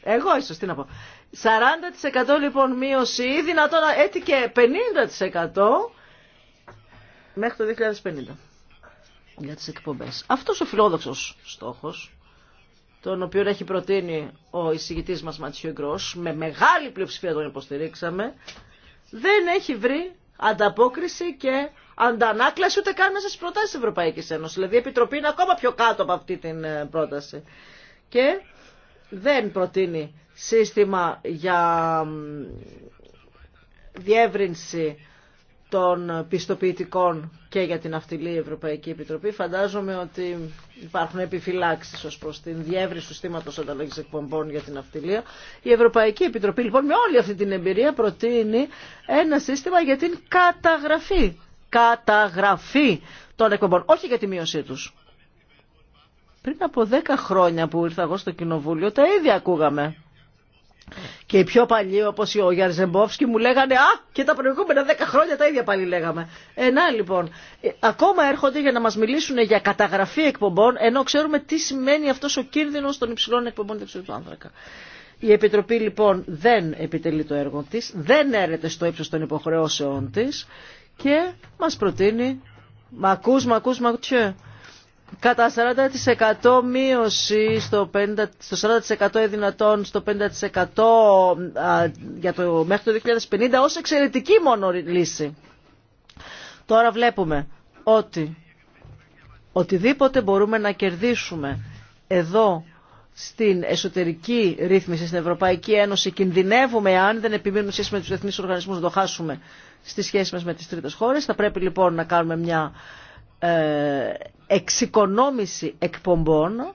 Εγώ ίσω τι να πω. 40% λοιπόν μείωση ή δυνατόν έτσι ε, και 50% μέχρι το 2050 για τις εκπομπές. Αυτός ο φιλόδοξος στόχος τον οποίο έχει προτείνει ο εισηγητή μα Ματσιού Γκρό, με μεγάλη πλειοψηφία τον υποστηρίξαμε, δεν έχει βρει ανταπόκριση και αντανάκλαση ούτε καν μέσα στι προτάσει τη Ευρωπαϊκής Ένωσης. Δηλαδή η Επιτροπή είναι ακόμα πιο κάτω από αυτή την ε, πρόταση. Και δεν προτείνει σύστημα για διεύρυνση των πιστοποιητικών και για την αυτιλή Ευρωπαϊκή Επιτροπή. Φαντάζομαι ότι υπάρχουν επιφυλάξει ω προ την διεύρυνση του στήματο ανταλλαγή εκπομπών για την αυτιλία. Η Ευρωπαϊκή Επιτροπή, λοιπόν, με όλη αυτή την εμπειρία προτείνει ένα σύστημα για την καταγραφή. Καταγραφή των εκπομπών, όχι για τη μείωσή του. Πριν από 10 χρόνια που ήρθα εγώ στο Κοινοβούλιο, τα ίδια ακούγαμε. Και οι πιο παλιοί, όπω ο Γιαρζεμπόφσκι, μου λέγανε Α, και τα προηγούμενα δέκα χρόνια τα ίδια πάλι λέγαμε. Ε, να λοιπόν. Ε, ακόμα έρχονται για να μα μιλήσουν για καταγραφή εκπομπών, ενώ ξέρουμε τι σημαίνει αυτό ο κίνδυνο των υψηλών εκπομπών του του άνθρακα. Η Επιτροπή λοιπόν δεν επιτελεί το έργο τη, δεν έρεται στο ύψο των υποχρεώσεών τη και μα προτείνει. Μακού, μακού, μακούς» κατά 40% μείωση στο, 50, στο 40% δυνατόν στο 5% για το, μέχρι το 2050 ως εξαιρετική μόνο λύση. Τώρα βλέπουμε ότι οτιδήποτε μπορούμε να κερδίσουμε εδώ στην εσωτερική ρύθμιση στην Ευρωπαϊκή Ένωση κινδυνεύουμε αν δεν επιμείνουμε σχέση με τους εθνείς οργανισμούς να το χάσουμε στη σχέση μας με τις τρίτες χώρες. Θα πρέπει λοιπόν να κάνουμε μια ε, εξοικονόμηση εκπομπών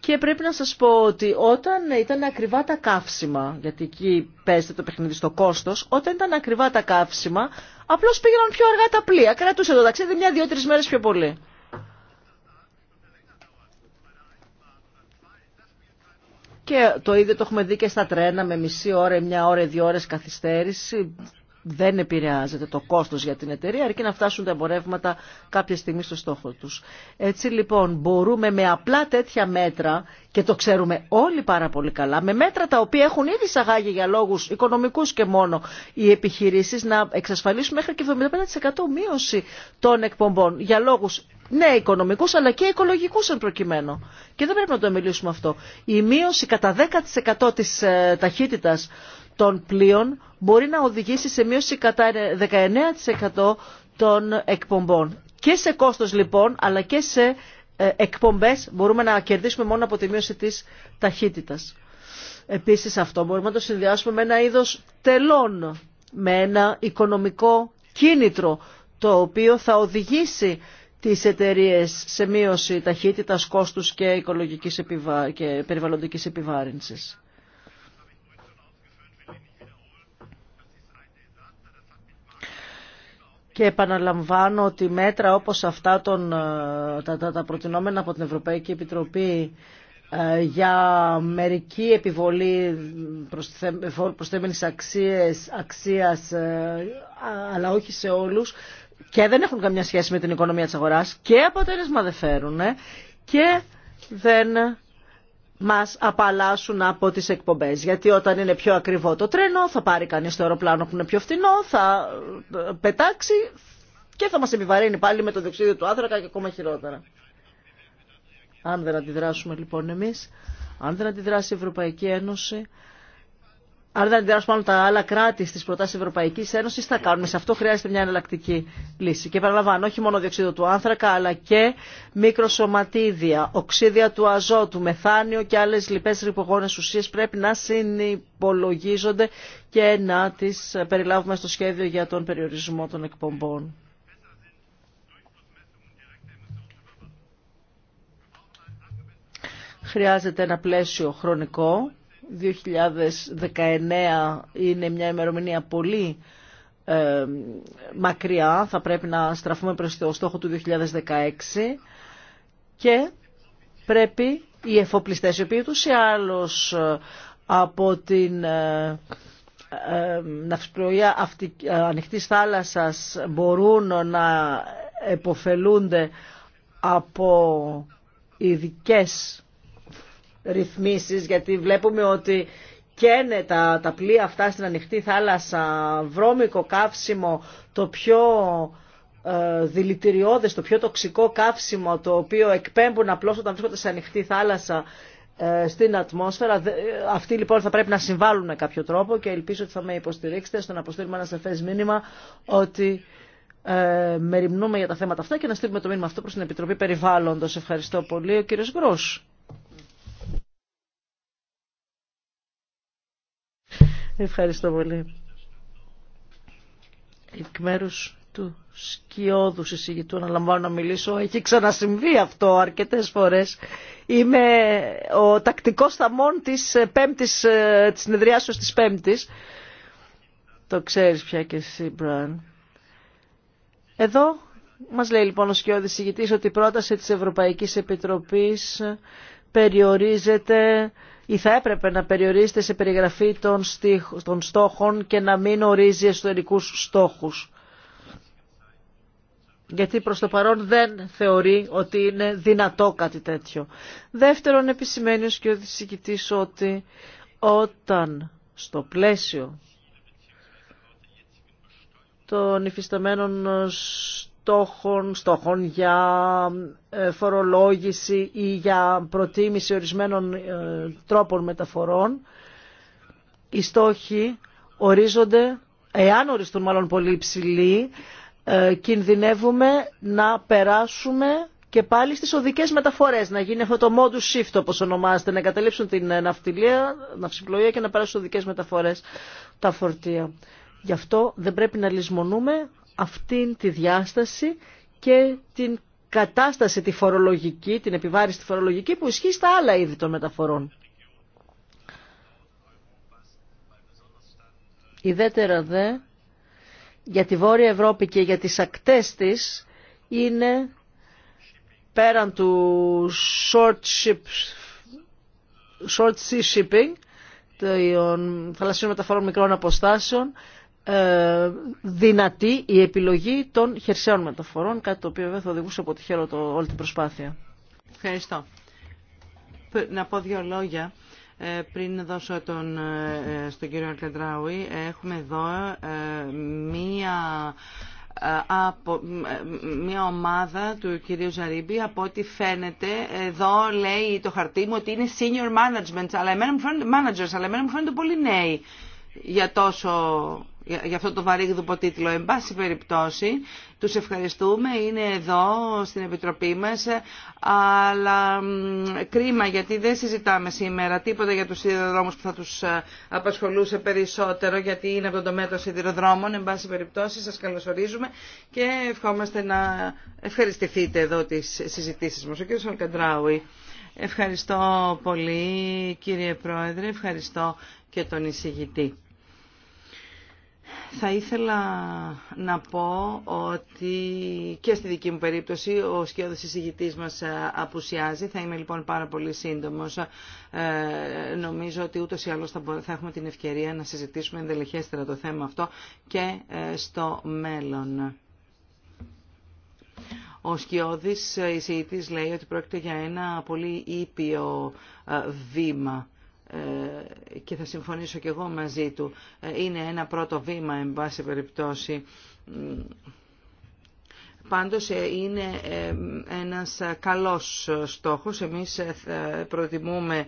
και πρέπει να σας πω ότι όταν ήταν ακριβά τα καύσιμα, γιατί εκεί παίζεται το παιχνίδι στο κόστος, όταν ήταν ακριβά τα καύσιμα, απλώς πήγαιναν πιο αργά τα πλοία. Κρατούσε το ταξίδι μια, δύο, τρεις μέρες πιο πολύ. Και το ίδιο το έχουμε δει και στα τρένα με μισή ώρα, μια ώρα, δύο ώρες καθυστέρηση δεν επηρεάζεται το κόστος για την εταιρεία, αρκεί να φτάσουν τα εμπορεύματα κάποια στιγμή στο στόχο τους. Έτσι λοιπόν μπορούμε με απλά τέτοια μέτρα, και το ξέρουμε όλοι πάρα πολύ καλά, με μέτρα τα οποία έχουν ήδη σαγάγει για λόγους οικονομικούς και μόνο οι επιχειρήσεις, να εξασφαλίσουμε μέχρι και 75% μείωση των εκπομπών για λόγους ναι, οικονομικού αλλά και οικολογικού εν προκειμένου. Και δεν πρέπει να το μιλήσουμε αυτό. Η μείωση κατά 10% τη ε, ταχύτητα των πλοίων μπορεί να οδηγήσει σε μείωση κατά 19% των εκπομπών. Και σε κόστος λοιπόν, αλλά και σε ε, εκπομπές μπορούμε να κερδίσουμε μόνο από τη μείωση της ταχύτητας. Επίσης αυτό μπορούμε να το συνδυάσουμε με ένα είδος τελών, με ένα οικονομικό κίνητρο, το οποίο θα οδηγήσει τις εταιρείες σε μείωση ταχύτητας, κόστους και, οικολογικής και περιβαλλοντικής επιβάρυνσης. και επαναλαμβάνω ότι μέτρα όπως αυτά των, ε, τα, τα, προτινόμενα από την Ευρωπαϊκή Επιτροπή ε, για μερική επιβολή προσθέμενης αξίες, αξίας, ε, αλλά όχι σε όλους, και δεν έχουν καμιά σχέση με την οικονομία της αγοράς, και αποτέλεσμα δεν φέρουν, και δεν μας απαλλάσσουν από τις εκπομπές. Γιατί όταν είναι πιο ακριβό το τρένο θα πάρει κανείς το αεροπλάνο που είναι πιο φθηνό, θα ε, πετάξει και θα μας επιβαρύνει πάλι με το διοξείδιο του άνθρακα και ακόμα χειρότερα. Αν δεν αντιδράσουμε λοιπόν εμείς, αν δεν αντιδράσει η Ευρωπαϊκή Ένωση, Άρα δεν αντιδράσουν πάνω τα άλλα κράτη στι προτάσει Ευρωπαϊκή Ένωση, θα κάνουμε. Σε αυτό χρειάζεται μια εναλλακτική λύση. Και παραλαμβάνω, όχι μόνο διοξείδιο του άνθρακα, αλλά και μικροσωματίδια, Οξίδια του αζότου, μεθάνιο και άλλε λοιπέ ρηπογόνε ουσίε πρέπει να συνυπολογίζονται και να τι περιλάβουμε στο σχέδιο για τον περιορισμό των εκπομπών. Χρειάζεται ένα πλαίσιο χρονικό 2019 είναι μια ημερομηνία πολύ ε, μακριά, θα πρέπει να στραφούμε προς το στόχο του 2016 και πρέπει οι εφοπλιστές, οι οποίοι τους ή ε, από την ε, ε, ναυσιπλοεία ε, ανοιχτής θάλασσας μπορούν να εποφελούνται από ειδικές ρυθμίσεις γιατί βλέπουμε ότι καίνε τα, τα πλοία αυτά στην ανοιχτή θάλασσα, βρώμικο καύσιμο, το πιο ε, δηλητηριώδες, το πιο τοξικό καύσιμο το οποίο εκπέμπουν απλώς όταν βρίσκονται σε ανοιχτή θάλασσα ε, στην ατμόσφαιρα. Ε, αυτοί λοιπόν θα πρέπει να συμβάλλουν με κάποιο τρόπο και ελπίζω ότι θα με υποστηρίξετε στο να αποστείλουμε ένα σαφές μήνυμα ότι ε, μεριμνούμε για τα θέματα αυτά και να στείλουμε το μήνυμα αυτό προς την Επιτροπή Περιβάλλοντος. Ευχαριστώ πολύ. Ο κύριος Γκρούς. Ευχαριστώ πολύ. Εκ μέρου του σκιώδου συζητητού λαμβάνω να μιλήσω. Έχει ξανασυμβεί αυτό αρκετές φορές. Είμαι ο τακτικός θαμών της, πέμπτη, ε, τη συνεδριάσεω τη Πέμπτη. Το ξέρει πια και εσύ, Μπραν. Εδώ μας λέει λοιπόν ο σκιώδης συγητής ότι η πρόταση της Ευρωπαϊκής Επιτροπής περιορίζεται ή θα έπρεπε να περιορίζεται σε περιγραφή των, στόχων και να μην ορίζει εσωτερικούς στόχους. Γιατί προς το παρόν δεν θεωρεί ότι είναι δυνατό κάτι τέτοιο. Δεύτερον, επισημαίνει και ο ότι όταν στο πλαίσιο των υφισταμένων στόχων, στόχων για ε, φορολόγηση ή για προτίμηση ορισμένων ε, τρόπων μεταφορών. Οι στόχοι ορίζονται, εάν οριστούν μάλλον πολύ υψηλοί, ε, κινδυνεύουμε να περάσουμε και πάλι στις οδικές μεταφορές, να γίνει αυτό το modus shift όπως ονομάζεται, να εγκαταλείψουν την ναυτιλία, ναυσιπλοεία και να περάσουν στις οδικές μεταφορές τα φορτία. Γι' αυτό δεν πρέπει να λησμονούμε αυτήν τη διάσταση και την κατάσταση τη φορολογική, την επιβάρηση φορολογική που ισχύει στα άλλα είδη των μεταφορών. Ιδέτερα δε για τη Βόρεια Ευρώπη και για τις ακτές της είναι πέραν του short, short sea shipping των θαλασσίων μεταφορών μικρών αποστάσεων ε, δυνατή η επιλογή των χερσαίων μεταφορών, κάτι το οποίο βέβαια θα οδηγούσε από τη χέρο όλη την προσπάθεια. Ευχαριστώ. Να πω δύο λόγια ε, πριν δώσω τον, ε, στον κύριο Αρκεντράουι, εδώ μία από μια μια ομαδα του κυρίου Ζαρίμπη από ό,τι φαίνεται εδώ λέει το χαρτί μου ότι είναι senior management αλλά εμένα μου φαίνονται, managers αλλά εμένα μου φαίνονται πολύ νέοι για τόσο για αυτό το βαρύγδουπο τίτλο. Εν πάση περιπτώσει, τους ευχαριστούμε, είναι εδώ στην Επιτροπή μας, αλλά κρίμα γιατί δεν συζητάμε σήμερα τίποτα για τους σιδηροδρόμους που θα τους ε, απασχολούσε περισσότερο, γιατί είναι από τον τομέα των σιδηροδρόμων. Εν πάση περιπτώσει, σας καλωσορίζουμε και ευχόμαστε να ευχαριστηθείτε εδώ τις συζητήσεις μας. Ο κ. Αλκαντράουι. Ευχαριστώ πολύ κύριε Πρόεδρε, ευχαριστώ και τον εισηγητή. Θα ήθελα να πω ότι και στη δική μου περίπτωση ο σκιώδης εισηγητής μας ε, απουσιάζει. Θα είμαι λοιπόν πάρα πολύ σύντομος. Ε, νομίζω ότι ούτως ή άλλως θα, έχουμε την ευκαιρία να συζητήσουμε ενδελεχέστερα το θέμα αυτό και ε, στο μέλλον. Ο Σκιώδης εισηγητής λέει ότι πρόκειται για ένα πολύ ήπιο ε, βήμα ε, και θα συμφωνήσω και εγώ μαζί του, ε, είναι ένα πρώτο βήμα, εν πάση περιπτώσει, Πάντως ε, είναι ένας καλός στόχος. Εμείς προτιμούμε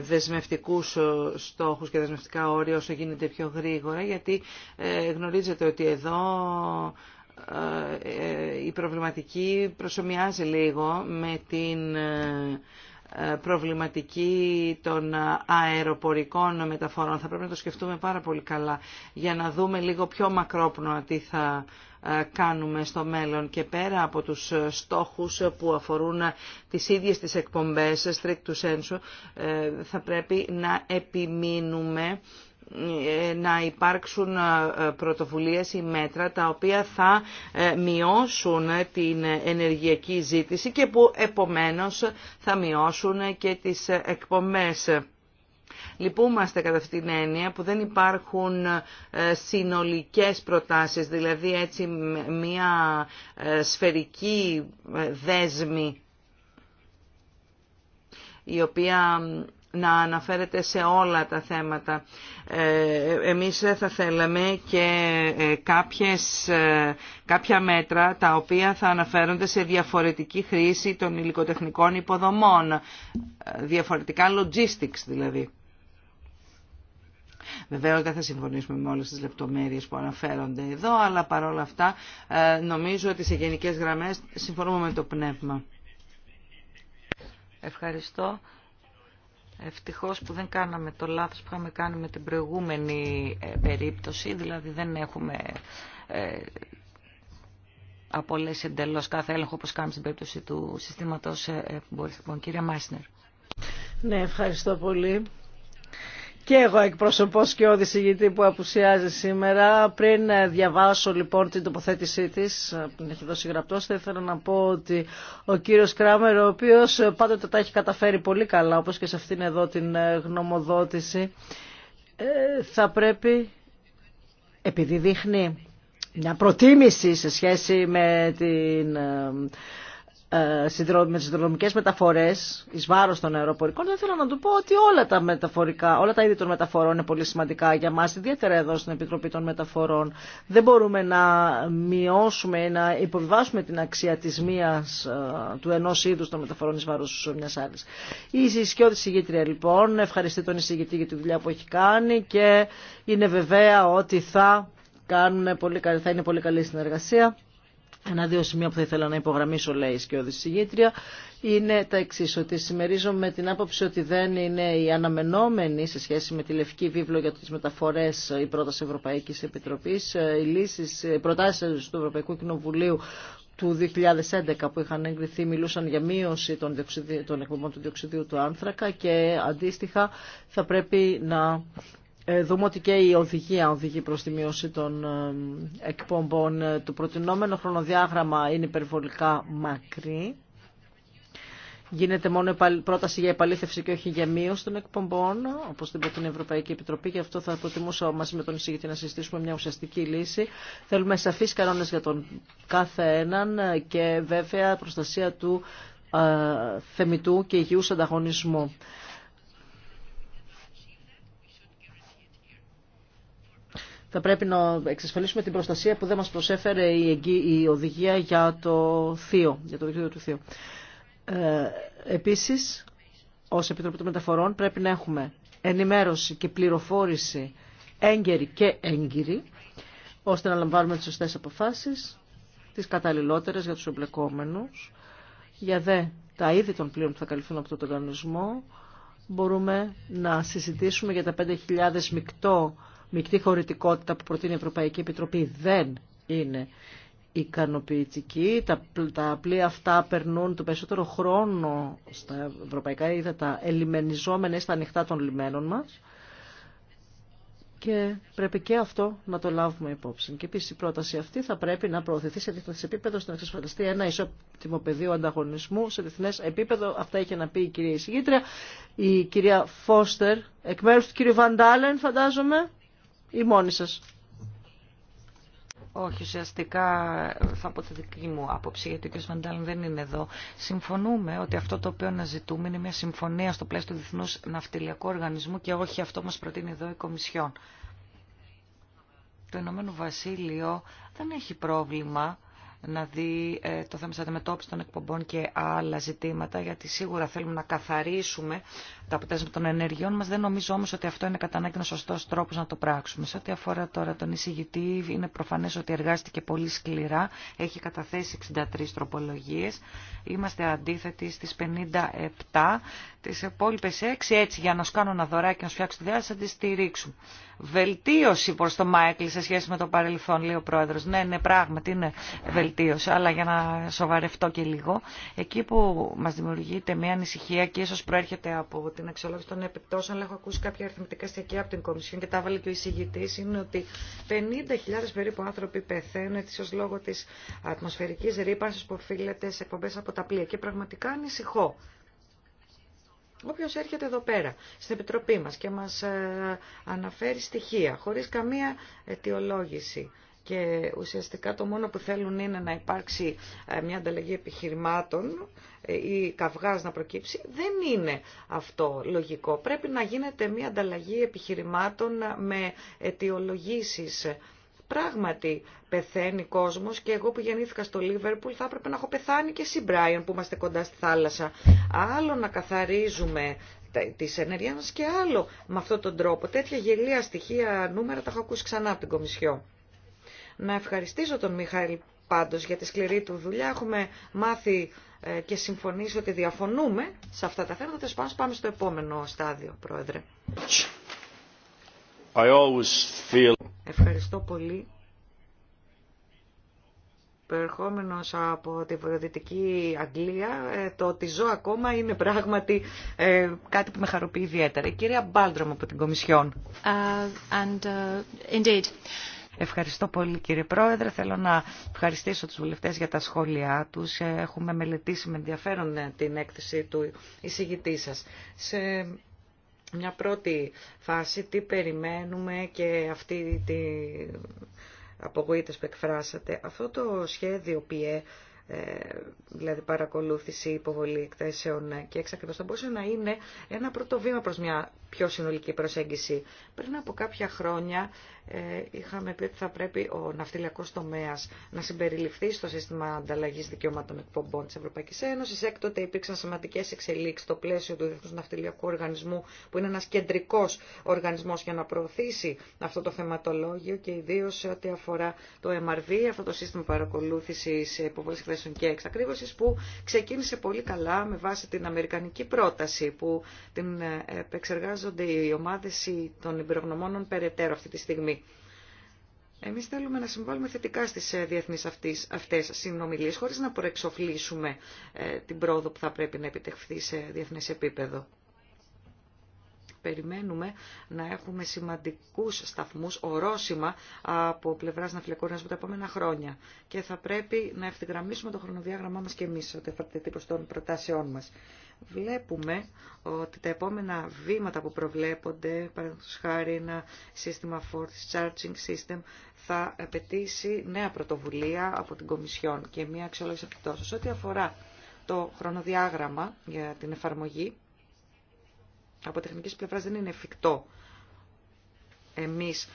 δεσμευτικούς στόχους και δεσμευτικά όρια όσο γίνεται πιο γρήγορα, γιατί γνωρίζετε ότι εδώ η προβληματική προσωμιάζει λίγο με την ε, προβληματική των αεροπορικών μεταφορών. Θα πρέπει να το σκεφτούμε πάρα πολύ καλά για να δούμε λίγο πιο μακρόπνοα τι θα ε, κάνουμε στο μέλλον και πέρα από τους στόχους που αφορούν τις ίδιες τις εκπομπές, του σένσου, ε, θα πρέπει να επιμείνουμε να υπάρξουν ε, πρωτοβουλίες ή μέτρα τα οποία θα ε, μειώσουν την ενεργειακή ζήτηση και που επομένως θα μειώσουν και τις εκπομπές. Λυπούμαστε κατά αυτήν την έννοια που δεν υπάρχουν ε, συνολικές προτάσεις, δηλαδή έτσι μια σφαιρική δέσμη η οποία να αναφέρεται σε όλα τα θέματα. Ε, εμείς θα θέλαμε και ε, κάποιες, ε, κάποια μέτρα τα οποία θα αναφέρονται σε διαφορετική χρήση των υλικοτεχνικών υποδομών, διαφορετικά logistics δηλαδή. Βεβαίω δεν θα συμφωνήσουμε με όλες τις λεπτομέρειες που αναφέρονται εδώ, αλλά παρόλα αυτά νομίζω ότι σε γενικέ γραμμές συμφωνούμε με το πνεύμα. Ευχαριστώ. Ευτυχώς που δεν κάναμε το λάθος που είχαμε κάνει με την προηγούμενη ε, περίπτωση, δηλαδή δεν έχουμε ε, απολέσει εντελώ κάθε έλεγχο όπως κάνουμε στην περίπτωση του συστήματος ε, πω. Λοιπόν, Κύριε Μάισνερ. Ναι, ευχαριστώ πολύ. Και εγώ εκπροσωπώ και ο που απουσιάζει σήμερα. Πριν διαβάσω λοιπόν την τοποθέτησή τη, που την έχει δώσει γραπτό, θα ήθελα να πω ότι ο κύριο Κράμερ, ο οποίο πάντοτε τα έχει καταφέρει πολύ καλά, όπω και σε αυτήν εδώ την γνωμοδότηση, ε, θα πρέπει, επειδή δείχνει μια προτίμηση σε σχέση με την ε, ε, με τι συνδρομικέ μεταφορέ ει βάρο των αεροπορικών, δεν θέλω να του πω ότι όλα τα μεταφορικά, όλα τα είδη των μεταφορών είναι πολύ σημαντικά για μα ιδιαίτερα εδώ στην Επιτροπή των Μεταφορών. Δεν μπορούμε να μειώσουμε, Η να υποβιβάσουμε την αξία της μίας ε, του ενός είδους των μεταφορών εις βάρος μιας του ενό είδου των μεταφορων ει βαρο μια άλλη. Η ισχυώδη συγγήτρια λοιπόν ευχαριστεί τον εισηγητή για τη δουλειά που έχει κάνει και είναι βεβαία ότι θα, κάνουν πολύ, θα είναι πολύ καλή συνεργασία. Ένα δύο σημεία που θα ήθελα να υπογραμμίσω, λέει και ο Δησηγήτρια, είναι τα εξή, ότι συμμερίζομαι με την άποψη ότι δεν είναι η αναμενόμενη σε σχέση με τη Λευκή Βίβλο για τι μεταφορέ η πρόταση Ευρωπαϊκή Επιτροπή, ε, οι λύσει, προτάσει του Ευρωπαϊκού Κοινοβουλίου του 2011 που είχαν εγκριθεί μιλούσαν για μείωση των, των εκπομπών του διοξιδίου του άνθρακα και αντίστοιχα θα πρέπει να ε, δούμε ότι και η οδηγία οδηγεί προς τη μείωση των ε, εκπομπών. Ε, το προτινόμενο χρονοδιάγραμμα είναι υπερβολικά μακρύ. Γίνεται μόνο πρόταση για επαλήθευση και όχι για μείωση των εκπομπών, όπως την προτείνει Ευρωπαϊκή Επιτροπή. Γι' αυτό θα προτιμούσα μαζί με τον εισηγητή να συζητήσουμε μια ουσιαστική λύση. Θέλουμε σαφείς κανόνες για τον κάθε έναν και βέβαια προστασία του θεμητού και υγιούς ανταγωνισμού. θα πρέπει να εξασφαλίσουμε την προστασία που δεν μας προσέφερε η, οδηγία για το θείο, για το δίκτυο του θείου. Ε, επίσης, ως Επιτροπή των Μεταφορών πρέπει να έχουμε ενημέρωση και πληροφόρηση έγκαιρη και έγκυρη, ώστε να λαμβάνουμε τις σωστές αποφάσεις, τις καταλληλότερες για τους εμπλεκόμενους, για δε τα είδη των πλοίων που θα καλυφθούν από τον κανονισμό, μπορούμε να συζητήσουμε για τα 5.000 μεικτό μεικτή χωρητικότητα που προτείνει η Ευρωπαϊκή Επιτροπή δεν είναι ικανοποιητική. Τα, τα πλοία αυτά περνούν το περισσότερο χρόνο στα ευρωπαϊκά ύδατα ελιμενιζόμενα ή στα ανοιχτά των λιμένων μας. Και πρέπει και αυτό να το λάβουμε υπόψη. Και επίση η πρόταση αυτή θα πρέπει να προωθηθεί σε διεθνέ επίπεδο, ώστε να εξασφαλιστεί ένα ισότιμο πεδίο ανταγωνισμού σε διεθνέ επίπεδο. Αυτά είχε να πει η κυρία Ισηγήτρια. Η κυρία Φώστερ, εκ μέρου του κύριου Βαντάλεν, φαντάζομαι ή μόνοι σας. Όχι, ουσιαστικά θα πω τη δική μου άποψη, γιατί ο κ. δεν είναι εδώ. Συμφωνούμε ότι αυτό το οποίο ζητούμε είναι μια συμφωνία στο πλαίσιο του Διεθνού Ναυτιλιακού Οργανισμού και όχι αυτό μας μα προτείνει εδώ η Κομισιόν. Το Ηνωμένο Βασίλειο δεν έχει πρόβλημα να δει ε, το θέμα της αντιμετώπισης των εκπομπών και άλλα ζητήματα, γιατί σίγουρα θέλουμε να καθαρίσουμε τα αποτέλεσμα των ενεργειών μας. Δεν νομίζω όμως ότι αυτό είναι κατά ανάγκη ένα σωστός τρόπος να το πράξουμε. Σε ό,τι αφορά τώρα τον εισηγητή, είναι προφανές ότι εργάστηκε πολύ σκληρά. Έχει καταθέσει 63 τροπολογίες. Είμαστε αντίθετοι στις 57. Τις υπόλοιπε 6, έτσι για να σου κάνω ένα δωράκι να σου φτιάξω τη διάθεση, θα τη στηρίξουν. Βελτίωση προς το Μάικλ σε σχέση με το παρελθόν, λέει ο πρόεδρος. Ναι, ναι, πράγματι είναι βελτίωση αλλά για να σοβαρευτώ και λίγο, εκεί που μα δημιουργείται μια ανησυχία και ίσω προέρχεται από την αξιολόγηση των επιπτώσεων, αλλά έχω ακούσει κάποια αριθμητικά στοιχεία από την Κομισιόν και τα βάλε και ο εισηγητή, είναι ότι 50.000 περίπου άνθρωποι πεθαίνουν ω λόγω τη ατμοσφαιρική ρήπανση που οφείλεται σε εκπομπές από τα πλοία. Και πραγματικά ανησυχώ. Όποιο έρχεται εδώ πέρα, στην Επιτροπή μας και μας ε, αναφέρει στοιχεία, χωρίς καμία αιτιολόγηση, και ουσιαστικά το μόνο που θέλουν είναι να υπάρξει ε, μια ανταλλαγή επιχειρημάτων ε, ή καυγάς να προκύψει, δεν είναι αυτό λογικό. Πρέπει να γίνεται μια ανταλλαγή επιχειρημάτων ε, με αιτιολογήσεις. Πράγματι πεθαίνει κόσμος και εγώ που γεννήθηκα στο Λίβερπουλ θα έπρεπε να έχω πεθάνει και εσύ Μπράιον που είμαστε κοντά στη θάλασσα. Άλλο να καθαρίζουμε τη ενέργεια μας και άλλο με αυτόν τον τρόπο. Τέτοια γελία στοιχεία νούμερα τα έχω ακούσει ξανά από την Κομισιό. Να ευχαριστήσω τον Μιχαήλ πάντως για τη σκληρή του δουλειά. Έχουμε μάθει ε, και συμφωνήσει ότι διαφωνούμε σε αυτά τα θέματα. Τέλος πάντων πάμε στο επόμενο στάδιο, Πρόεδρε. I feel... Ευχαριστώ πολύ. Περχόμενος από τη βορειοδυτική Αγγλία, ε, το ότι ζω ακόμα είναι πράγματι ε, κάτι που με χαροποιεί ιδιαίτερα. Η κυρία Μπάλτρομ από την Κομισιόν. Uh, and, uh, indeed. Ευχαριστώ πολύ κύριε Πρόεδρε. Θέλω να ευχαριστήσω τους βουλευτές για τα σχόλιά τους. Έχουμε μελετήσει με ενδιαφέρον ε, την έκθεση του εισηγητή σας. Σε μια πρώτη φάση τι περιμένουμε και αυτή τη απογοήτες που εκφράσατε. Αυτό το σχέδιο ΠΙΕ e, δηλαδή παρακολούθηση, υποβολή εκθέσεων και εξακριβώς θα μπορούσε να είναι ένα πρώτο βήμα προς μια πιο συνολική προσέγγιση. Πριν από κάποια χρόνια ε, είχαμε πει ότι θα πρέπει ο ναυτιλιακός τομέας να συμπεριληφθεί στο σύστημα ανταλλαγής δικαιωμάτων εκπομπών της Ευρωπαϊκής Ένωσης. Έκτοτε υπήρξαν σημαντικές εξελίξεις στο πλαίσιο του Διεθνούς Ναυτιλιακού Οργανισμού, που είναι ένας κεντρικός οργανισμός για να προωθήσει αυτό το θεματολόγιο και ιδίω σε ό,τι αφορά το MRV, αυτό το σύστημα παρακολούθησης υποβολής εκθέσεων και εξακρίβωσης, που ξεκίνησε πολύ καλά με βάση την Αμερικανική πρόταση που την επεξεργάζονται οι ομάδες των εμπειρογνωμόνων περαιτέρω αυτή τη στιγμή. Εμεί Εμείς θέλουμε να συμβάλλουμε θετικά στις ε, διεθνείς αυτές, αυτές συνομιλίες, χωρίς να προεξοφλήσουμε ε, την πρόοδο που θα πρέπει να επιτευχθεί σε διεθνές επίπεδο περιμένουμε να έχουμε σημαντικούς σταθμούς, ορόσημα από πλευράς ναυλιακών από τα επόμενα χρόνια. Και θα πρέπει να ευθυγραμμίσουμε το χρονοδιάγραμμά μας και εμείς, ότι αφορά των προτάσεών μας. Βλέπουμε ότι τα επόμενα βήματα που προβλέπονται, παραδείγματος χάρη ένα σύστημα force charging system, θα απαιτήσει νέα πρωτοβουλία από την Κομισιόν και μια αξιολόγηση επιπτώσεως. Ό,τι αφορά το χρονοδιάγραμμα για την εφαρμογή, από τεχνικής πλευράς δεν είναι εφικτό εμείς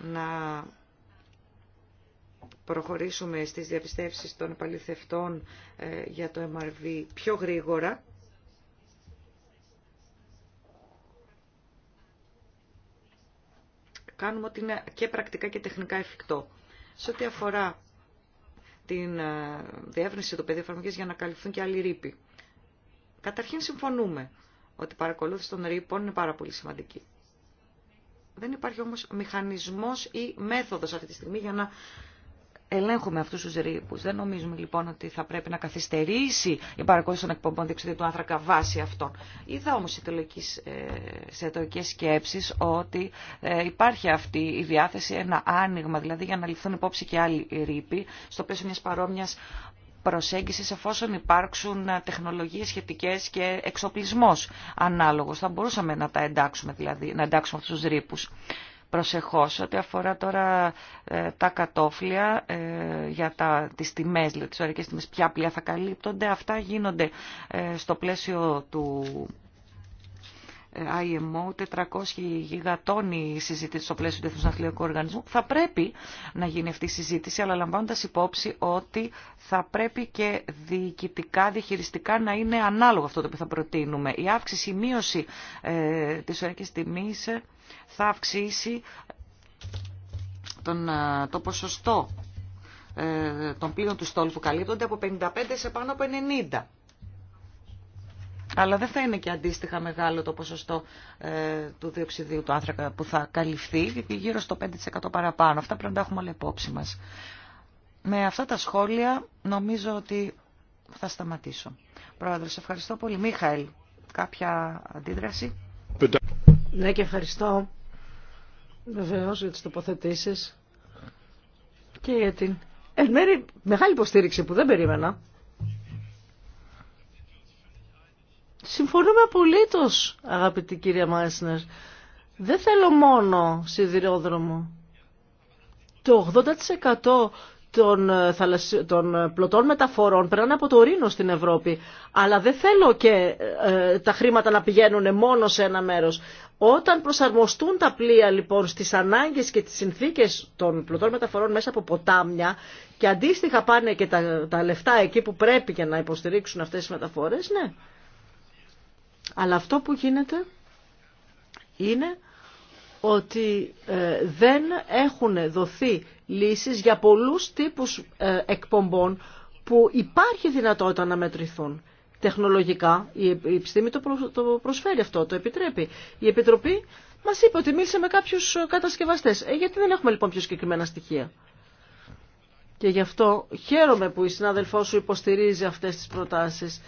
να προχωρήσουμε στις διαπιστεύσεις των επαληθευτών ε, για το MRV πιο γρήγορα. Κάνουμε ότι είναι και πρακτικά και τεχνικά εφικτό. Σε ό,τι αφορά την ε, διεύρυνση του πεδίου εφαρμογής για να καλυφθούν και άλλοι ρήποι. Καταρχήν συμφωνούμε ότι η παρακολούθηση των ρήπων είναι πάρα πολύ σημαντική. Δεν υπάρχει όμως μηχανισμός ή μέθοδος αυτή τη στιγμή για να ελέγχουμε αυτούς τους ρήπους. Δεν νομίζουμε λοιπόν ότι θα πρέπει να καθυστερήσει η παρακολούθηση των εκπομπών διεξουδίου του άνθρακα βάση αυτών. Είδα όμως σε αιτωικές ε, σκέψεις ότι ε, υπάρχει αυτή η διάθεση, ένα άνοιγμα δηλαδή για να ληφθούν υπόψη και άλλοι ρήποι στο πλαίσιο μιας παρόμοιας προσέγγισης εφόσον υπάρξουν τεχνολογίες σχετικές και εξοπλισμός ανάλογος. Θα μπορούσαμε να τα εντάξουμε δηλαδή, να εντάξουμε αυτούς τους ρήπους. Προσεχώς, ό,τι αφορά τώρα ε, τα κατόφλια ε, για τα, τις τιμές, δηλαδή τις ωραίες τιμές, ποια πλοία θα καλύπτονται, αυτά γίνονται ε, στο πλαίσιο του ε, IMO, 400 γιγατόνι συζήτηση στο πλαίσιο του Διεθνούς Αθλητικού Οργανισμού. Θα πρέπει να γίνει αυτή η συζήτηση, αλλά λαμβάνοντα υπόψη ότι θα πρέπει και διοικητικά, διαχειριστικά να είναι ανάλογο αυτό το οποίο θα προτείνουμε. Η αύξηση, η μείωση ε, της τιμή τιμής θα αυξήσει τον, ε, το ποσοστό ε, των πλοίων του στόλου που καλύπτονται από 55 σε πάνω από 90 αλλά δεν θα είναι και αντίστοιχα μεγάλο το ποσοστό ε, του διοξιδίου του άνθρακα που θα καλυφθεί, γύρω στο 5% παραπάνω. Αυτά πρέπει να τα έχουμε όλα υπόψη μας. Με αυτά τα σχόλια νομίζω ότι θα σταματήσω. Πρόεδρος, ευχαριστώ πολύ. Μίχαελ, κάποια αντίδραση. Ναι και ευχαριστώ βεβαίω για τις τοποθετήσεις και για την μεγάλη υποστήριξη που δεν περίμενα. Συμφωνούμε απολύτως, αγαπητή κυρία Μάισνερ. Δεν θέλω μόνο σιδηρόδρομο. Το 80% των, ε, θαλασσι... Ε, πλωτών μεταφορών περνάνε από το Ρήνο στην Ευρώπη. Αλλά δεν θέλω και ε, τα χρήματα να πηγαίνουν μόνο σε ένα μέρος. Όταν προσαρμοστούν τα πλοία λοιπόν στις ανάγκες και τις συνθήκες των πλωτών μεταφορών μέσα από ποτάμια και αντίστοιχα πάνε και τα, τα λεφτά εκεί που πρέπει για να υποστηρίξουν αυτές τις μεταφορές, ναι. Αλλά αυτό που γίνεται είναι ότι ε, δεν έχουν δοθεί λύσεις για πολλούς τύπους ε, εκπομπών που υπάρχει δυνατότητα να μετρηθούν. Τεχνολογικά η επιστήμη το προσφέρει αυτό, το επιτρέπει. Η Επιτροπή μας είπε ότι μίλησε με κάποιους κατασκευαστές. Ε, γιατί δεν έχουμε λοιπόν πιο συγκεκριμένα στοιχεία. Και γι' αυτό χαίρομαι που η συνάδελφό σου υποστηρίζει αυτές τις προτάσεις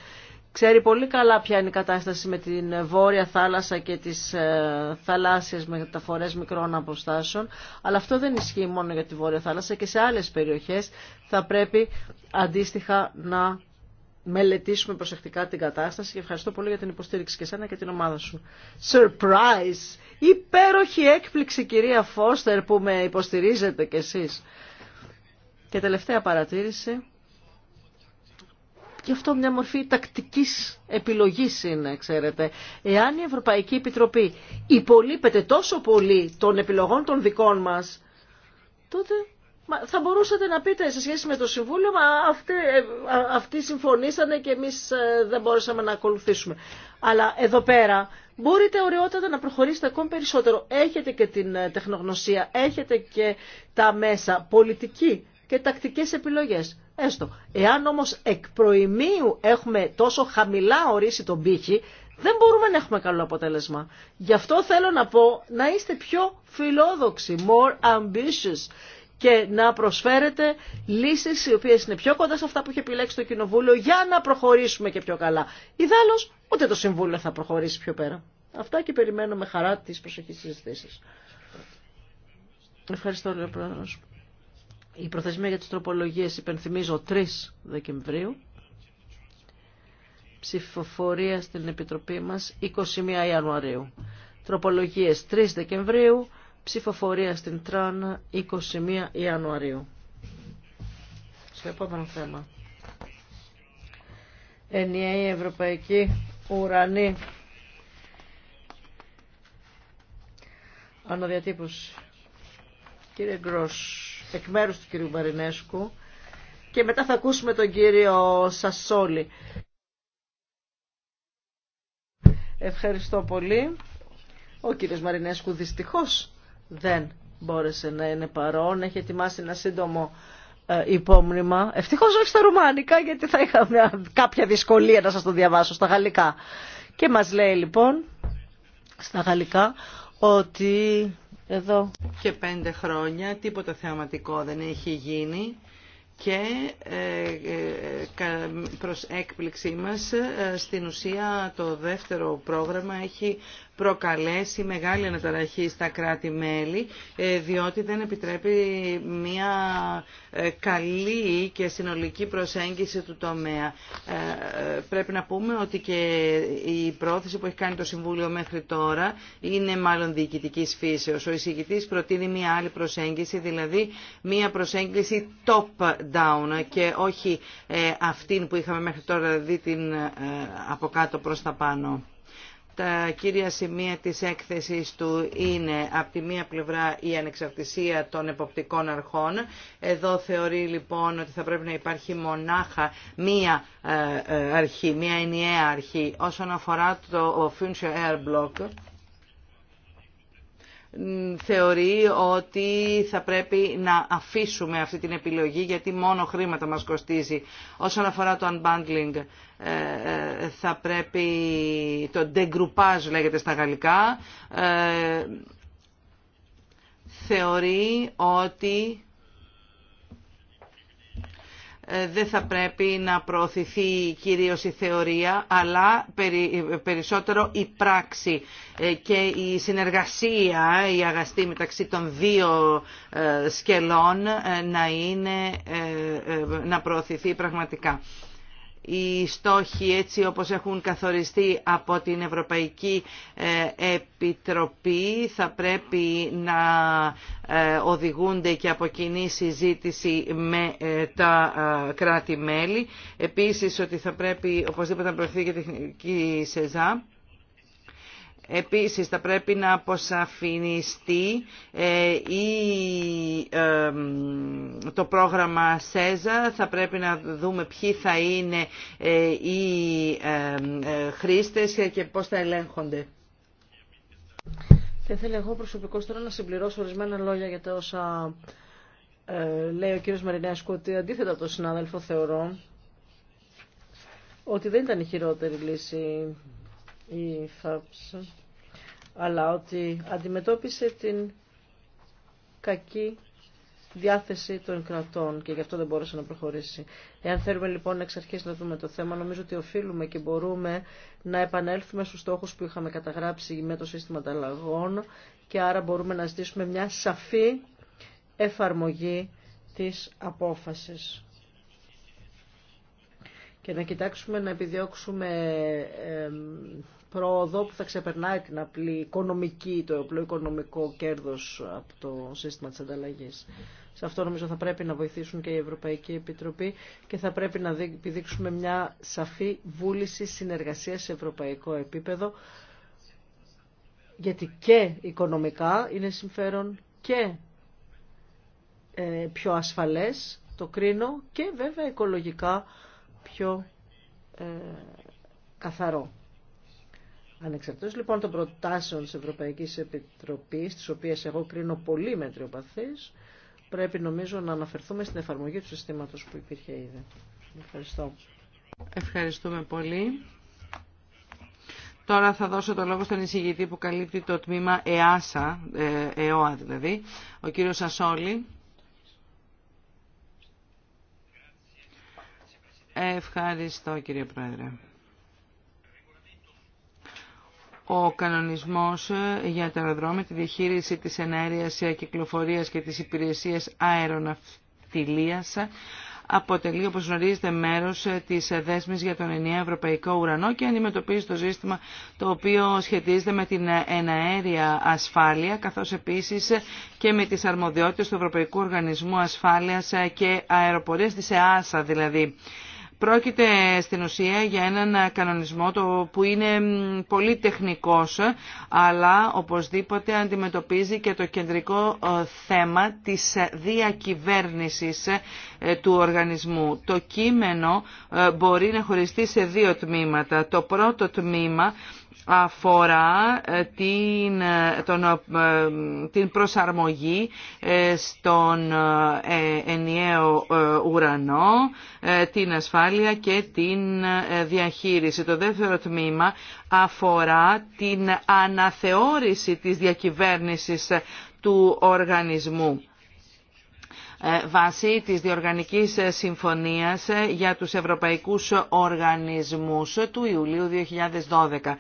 ξέρει πολύ καλά ποια είναι η κατάσταση με την βόρεια θάλασσα και τις ε, θαλάσσιες μεταφορές μικρών αποστάσεων, αλλά αυτό δεν ισχύει μόνο για τη βόρεια θάλασσα και σε άλλες περιοχές θα πρέπει αντίστοιχα να μελετήσουμε προσεκτικά την κατάσταση και ευχαριστώ πολύ για την υποστήριξη και εσένα και την ομάδα σου. Surprise! Υπέροχη έκπληξη κυρία Φώστερ που με υποστηρίζετε κι εσείς. Και τελευταία παρατήρηση και αυτό μια μορφή τακτικής επιλογής είναι, ξέρετε. Εάν η Ευρωπαϊκή Επιτροπή υπολείπεται τόσο πολύ των επιλογών των δικών μας, τότε θα μπορούσατε να πείτε σε σχέση με το Συμβούλιο, μα αυτοί, ε, αυτοί συμφωνήσανε και εμείς ε, δεν μπορούσαμε να ακολουθήσουμε. Αλλά εδώ πέρα μπορείτε ωραιότατα να προχωρήσετε ακόμη περισσότερο. Έχετε και την ε, τεχνογνωσία, έχετε και τα μέσα, πολιτική και τακτικές επιλογές έστω. Εάν όμως εκ προημίου έχουμε τόσο χαμηλά ορίσει τον πύχη, δεν μπορούμε να έχουμε καλό αποτέλεσμα. Γι' αυτό θέλω να πω να είστε πιο φιλόδοξοι, more ambitious και να προσφέρετε λύσεις οι οποίες είναι πιο κοντά σε αυτά που έχει επιλέξει το Κοινοβούλιο για να προχωρήσουμε και πιο καλά. Ιδάλλως ούτε το Συμβούλιο θα προχωρήσει πιο πέρα. Αυτά και περιμένω με χαρά τις τη συζητήσεις. Ευχαριστώ, Λεπρόεδρος. Η προθεσμία για τις τροπολογίες υπενθυμίζω 3 Δεκεμβρίου. Ψηφοφορία στην Επιτροπή μας 21 Ιανουαρίου. Τροπολογίες 3 Δεκεμβρίου. Ψηφοφορία στην ΤΡΑΝΑ 21 Ιανουαρίου. Στο επόμενο θέμα. Ενιαία Ευρωπαϊκή Ουρανή. Αναδιατύπωση. Κύριε Γκρός εκ μέρους του κυρίου Μαρινέσκου και μετά θα ακούσουμε τον κύριο Σασόλη. Ευχαριστώ πολύ. Ο κύριος Μαρινέσκου δυστυχώς δεν μπόρεσε να είναι παρόν. Έχει ετοιμάσει ένα σύντομο ε, υπόμνημα. Ευτυχώ όχι στα ρουμάνικα, γιατί θα είχα κάποια δυσκολία να σας το διαβάσω στα γαλλικά. Και μας λέει λοιπόν στα γαλλικά ότι εδώ. Και πέντε χρόνια τίποτα θεαματικό δεν έχει γίνει και ε, ε, προς έκπληξή μας ε, στην ουσία το δεύτερο πρόγραμμα έχει προκαλέσει μεγάλη αναταραχή στα κράτη-μέλη, ε, διότι δεν επιτρέπει μια ε, καλή και συνολική προσέγγιση του τομέα. Ε, πρέπει να πούμε ότι και η πρόθεση που έχει κάνει το Συμβούλιο μέχρι τώρα είναι μάλλον διοικητική φύσεως. Ο εισηγητής προτείνει μια άλλη προσέγγιση, δηλαδή μια προσέγγιση top-down και όχι αυτήν που είχαμε μέχρι τώρα, δηλαδή την από κάτω προς τα πάνω τα κύρια σημεία της έκθεσης του είναι από τη μία πλευρά η ανεξαρτησία των εποπτικών αρχών. Εδώ θεωρεί λοιπόν ότι θα πρέπει να υπάρχει μονάχα μία ε, ε, αρχή, μία ενιαία αρχή όσον αφορά το Future Air Block θεωρεί ότι θα πρέπει να αφήσουμε αυτή την επιλογή γιατί μόνο χρήματα μας κοστίζει. Όσον αφορά το unbundling ε, ε, θα πρέπει το degroupage λέγεται στα γαλλικά ε, θεωρεί ότι ε, δεν θα πρέπει να προωθηθεί κυρίως η θεωρία αλλά περισσότερο η πράξη ε, και η συνεργασία, η αγαστή μεταξύ των δύο ε, σκελών να, είναι, να προωθηθεί πραγματικά οι στόχοι έτσι όπως έχουν καθοριστεί από την Ευρωπαϊκή ε, Επιτροπή θα πρέπει να ε, οδηγούνται και από κοινή συζήτηση με ε, τα κράτη-μέλη. Επίσης ότι θα πρέπει οπωσδήποτε να προωθεί και τεχνική ΣΕΖΑ Επίσης θα πρέπει να αποσαφινιστεί ε, το πρόγραμμα ΣΕΖΑ, θα πρέπει να δούμε ποιοι θα είναι ε, οι ε, χρήστες και πώς θα ελέγχονται. Θα ήθελα εγώ προσωπικό τώρα να συμπληρώσω ορισμένα λόγια για τα όσα λέει ο κύριος Μαρινέσκου ότι αντίθετα από τον συνάδελφο θεωρώ ότι δεν ήταν η χειρότερη λύση η αλλά ότι αντιμετώπισε την κακή διάθεση των κρατών και γι' αυτό δεν μπόρεσε να προχωρήσει. Εάν θέλουμε λοιπόν να εξαρχίσει να δούμε το θέμα, νομίζω ότι οφείλουμε και μπορούμε να επανέλθουμε στους στόχους που είχαμε καταγράψει με το σύστημα ανταλλαγών και άρα μπορούμε να ζητήσουμε μια σαφή εφαρμογή της απόφασης. Και να κοιτάξουμε να επιδιώξουμε πρόοδο που θα ξεπερνάει την απλή οικονομική, το απλό οικονομικό κέρδος από το σύστημα της ανταλλαγή. Σε αυτό νομίζω θα πρέπει να βοηθήσουν και η Ευρωπαϊκή Επιτροπή και θα πρέπει να επιδείξουμε μια σαφή βούληση συνεργασίας σε ευρωπαϊκό επίπεδο γιατί και οικονομικά είναι συμφέρον και ε, πιο ασφαλές το κρίνο και βέβαια οικολογικά πιο ε, καθαρό. Ανεξαρτήτως λοιπόν των προτάσεων της Ευρωπαϊκής Επιτροπής, τις οποίες εγώ κρίνω πολύ μετριοπαθείς, πρέπει νομίζω να αναφερθούμε στην εφαρμογή του συστήματος που υπήρχε ήδη. Ευχαριστώ. Ευχαριστούμε πολύ. Τώρα θα δώσω το λόγο στον εισηγητή που καλύπτει το τμήμα ΕΑΣΑ, ε, ΕΟΑ δηλαδή, ο κύριος Ασόλη. Ευχαριστώ κύριε Πρόεδρε ο κανονισμός για τα αεροδρόμια, τη διαχείριση της ενέργειας κυκλοφορίας και της υπηρεσίας αεροναυτιλίας αποτελεί, όπως γνωρίζετε, μέρος της δέσμης για τον ενιαίο ευρωπαϊκό ουρανό και αντιμετωπίζει το ζήτημα το οποίο σχετίζεται με την εναέρια ασφάλεια, καθώς επίσης και με τις αρμοδιότητες του Ευρωπαϊκού Οργανισμού Ασφάλειας και Αεροπορίας, της ΕΑΣΑ δηλαδή. Πρόκειται στην ουσία για έναν κανονισμό το που είναι πολύ τεχνικός, αλλά οπωσδήποτε αντιμετωπίζει και το κεντρικό ε, θέμα της διακυβέρνησης ε, του οργανισμού. Το κείμενο ε, μπορεί να χωριστεί σε δύο τμήματα. Το πρώτο τμήμα αφορά ε, την, ε, τον, ε, την προσαρμογή στον ενιαίο ουρανό, την ασφάλεια και την διαχείριση. Το δεύτερο τμήμα αφορά την αναθεώρηση της διακυβέρνησης του οργανισμού ε, βάση της Διοργανικής ε, Συμφωνίας ε, για τους Ευρωπαϊκούς Οργανισμούς του Ιουλίου 2012.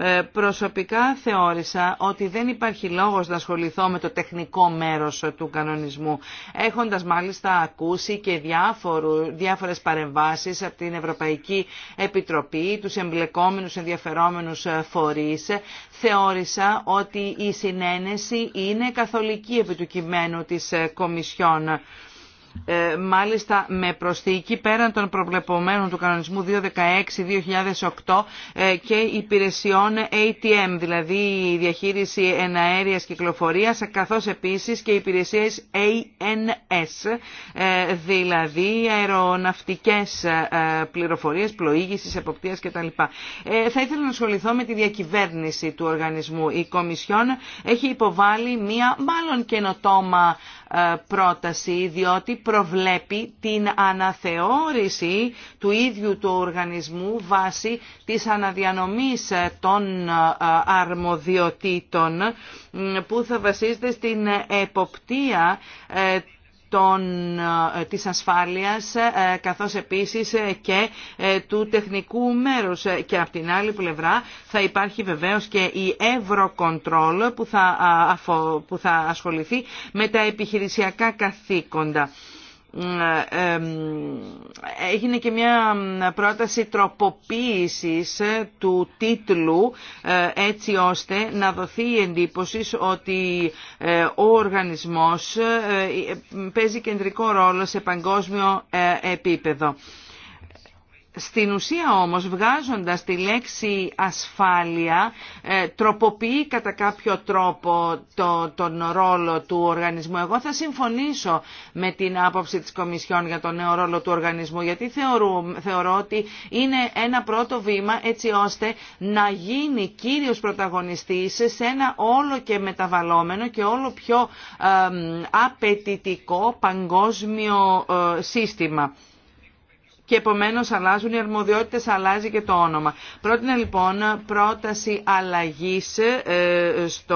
Ε, προσωπικά θεώρησα ότι δεν υπάρχει λόγος να ασχοληθώ με το τεχνικό μέρος του κανονισμού, έχοντας μάλιστα ακούσει και διάφορου, διάφορες παρεμβάσεις από την Ευρωπαϊκή Επιτροπή, τους εμπλεκόμενους ενδιαφερόμενους ε, φορείς. Θεώρησα ότι η συνένεση είναι καθολική επί του κειμένου της ε, Κομισιόν. Ε, μάλιστα με προσθήκη πέραν των προβλεπωμένων του κανονισμού 216-2008 ε, και υπηρεσιών ATM, δηλαδή διαχείριση εναέρειας κυκλοφορίας, καθώς επίσης και υπηρεσίες ANS, ε, δηλαδή αεροναυτικές πληροφορίες, πλοήγησης, εποπτείας κτλ. Θα ήθελα να ασχοληθώ με τη διακυβέρνηση του οργανισμού. Η Κομισιόν έχει υποβάλει μία μάλλον καινοτόμα ε, πρόταση διότι προβλέπει την αναθεώρηση του ίδιου του οργανισμού βάσει της αναδιανομής ε, των ε, αρμοδιοτήτων που θα βασίζεται στην εποπτεία των, ε, της ασφάλειας ε, καθώς επίσης ε, και του τεχνικού μέρους και από την άλλη πλευρά θα υπάρχει βεβαίως και η Ευρωκοντρόλ που που θα ασχοληθεί με τα επιχειρησιακά καθήκοντα. Ε, έγινε και μια πρόταση τροποποίησης του τίτλου ε, έτσι ώστε να δοθεί η εντύπωση ότι ε, ο οργανισμός παίζει κεντρικό ρόλο σε παγκόσμιο επίπεδο. Στην ουσία όμως βγάζοντας τη λέξη ασφάλεια ε, τροποποιεί κατά κάποιο τρόπο τον ρόλο του οργανισμού. Εγώ θα συμφωνήσω με την άποψη της Κομισιόν για τον νέο ρόλο του οργανισμού γιατί θεωρώ, ότι είναι ένα πρώτο βήμα έτσι ώστε να γίνει κύριος πρωταγωνιστής σε ένα όλο και μεταβαλλόμενο και όλο πιο ε, απαιτητικό παγκόσμιο ε, σύστημα και επομένως αλλάζουν οι αρμοδιότητες, αλλάζει και το όνομα. Πρότεινα λοιπόν πρόταση αλλαγής ε, στο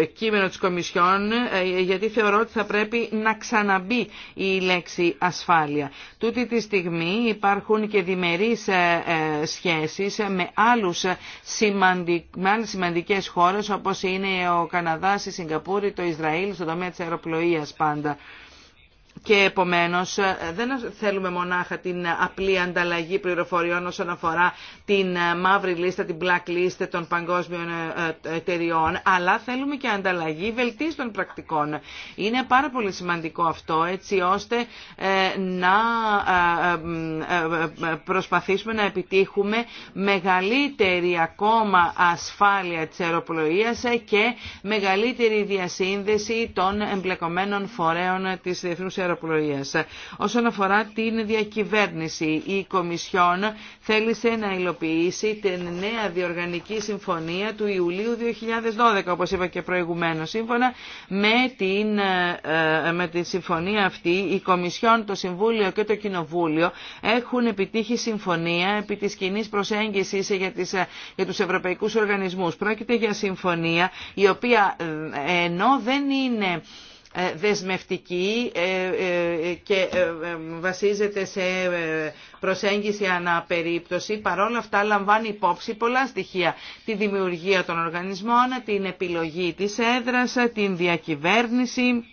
ε, κείμενο της Κομισιόν ε, γιατί θεωρώ ότι θα πρέπει να ξαναμπεί η λέξη ασφάλεια. Τούτη τη στιγμή υπάρχουν και διμερείς σχέσεις με, άλλους σημαντικ... με άλλες σημαντικές χώρες όπως είναι ο Καναδάς, η Σιγκαπούρη, το Ισραήλ στον τομέα τη αεροπλοεία πάντα και επομένως ε, δεν θέλουμε μονάχα την απλή ανταλλαγή πληροφοριών όσον αφορά την ε, μαύρη λίστα, την black list των παγκόσμιων ε, εταιριών, αλλά θέλουμε και ανταλλαγή βελτίστων πρακτικών. Είναι πάρα πολύ σημαντικό αυτό έτσι ώστε να προσπαθήσουμε να επιτύχουμε μεγαλύτερη ακόμα ασφάλεια της αεροπλοείας και μεγαλύτερη διασύνδεση των εμπλεκομένων φορέων της Διεθνούς Όσον αφορά την διακυβέρνηση, η Κομισιόν θέλησε να υλοποιήσει την νέα διοργανική συμφωνία του Ιουλίου 2012, όπως είπα και προηγουμένως. Σύμφωνα με, την, ε, με τη συμφωνία αυτή, η Κομισιόν, το Συμβούλιο και το Κοινοβούλιο έχουν επιτύχει συμφωνία επί της κοινής προσέγγισης για, ε, για τους Πρόκειται για συμφωνία η οποία ε, ενώ δεν είναι ε, δεσμευτική ε, ε, και βασίζεται σε προσέγγιση αναπερίπτωση, παρόλα αυτά λαμβάνει υπόψη πολλά στοιχεία. Τη δημιουργία των οργανισμών, την επιλογή της έδρας, την διακυβέρνηση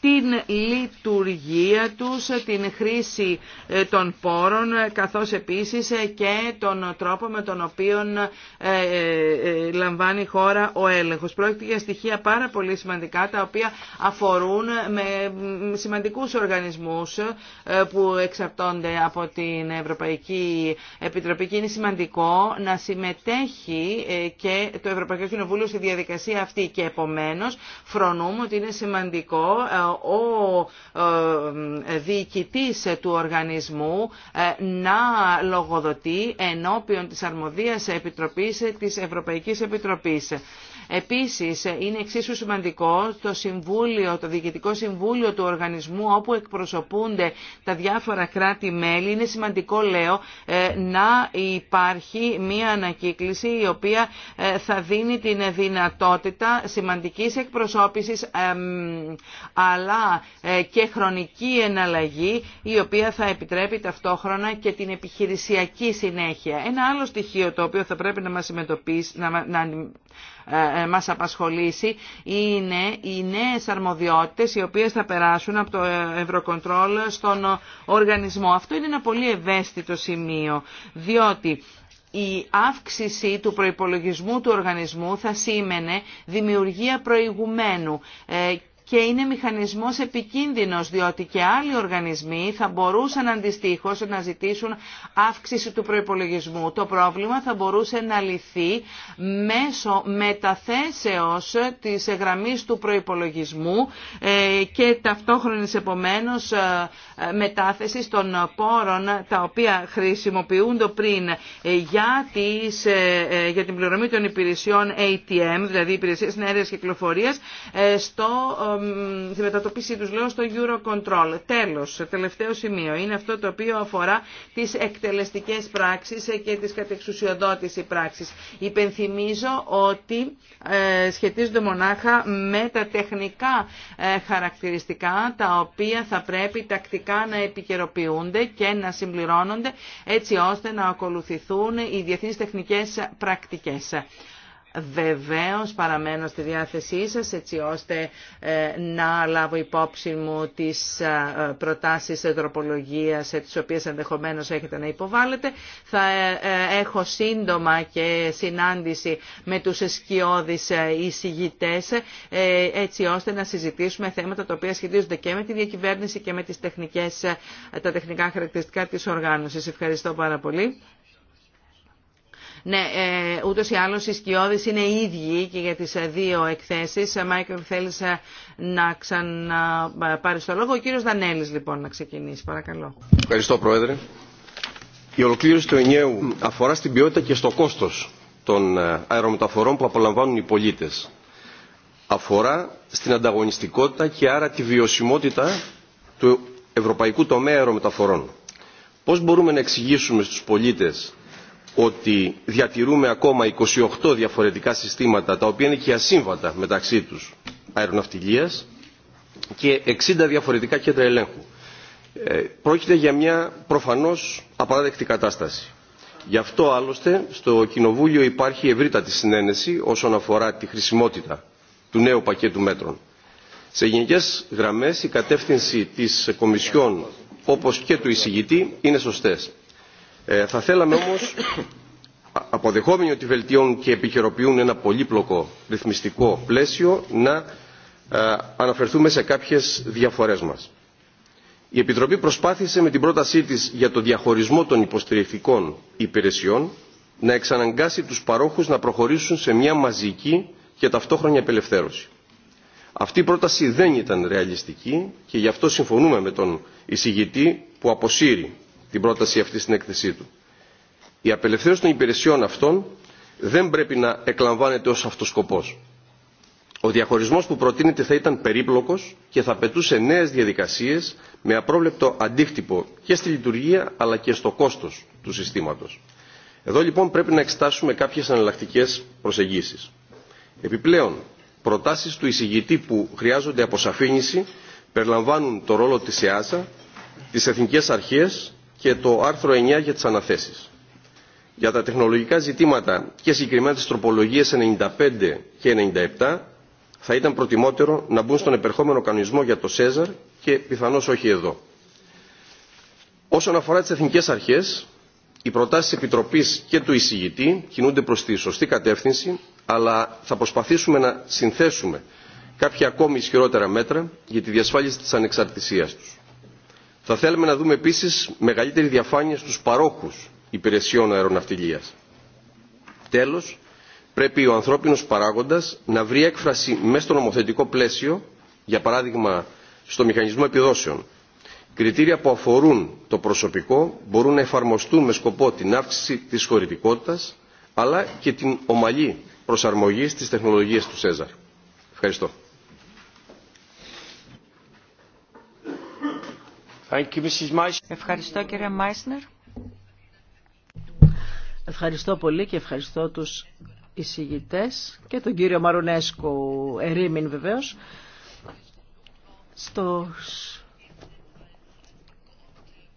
την λειτουργία τους, την χρήση ε, των πόρων, καθώς επίσης ε, και τον τρόπο με τον οποίο ε, λαμβάνει η χώρα ο έλεγχος. Πρόκειται για στοιχεία πάρα πολύ σημαντικά, τα οποία αφορούν με σημαντικούς οργανισμούς που εξαρτώνται από την Ευρωπαϊκή Επιτροπή και είναι σημαντικό να συμμετέχει και το Ευρωπαϊκό Κοινοβούλιο στη διαδικασία αυτή και επομένως φρονούμε ότι είναι σημαντικό ο ε, διοικητής του οργανισμού ε, να λογοδοτεί ενώπιον της αρμοδίας επιτροπής ε, της Ευρωπαϊκής Επιτροπής. Επίσης, είναι εξίσου σημαντικό το Συμβούλιο, το Διοικητικό Συμβούλιο του Οργανισμού, όπου εκπροσωπούνται τα διάφορα κράτη-μέλη, είναι σημαντικό, λέω, ε, να υπάρχει μία ανακύκληση η οποία ε, θα δίνει την δυνατότητα σημαντικής εκπροσώπησης αλλά ε, και χρονική εναλλαγή η οποία θα επιτρέπει ταυτόχρονα και την επιχειρησιακή συνέχεια. Ένα άλλο στοιχείο το οποίο θα πρέπει να μας, να, ε, ε, μας απασχολήσει είναι οι νέες αρμοδιότητες οι οποίες θα περάσουν από το Ευρωκοντρόλ στον οργανισμό. Αυτό είναι ένα πολύ ευαίσθητο σημείο, διότι η αύξηση του προϋπολογισμού του οργανισμού θα σήμαινε δημιουργία προηγουμένου ε, και είναι μηχανισμός επικίνδυνος διότι και άλλοι οργανισμοί θα μπορούσαν αντιστοίχως να ζητήσουν αύξηση του προϋπολογισμού. Το πρόβλημα θα μπορούσε να λυθεί μέσω μεταθέσεως της γραμμής του προϋπολογισμού ε, και ταυτόχρονης επομένως ε, μετάθεσης των πόρων τα οποία χρησιμοποιούνται πριν ε, για, για την πληρωμή των υπηρεσιών ATM, δηλαδή υπηρεσίες νέας κυκλοφορίας, στο τη μετατοπίσή τους λέω στο Eurocontrol. Τέλος, τελευταίο σημείο, είναι αυτό το οποίο αφορά τις εκτελεστικές πράξεις και τις κατεξουσιοδότηση πράξεις. Υπενθυμίζω ότι ε, σχετίζονται μονάχα με τα τεχνικά ε, χαρακτηριστικά τα οποία θα πρέπει τακτικά να επικαιροποιούνται και να συμπληρώνονται έτσι ώστε να ακολουθηθούν οι διεθνείς τεχνικές πρακτικές. Βεβαίως παραμένω στη διάθεσή σας έτσι ώστε ε, να λάβω υπόψη μου τις ε, προτάσεις τροπολογίας ε, τις οποίες ενδεχομένως έχετε να υποβάλλετε. Θα έχω σύντομα και συνάντηση με τους σκιώδεις εισηγητές έτσι ώστε να συζητήσουμε θέματα τα οποία σχετίζονται και με τη διακυβέρνηση και με τις τεχνικές, τα τεχνικά χαρακτηριστικά της οργάνωσης. Ευχαριστώ πάρα πολύ. Ναι, ε, ούτως ή άλλω οι σκιώδει είναι ίδιοι και για τις ε, δύο εκθέσεις. Ε, Μάικλ, θέλει ε, να ξαναπάρει το λόγο. Ο κύριο Δανέλη, λοιπόν, να ξεκινήσει. Παρακαλώ. Ευχαριστώ, Πρόεδρε. Η ολοκλήρωση του ενιαίου αφορά στην ποιότητα και στο κόστο των αερομεταφορών που απολαμβάνουν οι πολίτε. Αφορά στην ανταγωνιστικότητα και άρα τη βιωσιμότητα του ευρωπαϊκού τομέα αερομεταφορών. Πώς μπορούμε να εξηγήσουμε στους πολίτες ότι διατηρούμε ακόμα 28 διαφορετικά συστήματα τα οποία είναι και ασύμβατα μεταξύ τους αεροναυτιλίας και 60 διαφορετικά κέντρα ελέγχου. Ε, πρόκειται για μια προφανώς απαράδεκτη κατάσταση. Γι' αυτό άλλωστε στο Κοινοβούλιο υπάρχει ευρύτατη συνένεση όσον αφορά τη χρησιμότητα του νέου πακέτου μέτρων. Σε γενικές γραμμές η κατεύθυνση της Κομισιόν όπως και του εισηγητή είναι σωστές ε, θα θέλαμε όμως, αποδεχόμενοι ότι βελτιώνουν και επιχειροποιούν ένα πολύπλοκο ρυθμιστικό πλαίσιο, να ε, αναφερθούμε σε κάποιες διαφορές μας. Η Επιτροπή προσπάθησε με την πρότασή της για το διαχωρισμό των υποστηρικτικών υπηρεσιών να εξαναγκάσει τους παρόχους να προχωρήσουν σε μια μαζική και ταυτόχρονη απελευθέρωση. Αυτή η πρόταση δεν ήταν ρεαλιστική και γι' αυτό συμφωνούμε με τον εισηγητή που αποσύρει την πρόταση αυτή στην έκθεσή του. Η απελευθέρωση των υπηρεσιών αυτών δεν πρέπει να εκλαμβάνεται ως αυτός Ο διαχωρισμός που προτείνεται θα ήταν περίπλοκος και θα απαιτούσε νέες διαδικασίες με απρόβλεπτο αντίκτυπο και στη λειτουργία αλλά και στο κόστος του συστήματος. Εδώ λοιπόν πρέπει να εξετάσουμε κάποιες αναλλακτικέ προσεγγίσεις. Επιπλέον, προτάσεις του εισηγητή που χρειάζονται αποσαφήνιση περιλαμβάνουν το ρόλο της ΕΑΣΑ, τις εθνικές αρχές και το άρθρο 9 για τις αναθέσεις. Για τα τεχνολογικά ζητήματα και συγκεκριμένα τις τροπολογίες 95 και 97 θα ήταν προτιμότερο να μπουν στον επερχόμενο κανονισμό για το ΣΕΖΑΡ και πιθανώς όχι εδώ. Όσον αφορά τις εθνικές αρχές, οι προτάσεις της Επιτροπής και του εισηγητή κινούνται προς τη σωστή κατεύθυνση, αλλά θα προσπαθήσουμε να συνθέσουμε κάποια ακόμη ισχυρότερα μέτρα για τη διασφάλιση της ανεξαρτησίας τους. Θα θέλαμε να δούμε επίσης μεγαλύτερη διαφάνεια στους παρόχους υπηρεσιών αεροναυτιλίας. Τέλος, πρέπει ο ανθρώπινος παράγοντας να βρει έκφραση μέσα στο νομοθετικό πλαίσιο, για παράδειγμα στο μηχανισμό επιδόσεων. Κριτήρια που αφορούν το προσωπικό μπορούν να εφαρμοστούν με σκοπό την αύξηση της χωρητικότητας, αλλά και την ομαλή προσαρμογή στις τεχνολογίες του ΣΕΖΑΡ. Ευχαριστώ. Ευχαριστώ κύριε Μάισνερ. Ευχαριστώ πολύ και ευχαριστώ τους εισηγητές και τον κύριο Μαρουνέσκο Ερήμην βεβαίως. Στους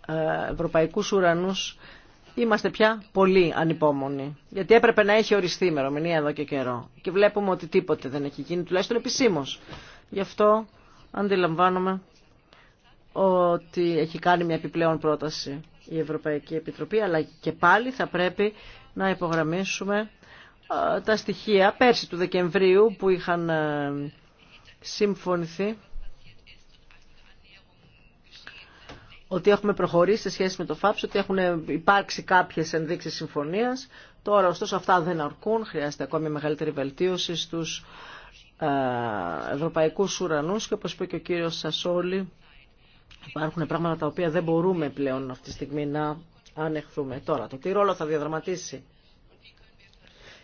ε, ευρωπαϊκούς ουρανούς είμαστε πια πολύ ανυπόμονοι. Γιατί έπρεπε να έχει οριστεί ημερομηνία εδώ και καιρό. Και βλέπουμε ότι τίποτε δεν έχει γίνει, τουλάχιστον επισήμως. Γι' αυτό αντιλαμβάνομαι ότι έχει κάνει μια επιπλέον πρόταση η Ευρωπαϊκή Επιτροπή, αλλά και πάλι θα πρέπει να υπογραμμίσουμε ε, τα στοιχεία πέρσι του Δεκεμβρίου που είχαν ε, συμφωνηθεί ότι έχουμε προχωρήσει σε σχέση με το ΦΑΠΣ, ότι έχουν ε, υπάρξει κάποιες ενδείξεις συμφωνίας. Τώρα, ωστόσο, αυτά δεν αρκούν. Χρειάζεται ακόμη μεγαλύτερη βελτίωση στους ευρωπαϊκούς ουρανούς και όπως είπε και ο κύριος Σασόλη, Υπάρχουν πράγματα τα οποία δεν μπορούμε πλέον αυτή τη στιγμή να ανεχθούμε. Τώρα, το τι ρόλο θα διαδραματίσει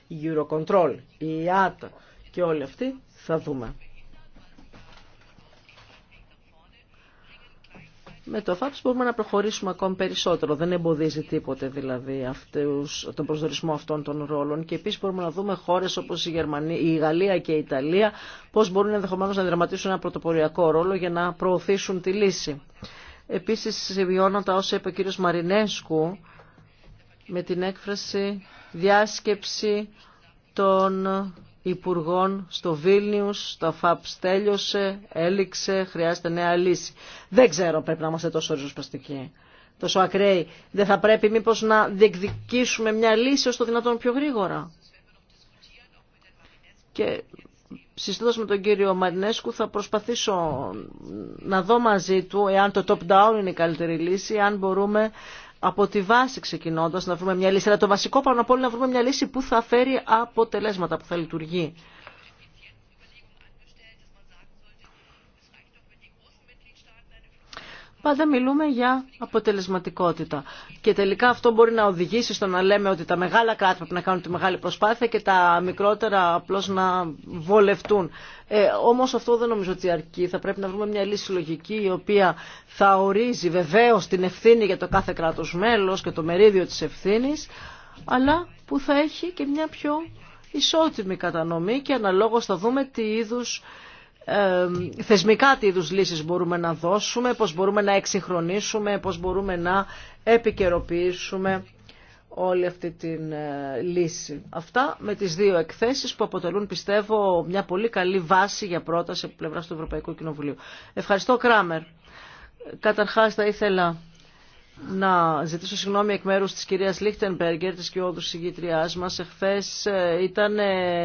η Eurocontrol, η IAT και όλοι αυτοί θα δούμε. με το FAPS μπορούμε να προχωρήσουμε ακόμη περισσότερο. Δεν εμποδίζει τίποτε δηλαδή αυτούς, τον προσδορισμό αυτών των ρόλων. Και επίση μπορούμε να δούμε χώρε όπω η, Γερμανία, η Γαλλία και η Ιταλία πώ μπορούν ενδεχομένω να δραματίσουν ένα πρωτοποριακό ρόλο για να προωθήσουν τη λύση. Επίση, σε όσα είπε ο κύριο Μαρινέσκου με την έκφραση διάσκεψη των υπουργών στο Βίλνιους, το Φαπ τέλειωσε, έληξε, χρειάζεται νέα λύση. Δεν ξέρω πρέπει να είμαστε τόσο ριζοσπαστικοί, τόσο ακραίοι. Δεν θα πρέπει μήπως να διεκδικήσουμε μια λύση ως το δυνατόν πιο γρήγορα. Και συζητώντας με τον κύριο Μαρινέσκου θα προσπαθήσω να δω μαζί του εάν το top-down είναι η καλύτερη λύση, εάν μπορούμε από τη βάση ξεκινώντας να βρούμε μια λύση. Αλλά το βασικό πάνω απ' όλα να βρούμε μια λύση που θα φέρει αποτελέσματα, που θα λειτουργεί. πάντα μιλούμε για αποτελεσματικότητα. Και τελικά αυτό μπορεί να οδηγήσει στο να λέμε ότι τα μεγάλα κράτη πρέπει να κάνουν τη μεγάλη προσπάθεια και τα μικρότερα απλώ να βολευτούν. Ε, Όμω αυτό δεν νομίζω ότι αρκεί. Θα πρέπει να βρούμε μια λύση λογική η οποία θα ορίζει βεβαίω την ευθύνη για το κάθε κράτο μέλο και το μερίδιο τη ευθύνη, αλλά που θα έχει και μια πιο ισότιμη κατανομή και αναλόγω θα δούμε τι είδου θεσμικά τι είδους λύσεις μπορούμε να δώσουμε, πώς μπορούμε να εξυγχρονίσουμε, πώς μπορούμε να επικαιροποιήσουμε όλη αυτή τη ε, λύση. Αυτά με τις δύο εκθέσεις που αποτελούν πιστεύω μια πολύ καλή βάση για πρόταση από πλευράς του Ευρωπαϊκού Κοινοβουλίου. Ευχαριστώ Κράμερ. Καταρχάς θα ήθελα να ζητήσω συγγνώμη εκ μέρους της κυρίας Λίχτενμπεργκερ, της κοιόδους συγγήτριάς μας. Εχθές ε, ήταν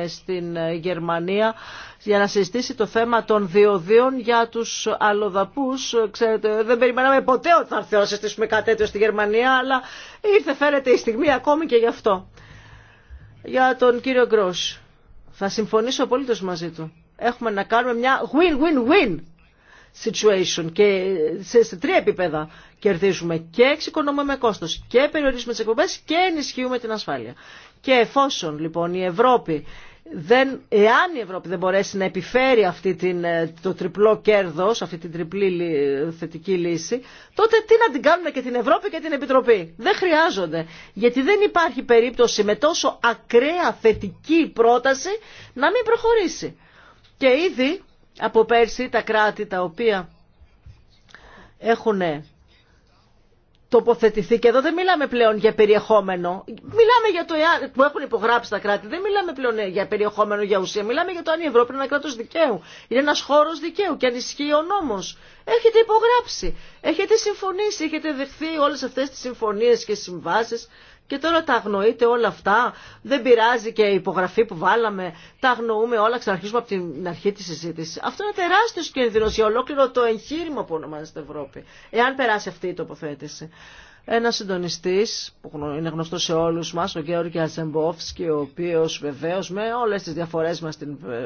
στην ε, Γερμανία για να συζητήσει το θέμα των διοδίων για τους αλλοδαπούς. Ξέρετε, δεν περιμέναμε ποτέ ότι θα έρθει να συζητήσουμε κάτι τέτοιο στη Γερμανία, αλλά ήρθε φέρεται η στιγμή ακόμη και γι' αυτό. Για τον κύριο Γκρός. Θα συμφωνήσω απολύτως μαζί του. Έχουμε να κάνουμε μια win-win-win situation και σε, τρία επίπεδα κερδίζουμε και εξοικονομούμε κόστος και περιορίζουμε τις εκπομπές και ενισχύουμε την ασφάλεια. Και εφόσον λοιπόν η Ευρώπη δεν, εάν η Ευρώπη δεν μπορέσει να επιφέρει αυτή την, ε, το τριπλό κέρδος, αυτή την τριπλή θετική λύση, τότε τι να την κάνουμε και την Ευρώπη και την Επιτροπή. Δεν χρειάζονται. Γιατί δεν υπάρχει περίπτωση με τόσο ακραία θετική πρόταση να μην προχωρήσει. Και ήδη από πέρσι τα κράτη τα οποία έχουν τοποθετηθεί και εδώ δεν μιλάμε πλέον για περιεχόμενο. Μιλάμε για το που έχουν υπογράψει τα κράτη, δεν μιλάμε πλέον για περιεχόμενο, για ουσία. Μιλάμε για το αν η Ευρώπη είναι ένα κράτο δικαίου. Είναι ένα χώρο δικαίου και αν ισχύει ο νόμο. Έχετε υπογράψει, έχετε συμφωνήσει, έχετε δεχθεί όλε αυτέ τι συμφωνίε και συμβάσει και τώρα τα αγνοείτε όλα αυτά. Δεν πειράζει και η υπογραφή που βάλαμε. Τα αγνοούμε όλα. Ξαναρχίζουμε από την αρχή τη συζήτηση. Αυτό είναι τεράστιο κίνδυνο για ολόκληρο το εγχείρημα που ονομάζεται Ευρώπη. Εάν περάσει αυτή η τοποθέτηση ένας συντονιστής που είναι γνωστός σε όλους μας, ο Γεώργια Αζεμπόφσκι, ο οποίος βεβαίως με όλες τις διαφορές μας στην ε,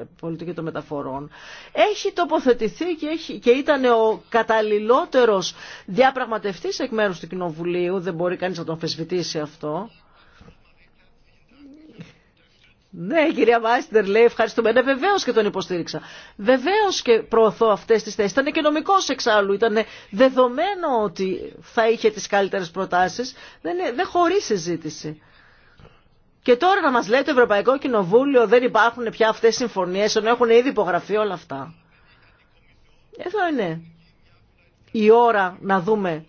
ε, πολιτική των μεταφορών έχει τοποθετηθεί και, έχει, και ήταν ο καταλληλότερος διαπραγματευτής εκ μέρους του Κοινοβουλίου, δεν μπορεί κανείς να τον αμφισβητήσει αυτό. Ναι, κυρία Μάιστερ λέει, ευχαριστούμε. Ναι, βεβαίω και τον υποστήριξα. Βεβαίω και προωθώ αυτέ τι θέσει. Ήταν και νομικό εξάλλου. Ήταν δεδομένο ότι θα είχε τι καλύτερε προτάσει. Δεν, δεν χωρί συζήτηση. Και τώρα να μα λέει το Ευρωπαϊκό Κοινοβούλιο δεν υπάρχουν πια αυτέ οι συμφωνίε, ενώ έχουν ήδη υπογραφεί όλα αυτά. Εδώ είναι η ώρα να δούμε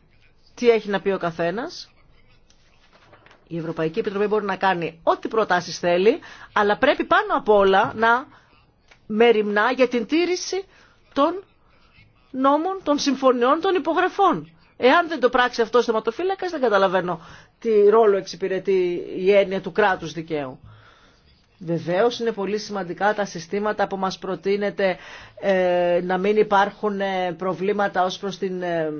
τι έχει να πει ο καθένας η Ευρωπαϊκή Επιτροπή μπορεί να κάνει ό,τι προτάσεις θέλει, αλλά πρέπει πάνω απ' όλα να μεριμνά για την τήρηση των νόμων, των συμφωνιών, των υπογραφών. Εάν δεν το πράξει αυτό ο θεματοφύλακα, δεν καταλαβαίνω τι ρόλο εξυπηρετεί η έννοια του κράτου δικαίου. Βεβαίω είναι πολύ σημαντικά τα συστήματα που μας προτείνεται ε, να μην υπάρχουν ε, προβλήματα ως προς την ε,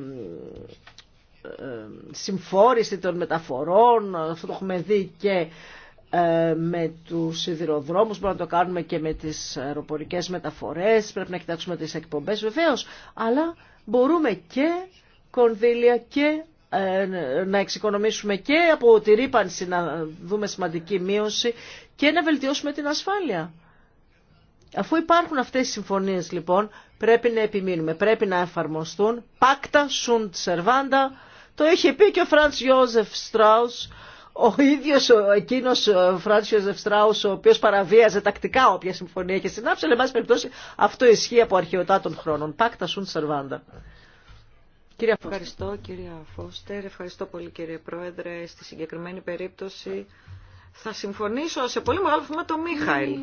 ε, συμφόρηση των μεταφορών, αυτό το έχουμε δει και ε, με τους σιδηροδρόμους, μπορούμε να το κάνουμε και με τις αεροπορικές μεταφορές, πρέπει να κοιτάξουμε τις εκπομπές βεβαίως, αλλά μπορούμε και κονδύλια και ε, να εξοικονομήσουμε και από τη ρήπανση να δούμε σημαντική μείωση και να βελτιώσουμε την ασφάλεια. Αφού υπάρχουν αυτές οι συμφωνίες λοιπόν πρέπει να επιμείνουμε, πρέπει να εφαρμοστούν πάκτα sunt σερβάντα. Το είχε πει και ο Φραντς Ιώζεφ Στράους, ο ίδιος εκείνος ο Φραντς Ιώζεφ Στράους, ο οποίος παραβίαζε τακτικά όποια συμφωνία είχε συνάψει, αλλά εν περιπτώσει αυτό ισχύει από αρχαιοτά των χρόνων. Πάκτα σουν σερβάντα. Κύριε ευχαριστώ κύριε Φώστερ, ευχαριστώ πολύ κύριε Πρόεδρε. Στη συγκεκριμένη περίπτωση θα συμφωνήσω σε πολύ μεγάλο βαθμό τον Μίχαηλ.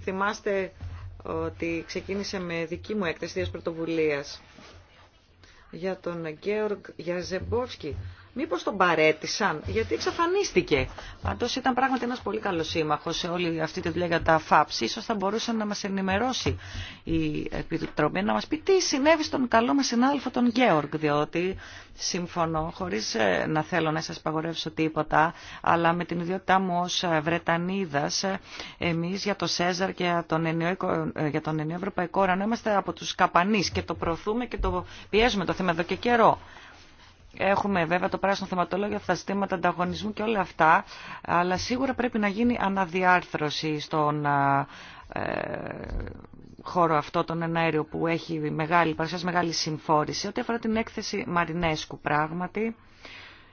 Θυμάστε ότι ξεκίνησε με δική μου έκθεση της πρωτοβουλίας για τον Γκέοργ Γιαζεμπόφσκι Μήπω τον παρέτησαν, γιατί εξαφανίστηκε. Παντώ ήταν πράγματι ένα πολύ καλό σύμμαχο σε όλη αυτή τη δουλειά για τα ΦΑΠΣ. σω θα μπορούσε να μα ενημερώσει η Επιτροπή, να μα πει τι συνέβη στον καλό μα συνάδελφο τον Γκέορκ διότι συμφωνώ, χωρί ε, να θέλω να σα παγορεύσω τίποτα, αλλά με την ιδιότητά μου ω ε, Βρετανίδας, ε, εμείς για το ΣΕΖΑΡ και για τον Ενιό, για Ευρωπαϊκό είμαστε από του καπανεί και το προωθούμε και το πιέζουμε το θέμα εδώ και καιρό. Έχουμε βέβαια το πράσινο θεματολόγιο, αυτά τα ζητήματα ανταγωνισμού και όλα αυτά, αλλά σίγουρα πρέπει να γίνει αναδιάρθρωση στον ε, χώρο αυτό, τον ενέριο που έχει μεγάλη, παρουσιάζει μεγάλη συμφόρηση. Ό,τι αφορά την έκθεση Μαρινέσκου πράγματι,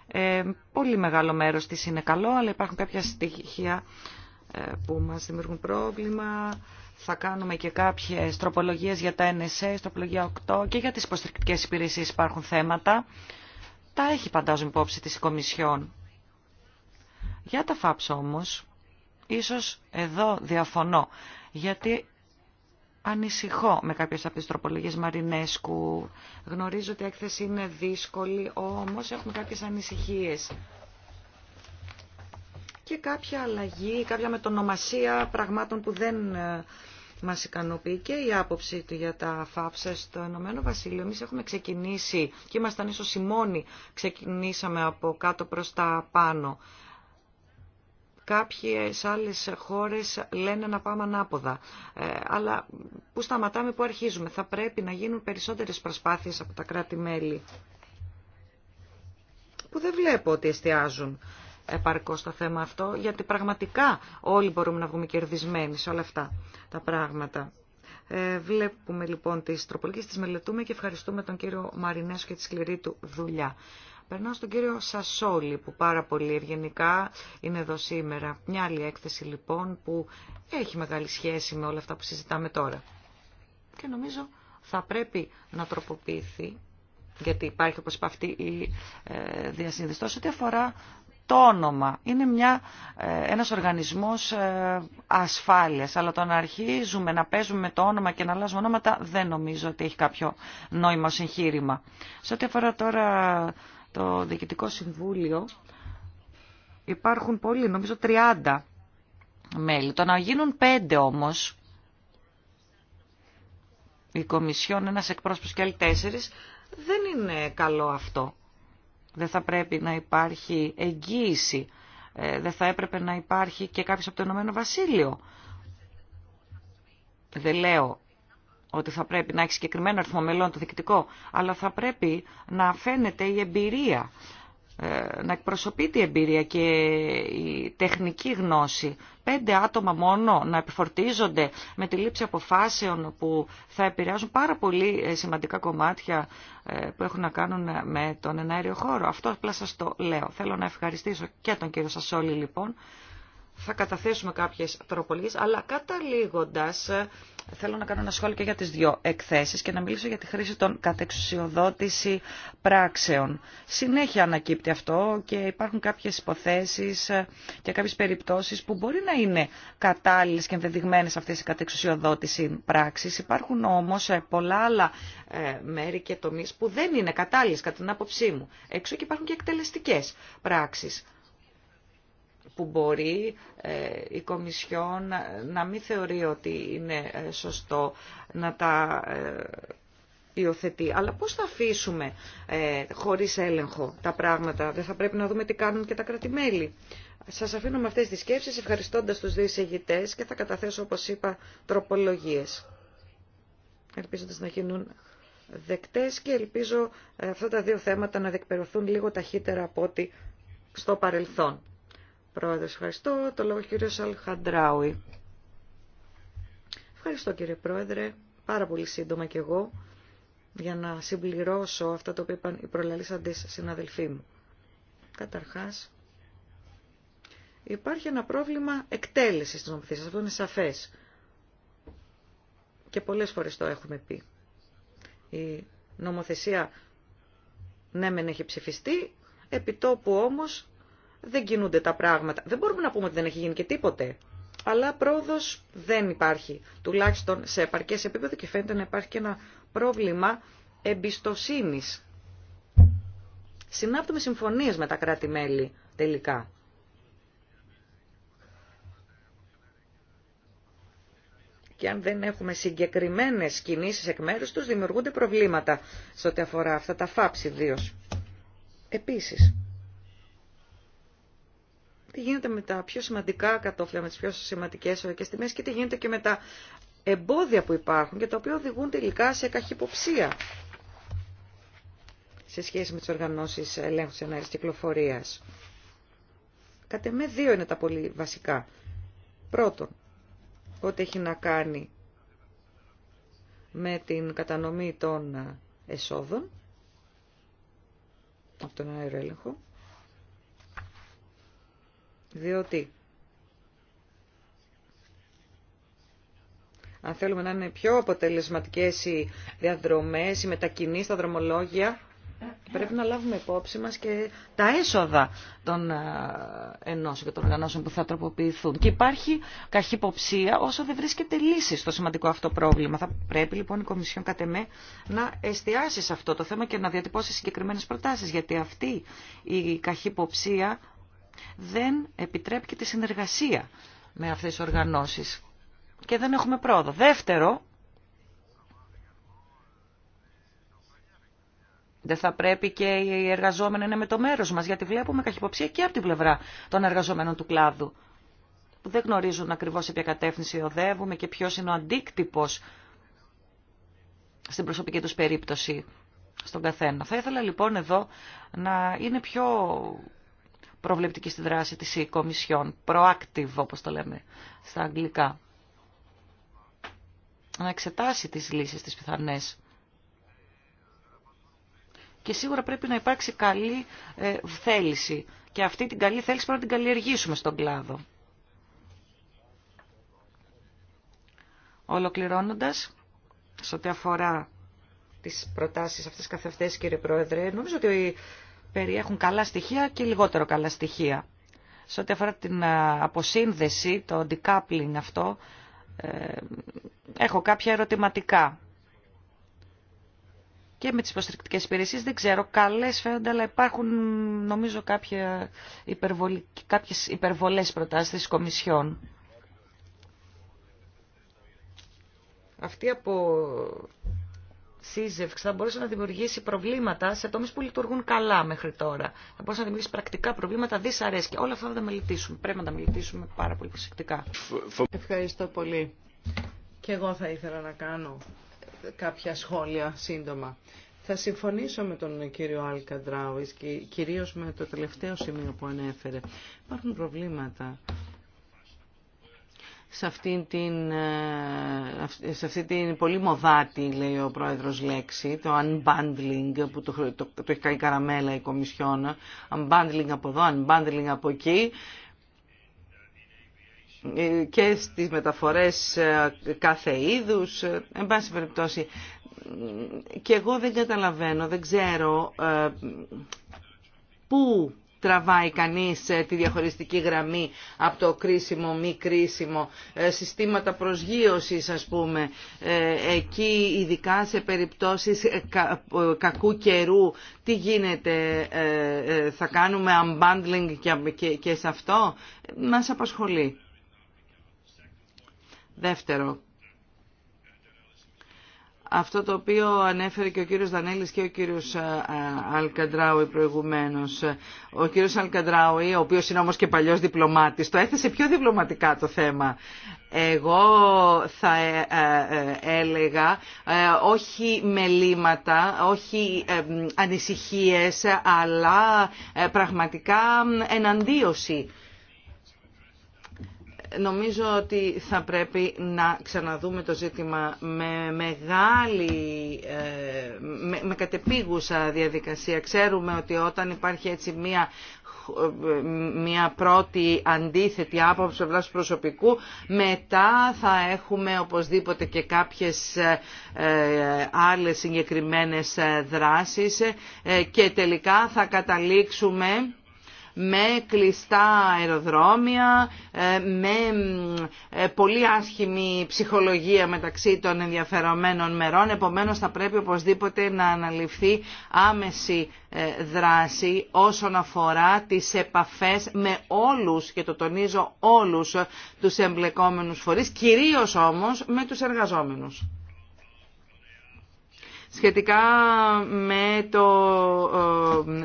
ε, πολύ μεγάλο μέρος της είναι καλό, αλλά υπάρχουν κάποια στοιχεία ε, που μας δημιουργούν πρόβλημα. Θα κάνουμε και κάποιες τροπολογίες για τα NSA, τροπολογία 8 και για τις υποστηρικτικές υπηρεσίες υπάρχουν θέματα. Τα έχει φαντάζομαι υπόψη της Κομισιόν. Για τα φάψω όμως, ίσως εδώ διαφωνώ, γιατί ανησυχώ με κάποιες από τις τροπολογίες Μαρινέσκου. Γνωρίζω ότι η έκθεση είναι δύσκολη, όμως έχουμε κάποιες ανησυχίες. Και κάποια αλλαγή, κάποια μετονομασία πραγμάτων που δεν ε, μας ικανοποιεί και η άποψή του για τα φάψε στο Ηνωμένο Βασίλειο. Εμείς έχουμε ξεκινήσει και ήμασταν ίσως οι μόνοι ξεκινήσαμε από κάτω προς τα πάνω. Κάποιες άλλες χώρες λένε να πάμε ανάποδα. Ε, αλλά πού σταματάμε, πού αρχίζουμε. Θα πρέπει να γίνουν περισσότερες προσπάθειες από τα κράτη-μέλη που δεν βλέπω ότι εστιάζουν επαρκώ στο θέμα αυτό, γιατί πραγματικά όλοι μπορούμε να βγούμε κερδισμένοι σε όλα αυτά τα πράγματα. Ε, βλέπουμε λοιπόν τις τροπολογίες, τις μελετούμε και ευχαριστούμε τον κύριο Μαρινέσο και τη σκληρή του δουλειά. Περνάω στον κύριο Σασόλη που πάρα πολύ ευγενικά είναι εδώ σήμερα. Μια άλλη έκθεση λοιπόν που έχει μεγάλη σχέση με όλα αυτά που συζητάμε τώρα. Και νομίζω θα πρέπει να τροποποιηθεί γιατί υπάρχει όπως είπα αυτή η ε, διασυνδεστώση ότι αφορά το όνομα. Είναι μια, ε, ένας οργανισμός ε, ασφάλειας, αλλά το να αρχίζουμε να παίζουμε με το όνομα και να αλλάζουμε ονόματα δεν νομίζω ότι έχει κάποιο νόημα εγχείρημα. Σε ό,τι αφορά τώρα το Διοικητικό Συμβούλιο, υπάρχουν πολλοί, νομίζω 30 μέλη. Το να γίνουν 5 όμως, η Κομισιόν, ένας εκπρόσωπος και άλλοι 4, δεν είναι καλό αυτό. Δεν θα πρέπει να υπάρχει εγγύηση. Ε, δεν θα έπρεπε να υπάρχει και κάποιος από το Ηνωμένο Βασίλειο. Δεν λέω ότι θα πρέπει να έχει συγκεκριμένο αριθμό μελών το διοικητικό, αλλά θα πρέπει να φαίνεται η εμπειρία ε, να εκπροσωπείται η εμπειρία και η τεχνική γνώση. Πέντε άτομα μόνο να επιφορτίζονται με τη λήψη αποφάσεων που θα επηρεάζουν πάρα πολύ ε, σημαντικά κομμάτια ε, που έχουν να κάνουν με τον εναέριο χώρο. Αυτό απλά σας το λέω. Θέλω να ευχαριστήσω και τον κύριο Σασόλη λοιπόν θα καταθέσουμε κάποιες τροπολογίε, αλλά καταλήγοντας ε, θέλω να κάνω ένα σχόλιο και για τις δύο εκθέσεις και να μιλήσω για τη χρήση των κατεξουσιοδότηση πράξεων. Συνέχεια ανακύπτει αυτό και υπάρχουν κάποιες υποθέσεις ε, και κάποιες περιπτώσεις που μπορεί να είναι κατάλληλες και ενδεδειγμένες αυτές οι κατεξουσιοδότηση πράξεις. Υπάρχουν όμως ε, πολλά άλλα μέρη και τομείς που δεν είναι κατάλληλες κατά την άποψή μου. Έξω και υπάρχουν και εκτελεστικές πράξεις που μπορεί ε, η Κομισιόν να μην θεωρεί ότι είναι ε, σωστό να τα ε, υιοθετεί. Αλλά πώς θα αφήσουμε χωρίς έλεγχο τα πράγματα. Δεν θα πρέπει να δούμε τι κάνουν και τα κρατημέλη. Σας αφήνω με αυτές τις σκέψεις ευχαριστώντας τους δύο εισηγητές και θα καταθέσω όπως είπα τροπολογίες. Ελπίζοντας να γίνουν δεκτές και ελπίζω αυτά τα δύο θέματα να δεκπερωθούν λίγο ταχύτερα από ό,τι στο παρελθόν ευχαριστώ. Το λόγο κύριο Αλχαντράουι. Ευχαριστώ κύριε Πρόεδρε. Πάρα πολύ σύντομα και εγώ για να συμπληρώσω αυτά τα οποία είπαν οι προλαλήσαντες συναδελφοί μου. Καταρχάς, υπάρχει ένα πρόβλημα εκτέλεσης της νομοθεσίας. Αυτό είναι σαφές. Και πολλές φορές το έχουμε πει. Η νομοθεσία ναι μεν έχει ψηφιστεί, επιτόπου όμως δεν κινούνται τα πράγματα. Δεν μπορούμε να πούμε ότι δεν έχει γίνει και τίποτε. Αλλά πρόοδο δεν υπάρχει. Τουλάχιστον σε επαρκέ επίπεδο και φαίνεται να υπάρχει και ένα πρόβλημα εμπιστοσύνη. Συνάπτουμε συμφωνίε με τα κράτη-μέλη τελικά. και αν δεν έχουμε συγκεκριμένες κινήσεις εκ μέρους τους, δημιουργούνται προβλήματα σε ό,τι αφορά αυτά τα φάψη ιδίω. Επίσης, τι γίνεται με τα πιο σημαντικά κατόφλια, με τις πιο σημαντικέ ορικέ τιμέ, και τι γίνεται και με τα εμπόδια που υπάρχουν και τα οποία οδηγούν τελικά σε καχυποψία σε σχέση με τις οργανώσεις ελέγχου τη ενέργειας κυκλοφορία. Κατ' εμέ δύο είναι τα πολύ βασικά. Πρώτον, ό,τι έχει να κάνει με την κατανομή των εσόδων από τον αεροέλεγχο. Διότι αν θέλουμε να είναι πιο αποτελεσματικές οι διαδρομές, οι μετακινήσεις, τα δρομολόγια, πρέπει να λάβουμε υπόψη μας και τα έσοδα των ε, ενώσεων και των οργανώσεων που θα τροποποιηθούν. Και υπάρχει καχυποψία όσο δεν βρίσκεται λύση στο σημαντικό αυτό πρόβλημα. Θα πρέπει λοιπόν η Κομισιόν ΚΑΤΕΜΕ να εστιάσει σε αυτό το θέμα και να διατυπώσει συγκεκριμένες προτάσεις, γιατί αυτή η καχυποψία δεν επιτρέπει και τη συνεργασία με αυτές τις οργανώσεις και δεν έχουμε πρόοδο. Δεύτερο, Δεν θα πρέπει και οι εργαζόμενοι να είναι με το μέρος μας, γιατί βλέπουμε καχυποψία και από την πλευρά των εργαζομένων του κλάδου, που δεν γνωρίζουν ακριβώς σε ποια κατεύθυνση οδεύουμε και ποιος είναι ο αντίκτυπος στην προσωπική τους περίπτωση στον καθένα. Θα ήθελα λοιπόν εδώ να είναι πιο προβλεπτική στη δράση της Κομισιόν, proactive όπως το λέμε στα αγγλικά, να εξετάσει τις λύσεις τις πιθανές. Και σίγουρα πρέπει να υπάρξει καλή ε, θέληση. Και αυτή την καλή θέληση πρέπει να την καλλιεργήσουμε στον κλάδο. Ολοκληρώνοντας, σε ό,τι αφορά τις προτάσεις αυτές καθευτές κύριε Πρόεδρε, νομίζω ότι περιέχουν καλά στοιχεία και λιγότερο καλά στοιχεία. Σε ό,τι αφορά την αποσύνδεση, το decoupling αυτό, ε, έχω κάποια ερωτηματικά. Και με τις προστρικτικές υπηρεσίες δεν ξέρω, καλές φαίνονται, αλλά υπάρχουν νομίζω κάποια κάποιες υπερβολές προτάσεις της Κομισιόν. Αυτή από σύζευξη θα μπορούσε να δημιουργήσει προβλήματα σε τομεί που λειτουργούν καλά μέχρι τώρα. Θα μπορούσε να δημιουργήσει πρακτικά προβλήματα, δυσαρέσκεια. Όλα αυτά θα τα μελετήσουμε. Πρέπει να τα μελετήσουμε πάρα πολύ προσεκτικά. Ευχαριστώ πολύ. Και εγώ θα ήθελα να κάνω κάποια σχόλια σύντομα. Θα συμφωνήσω με τον κύριο Αλκαντράου και κυρίως με το τελευταίο σημείο που ανέφερε. Υπάρχουν προβλήματα σε αυτή την, ε, σε αυτή την πολύ μοδάτη, λέει ο πρόεδρος λέξη, το unbundling που το, το, το έχει κάνει καραμέλα η Κομισιόν, unbundling από εδώ, unbundling από εκεί, ε, και στις μεταφορές ε, κάθε είδους, εν πάση περιπτώσει. Και εγώ δεν καταλαβαίνω, δεν ξέρω πού τραβάει κανείς ε, τη διαχωριστική γραμμή από το κρίσιμο, μη κρίσιμο, ε, συστήματα προσγείωσης ας πούμε, ε, εκεί ειδικά σε περιπτώσεις κακού καιρού, τι γίνεται, θα κάνουμε unbundling και σε αυτό, μας απασχολεί. Δεύτερο, αυτό το οποίο ανέφερε και ο κύριος Δανέλης και ο κύριος ε, Αλκαντράουι προηγουμένως. Ο κύριος Αλκαντράουι, ο οποίος είναι όμως και παλιός διπλωμάτης, το έθεσε πιο διπλωματικά το θέμα. Εγώ θα ε, ε, έλεγα όχι μελήματα, όχι ανησυχίες, αλλά πραγματικά εναντίωση νομίζω ότι θα πρέπει να ξαναδούμε το ζήτημα με μεγάλη, ε, με, κατεπίγουσα διαδικασία. Ξέρουμε ότι όταν υπάρχει έτσι μία μια πρώτη αντίθετη άποψη ευλάς προσωπικού μετά θα έχουμε οπωσδήποτε και κάποιες ε, άλλες συγκεκριμένες δράσεις ε, και τελικά θα καταλήξουμε με κλειστά αεροδρόμια, ε, με ε, πολύ άσχημη ψυχολογία μεταξύ των ενδιαφερομένων μερών. Επομένως θα πρέπει οπωσδήποτε να αναλυφθεί άμεση ε, δράση όσον αφορά τις επαφές με όλους και το τονίζω όλους τους εμπλεκόμενους φορείς, κυρίως όμως με τους εργαζόμενους σχετικά με το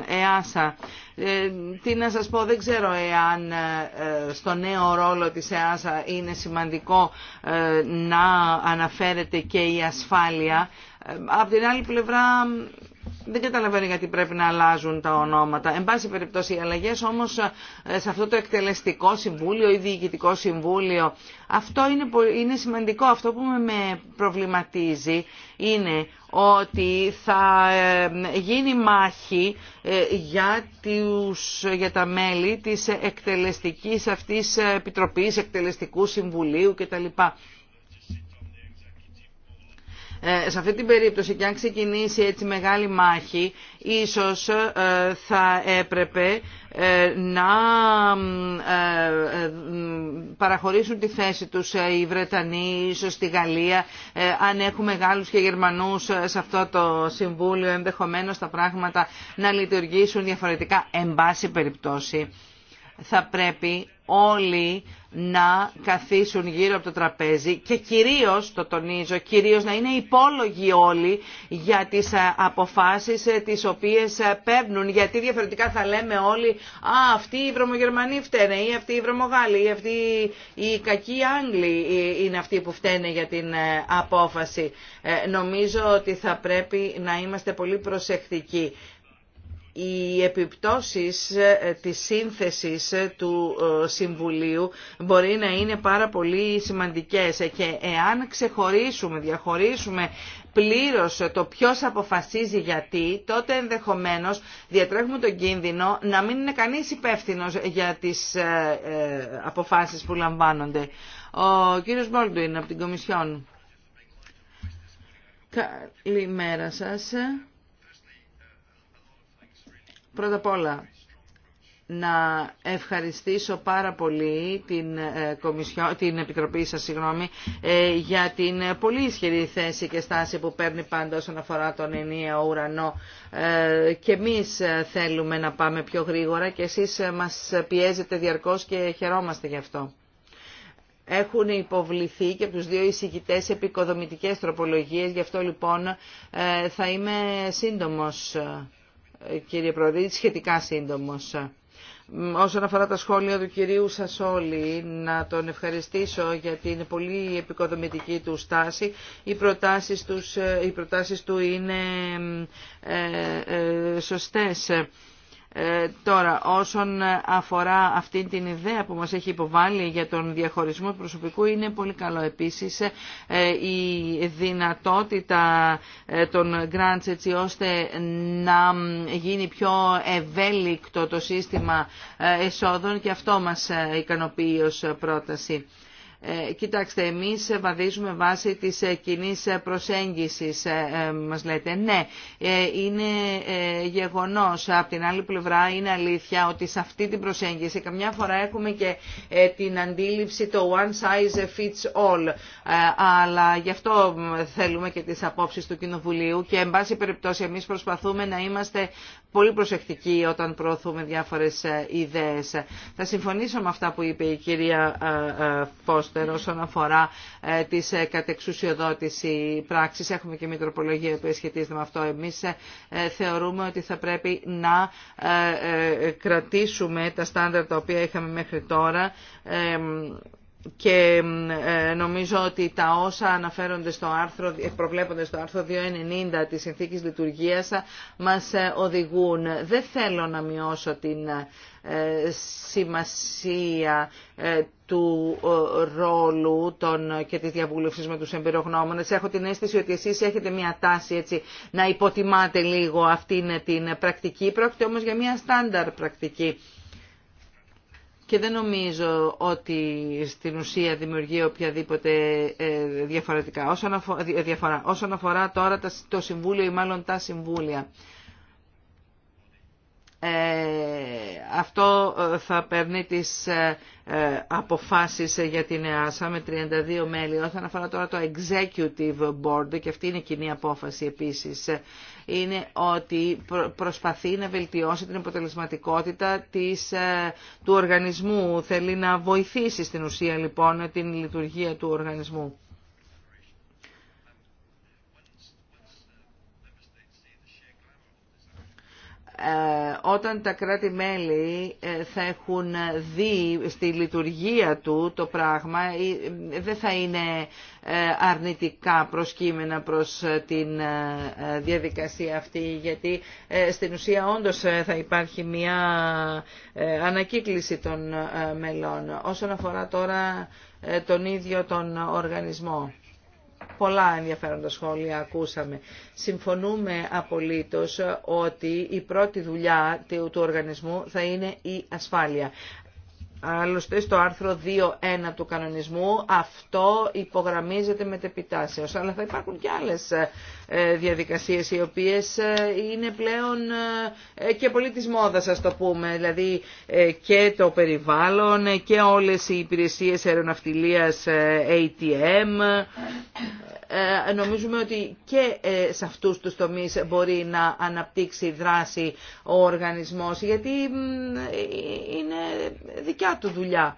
ε, ΕΑΣΑ. Ε, τι να σας πω, δεν ξέρω εάν ε, στο νέο ρόλο της ΕΑΣΑ είναι σημαντικό να αναφέρεται και η ασφάλεια. Από την άλλη πλευρά δεν καταλαβαίνω γιατί πρέπει να αλλάζουν τα ονόματα. Εν πάση περιπτώσει, οι αλλαγέ όμω ε, σε αυτό το εκτελεστικό συμβούλιο ή διοικητικό συμβούλιο, αυτό είναι, είναι σημαντικό. Αυτό που με προβληματίζει είναι ότι θα ε, γίνει μάχη ε, για, τους, για τα μέλη της εκτελεστικής αυτής επιτροπής, εκτελεστικού συμβουλίου κτλ. Ε, σε αυτή την περίπτωση και αν ξεκινήσει έτσι μεγάλη μάχη, ίσως ε, θα έπρεπε ε, να παραχωρήσουν τη θέση τους οι Βρετανοί, ίσως στη Γαλλία, αν έχουμε Γάλλους και Γερμανούς σε αυτό το Συμβούλιο, ενδεχομένως τα πράγματα να λειτουργήσουν διαφορετικά. Εν πάση περιπτώσει, θα πρέπει όλοι να καθίσουν γύρω από το τραπέζι και κυρίως, το τονίζω, κυρίως να είναι υπόλογοι όλοι για τις ε, αποφάσεις ε, τις οποίες ε, παίρνουν. Γιατί διαφορετικά θα λέμε όλοι «Α, αυτοί οι βρωμογερμανοί φταίνε» ή «Αυτοί οι βρωμογάλοι» ή «Αυτοί οι κακοί Άγγλοι είναι αυτοί που φταίνε για την απόφαση». Νομίζω ότι θα πρέπει να είμαστε πολύ προσεκτικοί οι επιπτώσεις ε, της σύνθεσης ε, του ε, Συμβουλίου μπορεί να είναι πάρα πολύ σημαντικές και εάν ξεχωρίσουμε, διαχωρίσουμε πλήρως το ποιος αποφασίζει γιατί, τότε ενδεχομένως διατρέχουμε τον κίνδυνο να μην είναι κανείς υπεύθυνο για τις αποφάσεις που λαμβάνονται. Ο κύριος Μόλντουιν από την Κομισιόν. Καλημέρα σας. Πρώτα απ' όλα, να ευχαριστήσω πάρα πολύ την, ε, Κομισιό, την Επιτροπή σας συγγνώμη, ε, για την πολύ ισχυρή θέση και στάση που παίρνει πάντα όσον αφορά τον ενιαίο ουρανό. Ε, και εμείς θέλουμε να πάμε πιο γρήγορα και εσείς μας πιέζετε διαρκώς και χαιρόμαστε γι' αυτό. Έχουν υποβληθεί και από τους δύο εισηγητές επικοδομητικές τροπολογίες, γι' αυτό λοιπόν θα είμαι σύντομος κύριε Προεδρή, σχετικά σύντομος. Όσον αφορά τα σχόλια του κυρίου Σασόλη, να τον ευχαριστήσω για την πολύ επικοδομητική του στάση. Οι προτάσεις, ε, του είναι ε, ε σωστές. Ε, τώρα, όσον αφορά αυτή την ιδέα που μας έχει υποβάλει για τον διαχωρισμό προσωπικού, είναι πολύ καλό επίσης ε, η δυνατότητα ε, των grants έτσι ώστε να γίνει πιο ευέλικτο το σύστημα εσόδων και αυτό μας ικανοποιεί ως πρόταση. Ε, κοιτάξτε, εμείς βαδίζουμε βάση της ε, κοινή ε, προσέγγισης, μας λέτε. Ναι, είναι γεγονός. Απ' την άλλη πλευρά είναι αλήθεια ότι σε αυτή την προσέγγιση καμιά φορά έχουμε και την αντίληψη το one size fits all. Αλλά γι' αυτό θέλουμε και τις απόψεις του Κοινοβουλίου και εν πάση περιπτώσει εμείς προσπαθούμε να είμαστε πολύ προσεκτικοί όταν προωθούμε διάφορες ιδέες. Θα συμφωνήσω με αυτά που είπε η κυρία Φώστα όσον αφορά ε, της ε, κατεξουσιοδότηση πράξης. Έχουμε και μητροπολογία που σχετίζεται με αυτό. Εμείς ε, θεωρούμε ότι θα πρέπει να κρατήσουμε τα στάνταρ τα οποία είχαμε μέχρι τώρα και ε, νομίζω ότι τα όσα αναφέρονται στο άρθρο, ε, προβλέπονται στο άρθρο 290 της Συνθήκης Λειτουργίας μας ε, οδηγούν. Δεν θέλω να μειώσω την σημασία του ρόλου των, και της διαβούλευσης με τους εμπειρογνώμονες. Έχω την αίσθηση ότι εσείς έχετε μια τάση έτσι, να υποτιμάτε λίγο αυτήν την πρακτική. Πρόκειται όμως για μια στάνταρ πρακτική και δεν νομίζω ότι στην ουσία δημιουργεί οποιαδήποτε ε, διαφορετικά. Όσον αφορά, ε, διαφορά. Όσον αφορά τώρα το Συμβούλιο ή μάλλον τα Συμβούλια. Ε, αυτό ε, θα παίρνει τις ε, αποφάσεις για την ΕΑΣΑ με 32 μέλη. Θα αφορά τώρα το Executive Board, και αυτή είναι η κοινή απόφαση επίσης, είναι ότι προσπαθεί να βελτιώσει την αποτελεσματικότητα της, του οργανισμού. Θέλει να βοηθήσει στην ουσία λοιπόν την λειτουργία του οργανισμού. Ε, όταν τα κράτη-μέλη ε, θα έχουν δει στη λειτουργία του το πράγμα, ε, δεν θα είναι αρνητικά προσκύμενα προς την διαδικασία αυτή, γιατί στην ουσία όντως θα υπάρχει μια ανακύκληση των μελών. Όσον αφορά τώρα τον ίδιο τον οργανισμό πολλά ενδιαφέροντα σχόλια ακούσαμε. Συμφωνούμε απολύτως ότι η πρώτη δουλειά του οργανισμού θα είναι η ασφάλεια. Άλλωστε στο άρθρο 2.1 του κανονισμού αυτό υπογραμμίζεται με τεπιτάσεως. Αλλά θα υπάρχουν και άλλες ε, διαδικασίες οι οποίες ε, είναι πλέον ε, και πολύ της μόδας ας το πούμε. Δηλαδή και το περιβάλλον και όλες οι υπηρεσίες αεροναυτιλίας ATM ε, νομίζουμε ότι και ε, σε αυτούς τους τομείς μπορεί να αναπτύξει δράση ο οργανισμός, γιατί είναι δικιά του δουλειά.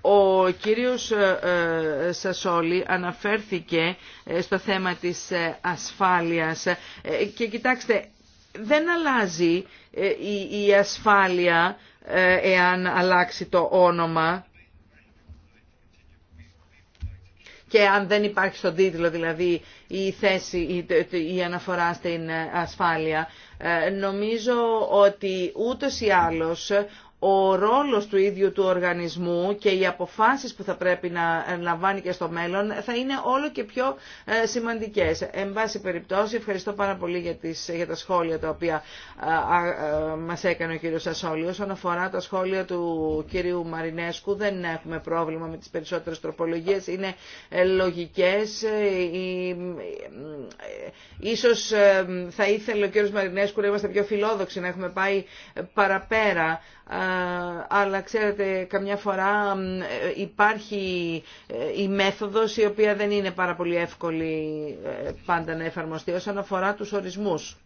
Ο κύριος ε, Σασόλη αναφέρθηκε στο θέμα της ασφάλειας και κοιτάξτε, δεν αλλάζει η ασφάλεια εάν αλλάξει το όνομα και αν δεν υπάρχει στον τίτλο δηλαδή η θέση, η αναφορά στην ε, ασφάλεια. Ε, νομίζω ότι ούτως ή άλλως ο ρόλος του ίδιου του οργανισμού και οι αποφάσεις που θα πρέπει να λαμβάνει και στο μέλλον θα είναι όλο και πιο ε, σημαντικές. Εν πάση περιπτώσει, ευχαριστώ πάρα πολύ για, τις, για τα σχόλια τα οποία ε, ε, μας έκανε ο κύριος Σασόλιος. Όσον αφορά τα σχόλια του κύριου Μαρινέσκου, δεν έχουμε πρόβλημα με τις περισσότερες τροπολογίες. Είναι λογικές. Ίσως θα ήθελε ο κύριος Μαρινέσκου να είμαστε πιο φιλόδοξοι, να έχουμε πάει παραπέρα αλλά ξέρετε καμιά φορά ε, υπάρχει ε, η μέθοδος η οποία δεν είναι πάρα πολύ εύκολη ε, πάντα να εφαρμοστεί όσον αφορά τους ορισμούς.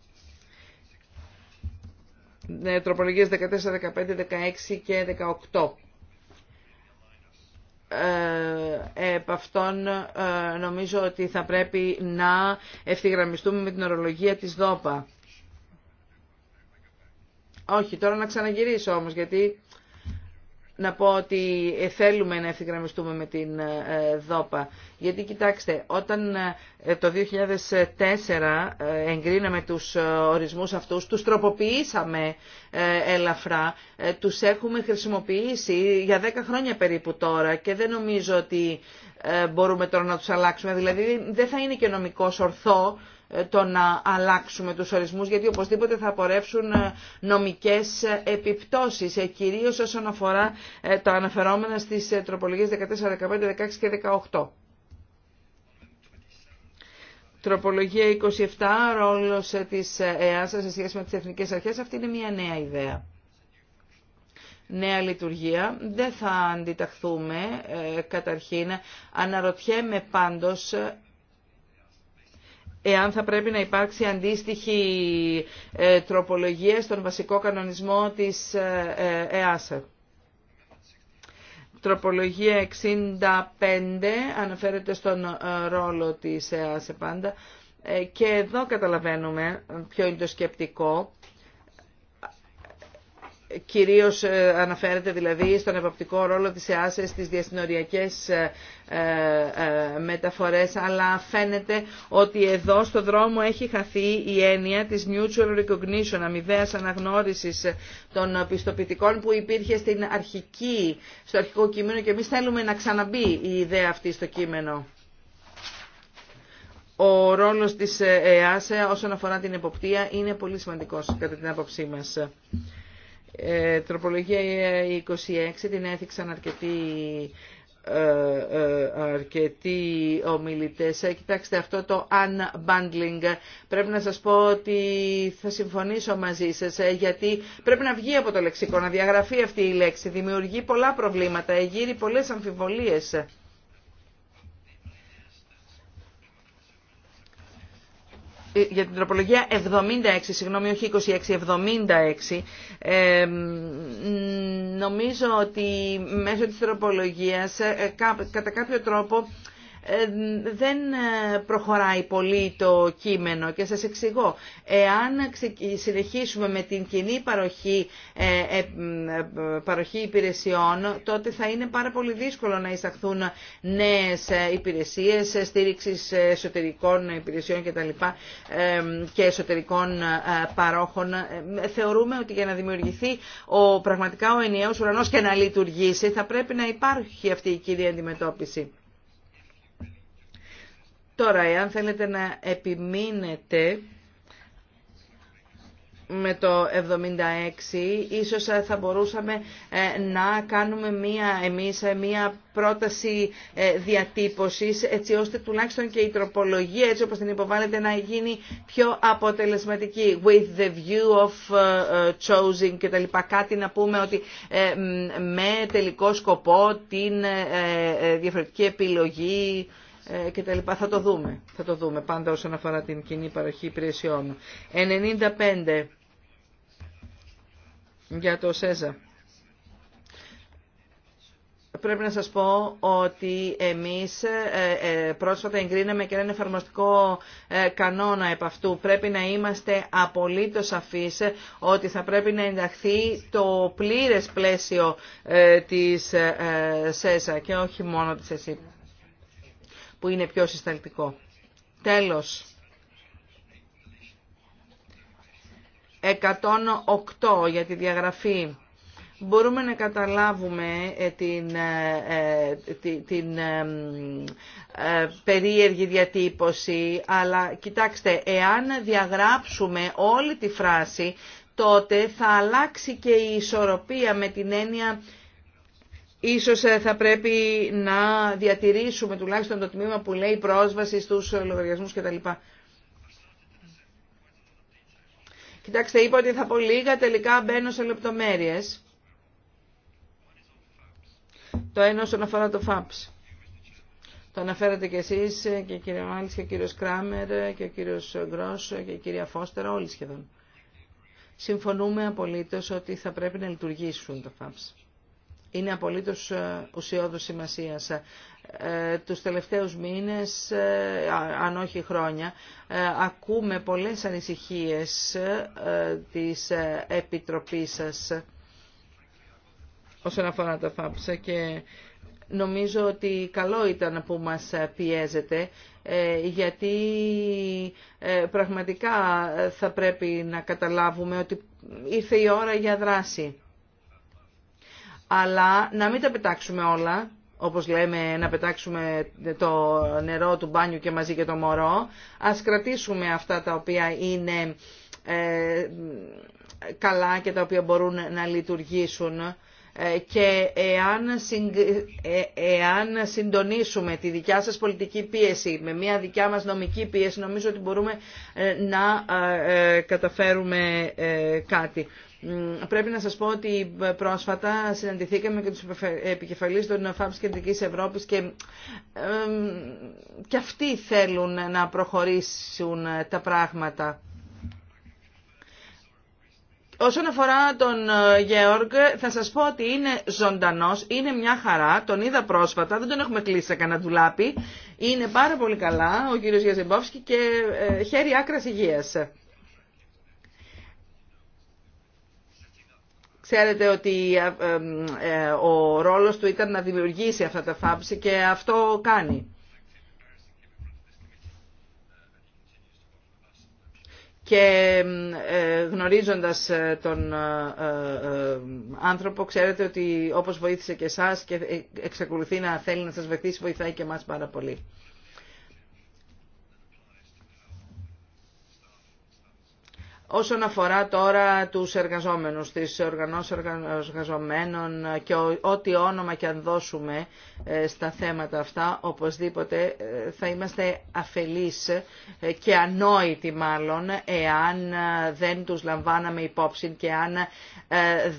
Ναι, τροπολογίες 14, 15, 16 και 18 επ' αυτόν νομίζω ότι θα πρέπει να ευθυγραμμιστούμε με την ορολογία της ΔΟΠΑ. Όχι, τώρα να ξαναγυρίσω όμως, γιατί να πω ότι θέλουμε να ευθυγραμμιστούμε με την ε, ΔΟΠΑ. Γιατί κοιτάξτε, όταν ε, το 2004 ε, εγκρίναμε τους ορισμούς αυτούς, τους τροποποιήσαμε ελαφρά, τους έχουμε χρησιμοποιήσει για 10 χρόνια περίπου τώρα και δεν νομίζω ότι μπορούμε τώρα να τους αλλάξουμε. Δηλαδή δεν θα είναι και νομικός ορθό το να αλλάξουμε τους ορισμούς γιατί οπωσδήποτε θα απορρεύσουν ε, νομικές ε, επιπτώσεις ε, κυρίως όσον αφορά τα αναφερόμενα στις τροπολογίες 14, 15, 16 και 18. Τροπολογία 27, ρόλος της ΕΑΣΑ σε σχέση με τις εθνικές αρχές, αυτή είναι μια νέα ιδέα νέα λειτουργία. Δεν θα αντιταχθούμε καταρχήν. Αναρωτιέμαι πάντως εάν θα πρέπει να υπάρξει αντίστοιχη ε, τροπολογία στον βασικό κανονισμό της ε, ε, ΕΑΣΕ. Τροπολογία 65 αναφέρεται στον ρόλο της ΕΑΣΕ πάντα και εδώ καταλαβαίνουμε ποιο είναι το σκεπτικό κυρίως ε, αναφέρεται δηλαδή στον εποπτικό ρόλο της ΕΑΣΕ στις διασυνοριακές ε, ε, μεταφορές, αλλά φαίνεται ότι εδώ στο δρόμο έχει χαθεί η έννοια της mutual recognition, αμοιβαίας αναγνώρισης των πιστοποιητικών που υπήρχε στην αρχική, στο αρχικό κείμενο και εμείς θέλουμε να ξαναμπεί η ιδέα αυτή στο κείμενο ο ρόλος της ΕΑΣΕ όσον αφορά την εποπτεία είναι πολύ σημαντικός κατά την άποψή μας. Ε, τροπολογία 26 την έθιξαν αρκετοί ε, ε αρκετοί ομιλητές. Ε, κοιτάξτε αυτό το unbundling. Πρέπει να σας πω ότι θα συμφωνήσω μαζί σας ε, γιατί πρέπει να βγει από το λεξικό, να διαγραφεί αυτή η λέξη. Δημιουργεί πολλά προβλήματα, εγείρει πολλές αμφιβολίες. Ε, για την τροπολογία 76, συγγνώμη, όχι 26, 76, νομίζω ότι μέσω της τροπολογίας ε, κατά κάποιο τρόπο δεν ε, προχωράει πολύ το κείμενο και σας εξηγώ. Εάν συνεχίσουμε με την κοινή παροχή, ε, ε, παροχή υπηρεσιών, τότε θα είναι πάρα πολύ δύσκολο να εισαχθούν νέες υπηρεσίες, στήριξης εσωτερικών υπηρεσιών κτλ. και εσωτερικών παρόχων. Θεωρούμε ότι για να δημιουργηθεί ο, πραγματικά ο ενιαίος ουρανός και να λειτουργήσει θα πρέπει να υπάρχει αυτή η κυρία αντιμετώπιση. Τώρα, εάν θέλετε να επιμείνετε με το 76, ίσως ε, θα μπορούσαμε ε, να κάνουμε μία, εμείς ε, μία πρόταση διατύπωσης, έτσι ώστε τουλάχιστον και η τροπολογία, έτσι όπως την υποβάλλεται, να γίνει πιο αποτελεσματική. With the view of choosing και τα λοιπά. Κάτι να πούμε ότι με τελικό σκοπό την διαφορετική επιλογή ε, κτλ. Θα το δούμε. Θα το δούμε πάντα όσον αφορά την κοινή παροχή υπηρεσιών. 95 για το ΣΕΖΑ. Πρέπει να σας πω ότι εμείς ε, ε, πρόσφατα εγκρίναμε και έναν εφαρμοστικό κανόνα επ' αυτού. Πρέπει να είμαστε απολύτως σαφείς ότι θα πρέπει να ενταχθεί το πλήρες πλαίσιο της ΣΕΖΑ και όχι μόνο της ΕΣΥΠ που είναι πιο συσταλτικό. Τέλος. 108 για τη διαγραφή. Μπορούμε να καταλάβουμε ε, την, ε, ε, την περίεργη διατύπωση, αλλά κοιτάξτε, εάν διαγράψουμε όλη τη φράση, τότε θα αλλάξει και η ισορροπία με την έννοια Ίσως ε, θα πρέπει να διατηρήσουμε τουλάχιστον το τμήμα που λέει πρόσβαση στους λογαριασμούς κτλ. Κοιτάξτε, είπα ότι θα πω λίγα, τελικά μπαίνω σε λεπτομέρειες. Το ένα όσον αφορά το ΦΑΠΣ. Το αναφέρατε κι εσείς ε, και κύριε Μάλης και ο κύριος Κράμερ ε, και ο κύριος Γκρός και η κυρία Φώστερα, όλοι σχεδόν. Συμφωνούμε απολύτως ότι θα πρέπει να λειτουργήσουν το ΦΑΠΣ είναι απολύτως ε, ουσιώδους σημασίας. Ε, τους τελευταίους μήνες, ε, αν όχι χρόνια, ακούμε πολλές ανησυχίες της Επιτροπής σας όσον αφορά τα ΦΑΠΣΑ και νομίζω ότι καλό ήταν που μας πιέζετε γιατί πραγματικά θα πρέπει να καταλάβουμε ότι ήρθε η ώρα για δράση αλλά να μην τα πετάξουμε όλα, όπως λέμε να πετάξουμε το νερό του μπάνιου και μαζί και το μωρό. Ας κρατήσουμε αυτά τα οποία είναι ε, καλά και τα οποία μπορούν να λειτουργήσουν ε, και εάν, συν, ε, εάν συντονίσουμε τη δικιά σας πολιτική πίεση με μια δικιά μας νομική πίεση νομίζω ότι μπορούμε να καταφέρουμε κάτι. Πρέπει να σας πω ότι πρόσφατα συναντηθήκαμε και τους επικεφαλείς των ΦΑΜΣ Κεντρικής Ευρώπης και, ε, αυτοί θέλουν να προχωρήσουν τα πράγματα. Όσον αφορά τον ε, Γεώργ, θα σας πω ότι είναι ζωντανός, είναι μια χαρά, τον είδα πρόσφατα, δεν τον έχουμε κλείσει σε κανένα ντουλάπι. Είναι πάρα πολύ καλά ο κύριος Γιαζεμπόφσκι και ε, χέρι άκρας υγείας. Ξέρετε ότι ε, ε, ε, ο ρόλος του ήταν να δημιουργήσει αυτά τα φάψη και αυτό κάνει. Και γνωρίζοντας τον άνθρωπο, ξέρετε ότι όπως βοήθησε και εσάς και εξακολουθεί να θέλει να σας βοηθήσει, βοηθάει και εμάς πάρα πολύ. Όσον αφορά τώρα τους εργαζόμενους, τις οργανώσεις εργαζομένων και ό,τι όνομα και αν δώσουμε ε, στα θέματα αυτά, οπωσδήποτε ε, θα είμαστε αφελείς ε, και ανόητοι μάλλον, εάν δεν τους λαμβάναμε υπόψη και αν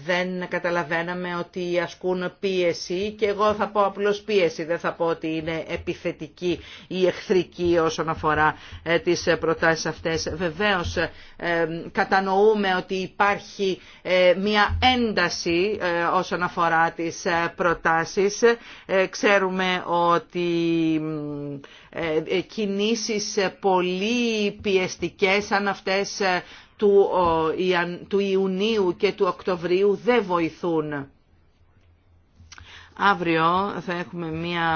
δεν καταλαβαίναμε ότι ασκούν πίεση και εγώ θα πω απλώς πίεση, δεν θα πω ότι είναι επιθετική ή εχθρική όσον αφορά τις προτάσεις αυτές. Βεβαίως κατανοούμε ότι υπάρχει ε, μια ένταση ε, όσον αφορά τις ε, προτάσεις. Ξέρουμε ότι κινήσεις πολύ πιεστικές σαν αυτές του Ιουνίου και του Οκτωβρίου δεν βοηθούν. Αύριο θα έχουμε μία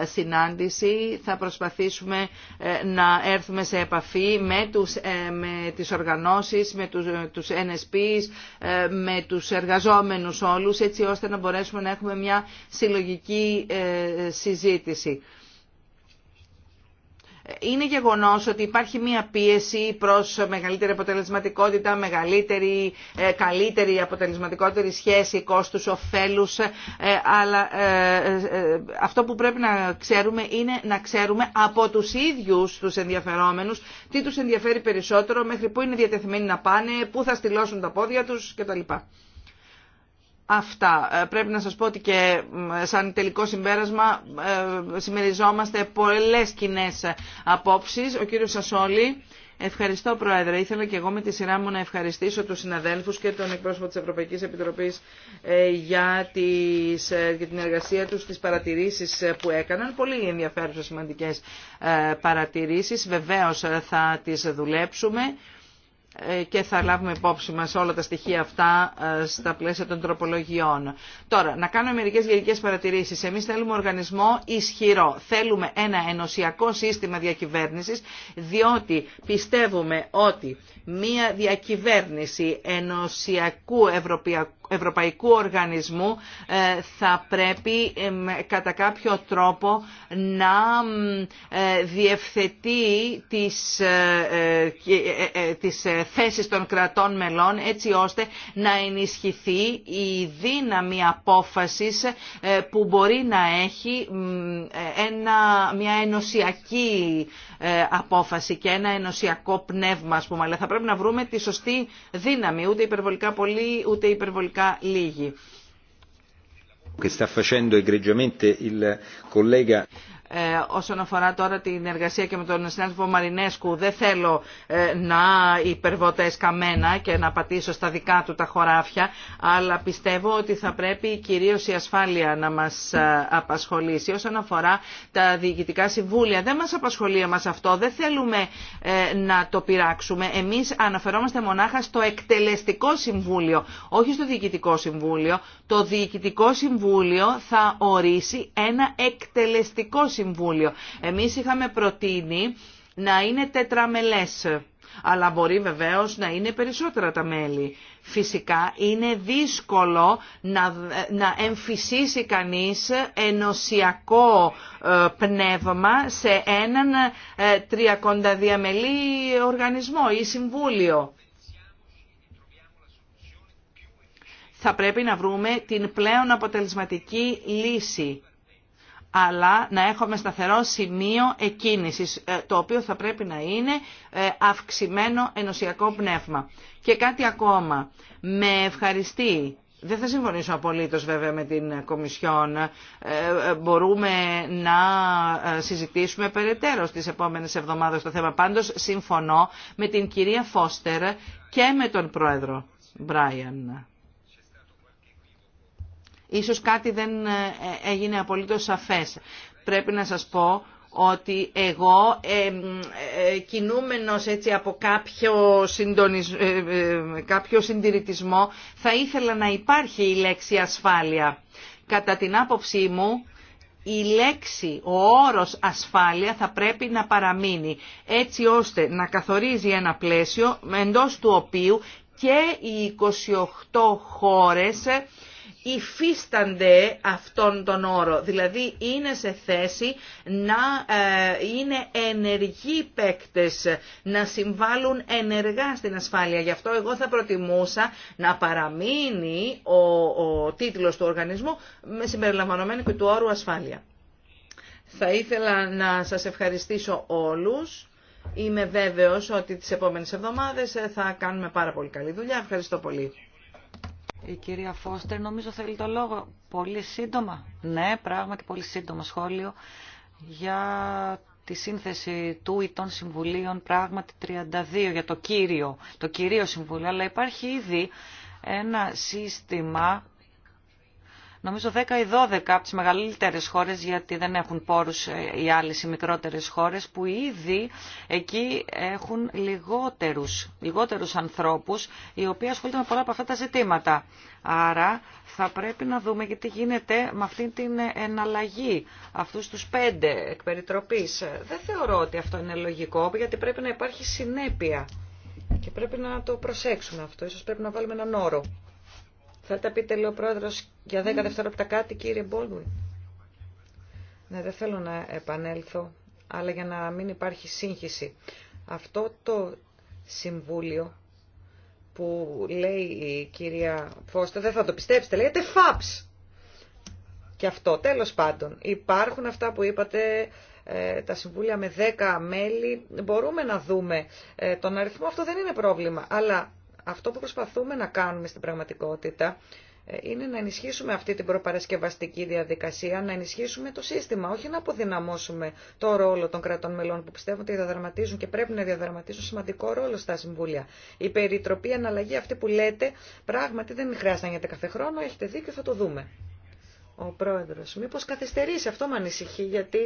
ε, συνάντηση, θα προσπαθήσουμε ε, να έρθουμε σε επαφή με, τους, ε, με τις οργανώσεις, με τους, τους NSPs, με τους εργαζόμενους όλους, έτσι ώστε να μπορέσουμε να έχουμε μια συλλογική συζήτηση είναι γεγονός ότι υπάρχει μία πίεση προς μεγαλύτερη αποτελεσματικότητα, μεγαλύτερη, ε, καλύτερη αποτελεσματικότερη σχέση κόστους, ωφέλους, ε, αλλά ε, αυτό που πρέπει να ξέρουμε είναι να ξέρουμε από τους ίδιους τους ενδιαφερόμενους τι τους ενδιαφέρει περισσότερο, μέχρι πού είναι διατεθειμένοι να πάνε, πού θα στυλώσουν τα πόδια τους κτλ. Αυτά. Ε, πρέπει να σας πω ότι και σαν τελικό συμπέρασμα ε, συμμεριζόμαστε πολλές κοινέ απόψεις. Ο κύριος Σασόλη, ευχαριστώ Πρόεδρε. Ήθελα και εγώ με τη σειρά μου να ευχαριστήσω τους συναδέλφους και τον εκπρόσωπο της Ευρωπαϊκής Επιτροπής ε, για, τις, για την εργασία τους, τις παρατηρήσεις που έκαναν. Πολύ ενδιαφέρουσες σημαντικές παρατηρήσεις. Βεβαίως θα τις δουλέψουμε. Ε, και θα λάβουμε υπόψη μας όλα τα στοιχεία αυτά ε, στα πλαίσια των τροπολογιών. Τώρα, να κάνω μερικές γενικές παρατηρήσεις. Εμείς θέλουμε οργανισμό ισχυρό. Θέλουμε ένα ενωσιακό σύστημα διακυβέρνησης, διότι πιστεύουμε ότι μία διακυβέρνηση ενωσιακού ευρωπαϊκού Ευρωπαϊκού Οργανισμού ε, θα πρέπει κατά κάποιο τρόπο να ε, διευθετεί τις, ε, τις θέσεις των κρατών μελών έτσι ώστε να ενισχυθεί η δύναμη απόφασης που μπορεί να έχει μια ενωσιακή απόφαση και ένα ενωσιακό πνεύμα ας πούμε. Αλλά θα πρέπει να βρούμε τη σωστή δύναμη, ούτε υπερβολικά πολύ ούτε υπερβολικά il collega ε, όσον αφορά τώρα την εργασία και με τον συνάδελφο Μαρινέσκου, δεν θέλω ε, να υπερβωτέ καμένα και να πατήσω στα δικά του τα χωράφια, αλλά πιστεύω ότι θα πρέπει κυρίως η ασφάλεια να μας ε, απασχολήσει. Όσον αφορά τα διοικητικά συμβούλια, δεν μας απασχολεί μας αυτό, δεν θέλουμε να το πειράξουμε. Εμείς αναφερόμαστε μονάχα στο εκτελεστικό συμβούλιο, όχι στο διοικητικό συμβούλιο. Το διοικητικό συμβούλιο θα ορίσει ένα εκτελεστικό συμβούλιο Συμβούλιο. Εμείς είχαμε προτείνει να είναι τετραμελές, αλλά μπορεί βεβαίως να είναι περισσότερα τα μέλη. Φυσικά είναι δύσκολο να, να εμφυσίσει κανείς ενωσιακό ε, πνεύμα σε έναν ε, οργανισμό ή συμβούλιο. Θα πρέπει να βρούμε την πλέον αποτελεσματική λύση αλλά να έχουμε σταθερό σημείο εκκίνησης, ε, το οποίο θα πρέπει να είναι ε, αυξημένο ενωσιακό πνεύμα. Και κάτι ακόμα. Με ευχαριστεί δεν θα συμφωνήσω απολύτως βέβαια με την Κομισιόν. Ε, μπορούμε να συζητήσουμε περαιτέρω στις επόμενες εβδομάδες το θέμα. Πάντως συμφωνώ με την κυρία Φώστερ και με τον πρόεδρο Μπράιαν. Ίσως κάτι δεν ε, έγινε απολύτως σαφές. Πρέπει να σας πω ότι εγώ ε, κινούμενος έτσι από κάποιο, συντονισ... Ε, ε, κάποιο συντηρητισμό θα ήθελα να υπάρχει η λέξη ασφάλεια. Κατά την άποψή μου η λέξη, ο όρος ασφάλεια θα πρέπει να παραμείνει έτσι ώστε να καθορίζει ένα πλαίσιο εντός του οποίου και οι 28 χώρες υφίστανται αυτόν τον όρο, δηλαδή είναι σε θέση να ε, είναι ενεργοί παίκτες, να συμβάλλουν ενεργά στην ασφάλεια. Γι' αυτό εγώ θα προτιμούσα να παραμείνει ο, ο τίτλος του οργανισμού με συμπεριλαμβανομένη και του όρου ασφάλεια. Θα ήθελα να σας ευχαριστήσω όλους. Είμαι βέβαιος ότι τις επόμενες εβδομάδες θα κάνουμε πάρα πολύ καλή δουλειά. Ευχαριστώ πολύ. Η κυρία Φώστερ νομίζω θέλει το λόγο πολύ σύντομα. Ναι, πράγματι πολύ σύντομα σχόλιο για τη σύνθεση του ή των συμβουλίων πράγματι 32 για το κύριο, το κυρίο συμβούλιο, αλλά υπάρχει ήδη ένα σύστημα Νομίζω 10 ή 12 από τις μεγαλύτερες χώρες, γιατί δεν έχουν πόρους ε, οι άλλες οι μικρότερες χώρες, που ήδη εκεί έχουν λιγότερους, λιγότερους ανθρώπους, οι οποίοι ασχολούνται με πολλά από αυτά τα ζητήματα. Άρα θα πρέπει να δούμε και τι γίνεται με αυτή την εναλλαγή, αυτούς τους πέντε εκ περιτροπή. Δεν θεωρώ ότι αυτό είναι λογικό, γιατί πρέπει να υπάρχει συνέπεια. Και πρέπει να το προσέξουμε αυτό. Ίσως πρέπει να βάλουμε έναν όρο. Θα τα πείτε, λέει ο πρόεδρο για 10 mm. δευτερόλεπτα κάτι, κύριε Μπόλμουιν. Ναι, δεν θέλω να επανέλθω, αλλά για να μην υπάρχει σύγχυση. Αυτό το συμβούλιο που λέει η κυρία Φώστα, δεν θα το πιστέψετε, λέγεται FAPS. Και αυτό, τέλος πάντων, υπάρχουν αυτά που είπατε, ε, τα συμβούλια με 10 μέλη, μπορούμε να δούμε ε, τον αριθμό, αυτό δεν είναι πρόβλημα. Αλλά αυτό που προσπαθούμε να κάνουμε στην πραγματικότητα ε, είναι να ενισχύσουμε αυτή την προπαρασκευαστική διαδικασία, να ενισχύσουμε το σύστημα, όχι να αποδυναμώσουμε το ρόλο των κρατών μελών που πιστεύουν ότι διαδραματίζουν και πρέπει να διαδραματίζουν σημαντικό ρόλο στα συμβούλια. Η περιτροπή η αναλλαγή αυτή που λέτε πράγματι δεν χρειάζεται να γίνεται κάθε χρόνο, έχετε δίκιο, θα το δούμε ο πρόεδρος. Μήπως καθυστερήσει, αυτό με ανησυχεί, γιατί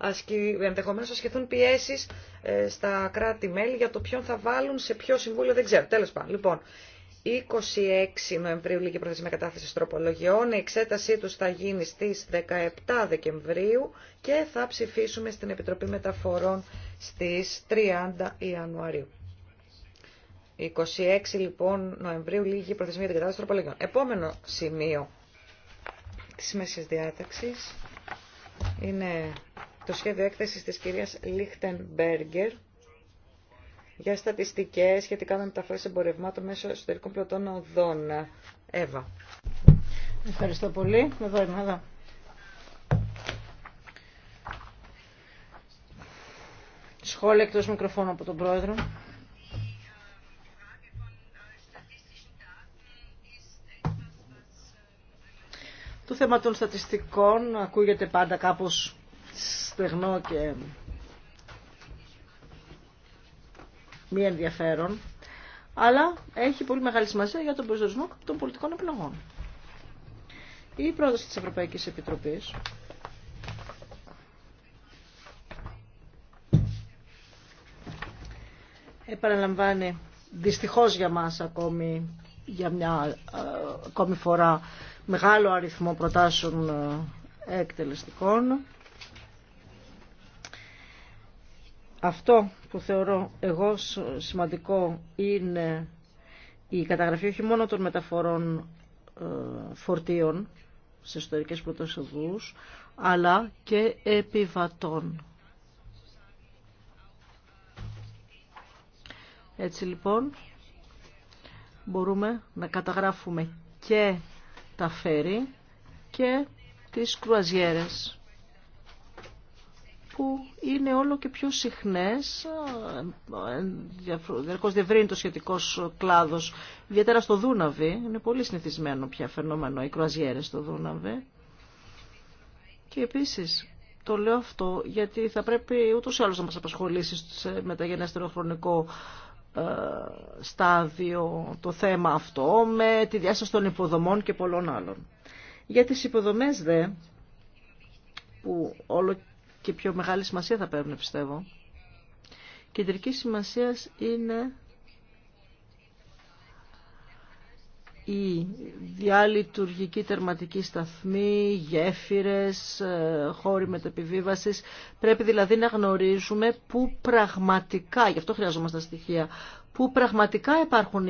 ενδεχομένω ενδεχομένως ασκηθούν πιέσεις ε, στα κράτη-μέλη για το ποιον θα βάλουν, σε ποιο συμβούλιο, δεν ξέρω. Τέλος πάντων, λοιπόν, 26 Νοεμβρίου λίγη προθεσμία κατάθεση τροπολογιών. Η εξέτασή του θα γίνει στις 17 Δεκεμβρίου και θα ψηφίσουμε στην Επιτροπή Μεταφορών στις 30 Ιανουαρίου. 26 λοιπόν Νοεμβρίου λίγη προθεσμία για την κατάθεση τροπολογιών. Επόμενο σημείο Τη μέσης διάταξης είναι το σχέδιο έκθεσης της κυρίας Λίχτενμπέργκερ για στατιστικές σχετικά με μεταφράσει εμπορευμάτων μέσω εσωτερικών πλωτών οδών. Εύα. Ευχαριστώ πολύ. Εδώ είμαι, εδώ. Σχόλια εκτός μικροφώνου από τον Πρόεδρο. Το θέμα των στατιστικών ακούγεται πάντα κάπως στεγνό και μη ενδιαφέρον, αλλά έχει πολύ μεγάλη σημασία για τον προσδορισμό των πολιτικών επιλογών. Η πρόταση της Ευρωπαϊκής Επιτροπής επαναλαμβάνει δυστυχώς για μας ακόμη για μια ε, ακόμη φορά μεγάλο αριθμό προτάσεων ε, εκτελεστικών. Αυτό που θεωρώ εγώ σημαντικό είναι η καταγραφή όχι μόνο των μεταφορών ε, φορτίων σε ιστορικές πρωτοσοδούς, αλλά και επιβατών. Έτσι λοιπόν μπορούμε να καταγράφουμε και τα φέρει και τις κρουαζιέρες που είναι όλο και πιο συχνές, διαρκώς διευρύνει το σχετικό κλάδος, ιδιαίτερα στο Δούναβι, είναι πολύ συνηθισμένο πια φαινόμενο οι κρουαζιέρες στο Δούναβι. Και επίσης το λέω αυτό γιατί θα πρέπει ούτως ή άλλως να μας απασχολήσει σε μεταγενέστερο χρονικό ε, στάδιο το θέμα αυτό με τη διάσταση των υποδομών και πολλών άλλων. Για τις υποδομές δε, που όλο και πιο μεγάλη σημασία θα παίρνουν πιστεύω, κεντρική σημασία είναι η διαλειτουργική τερματική σταθμή, γέφυρες, ε, χώροι μεταπιβίβασης. Πρέπει δηλαδή να γνωρίζουμε πού πραγματικά, γι' αυτό χρειαζόμαστε στοιχεία, που πραγματικά υπάρχουν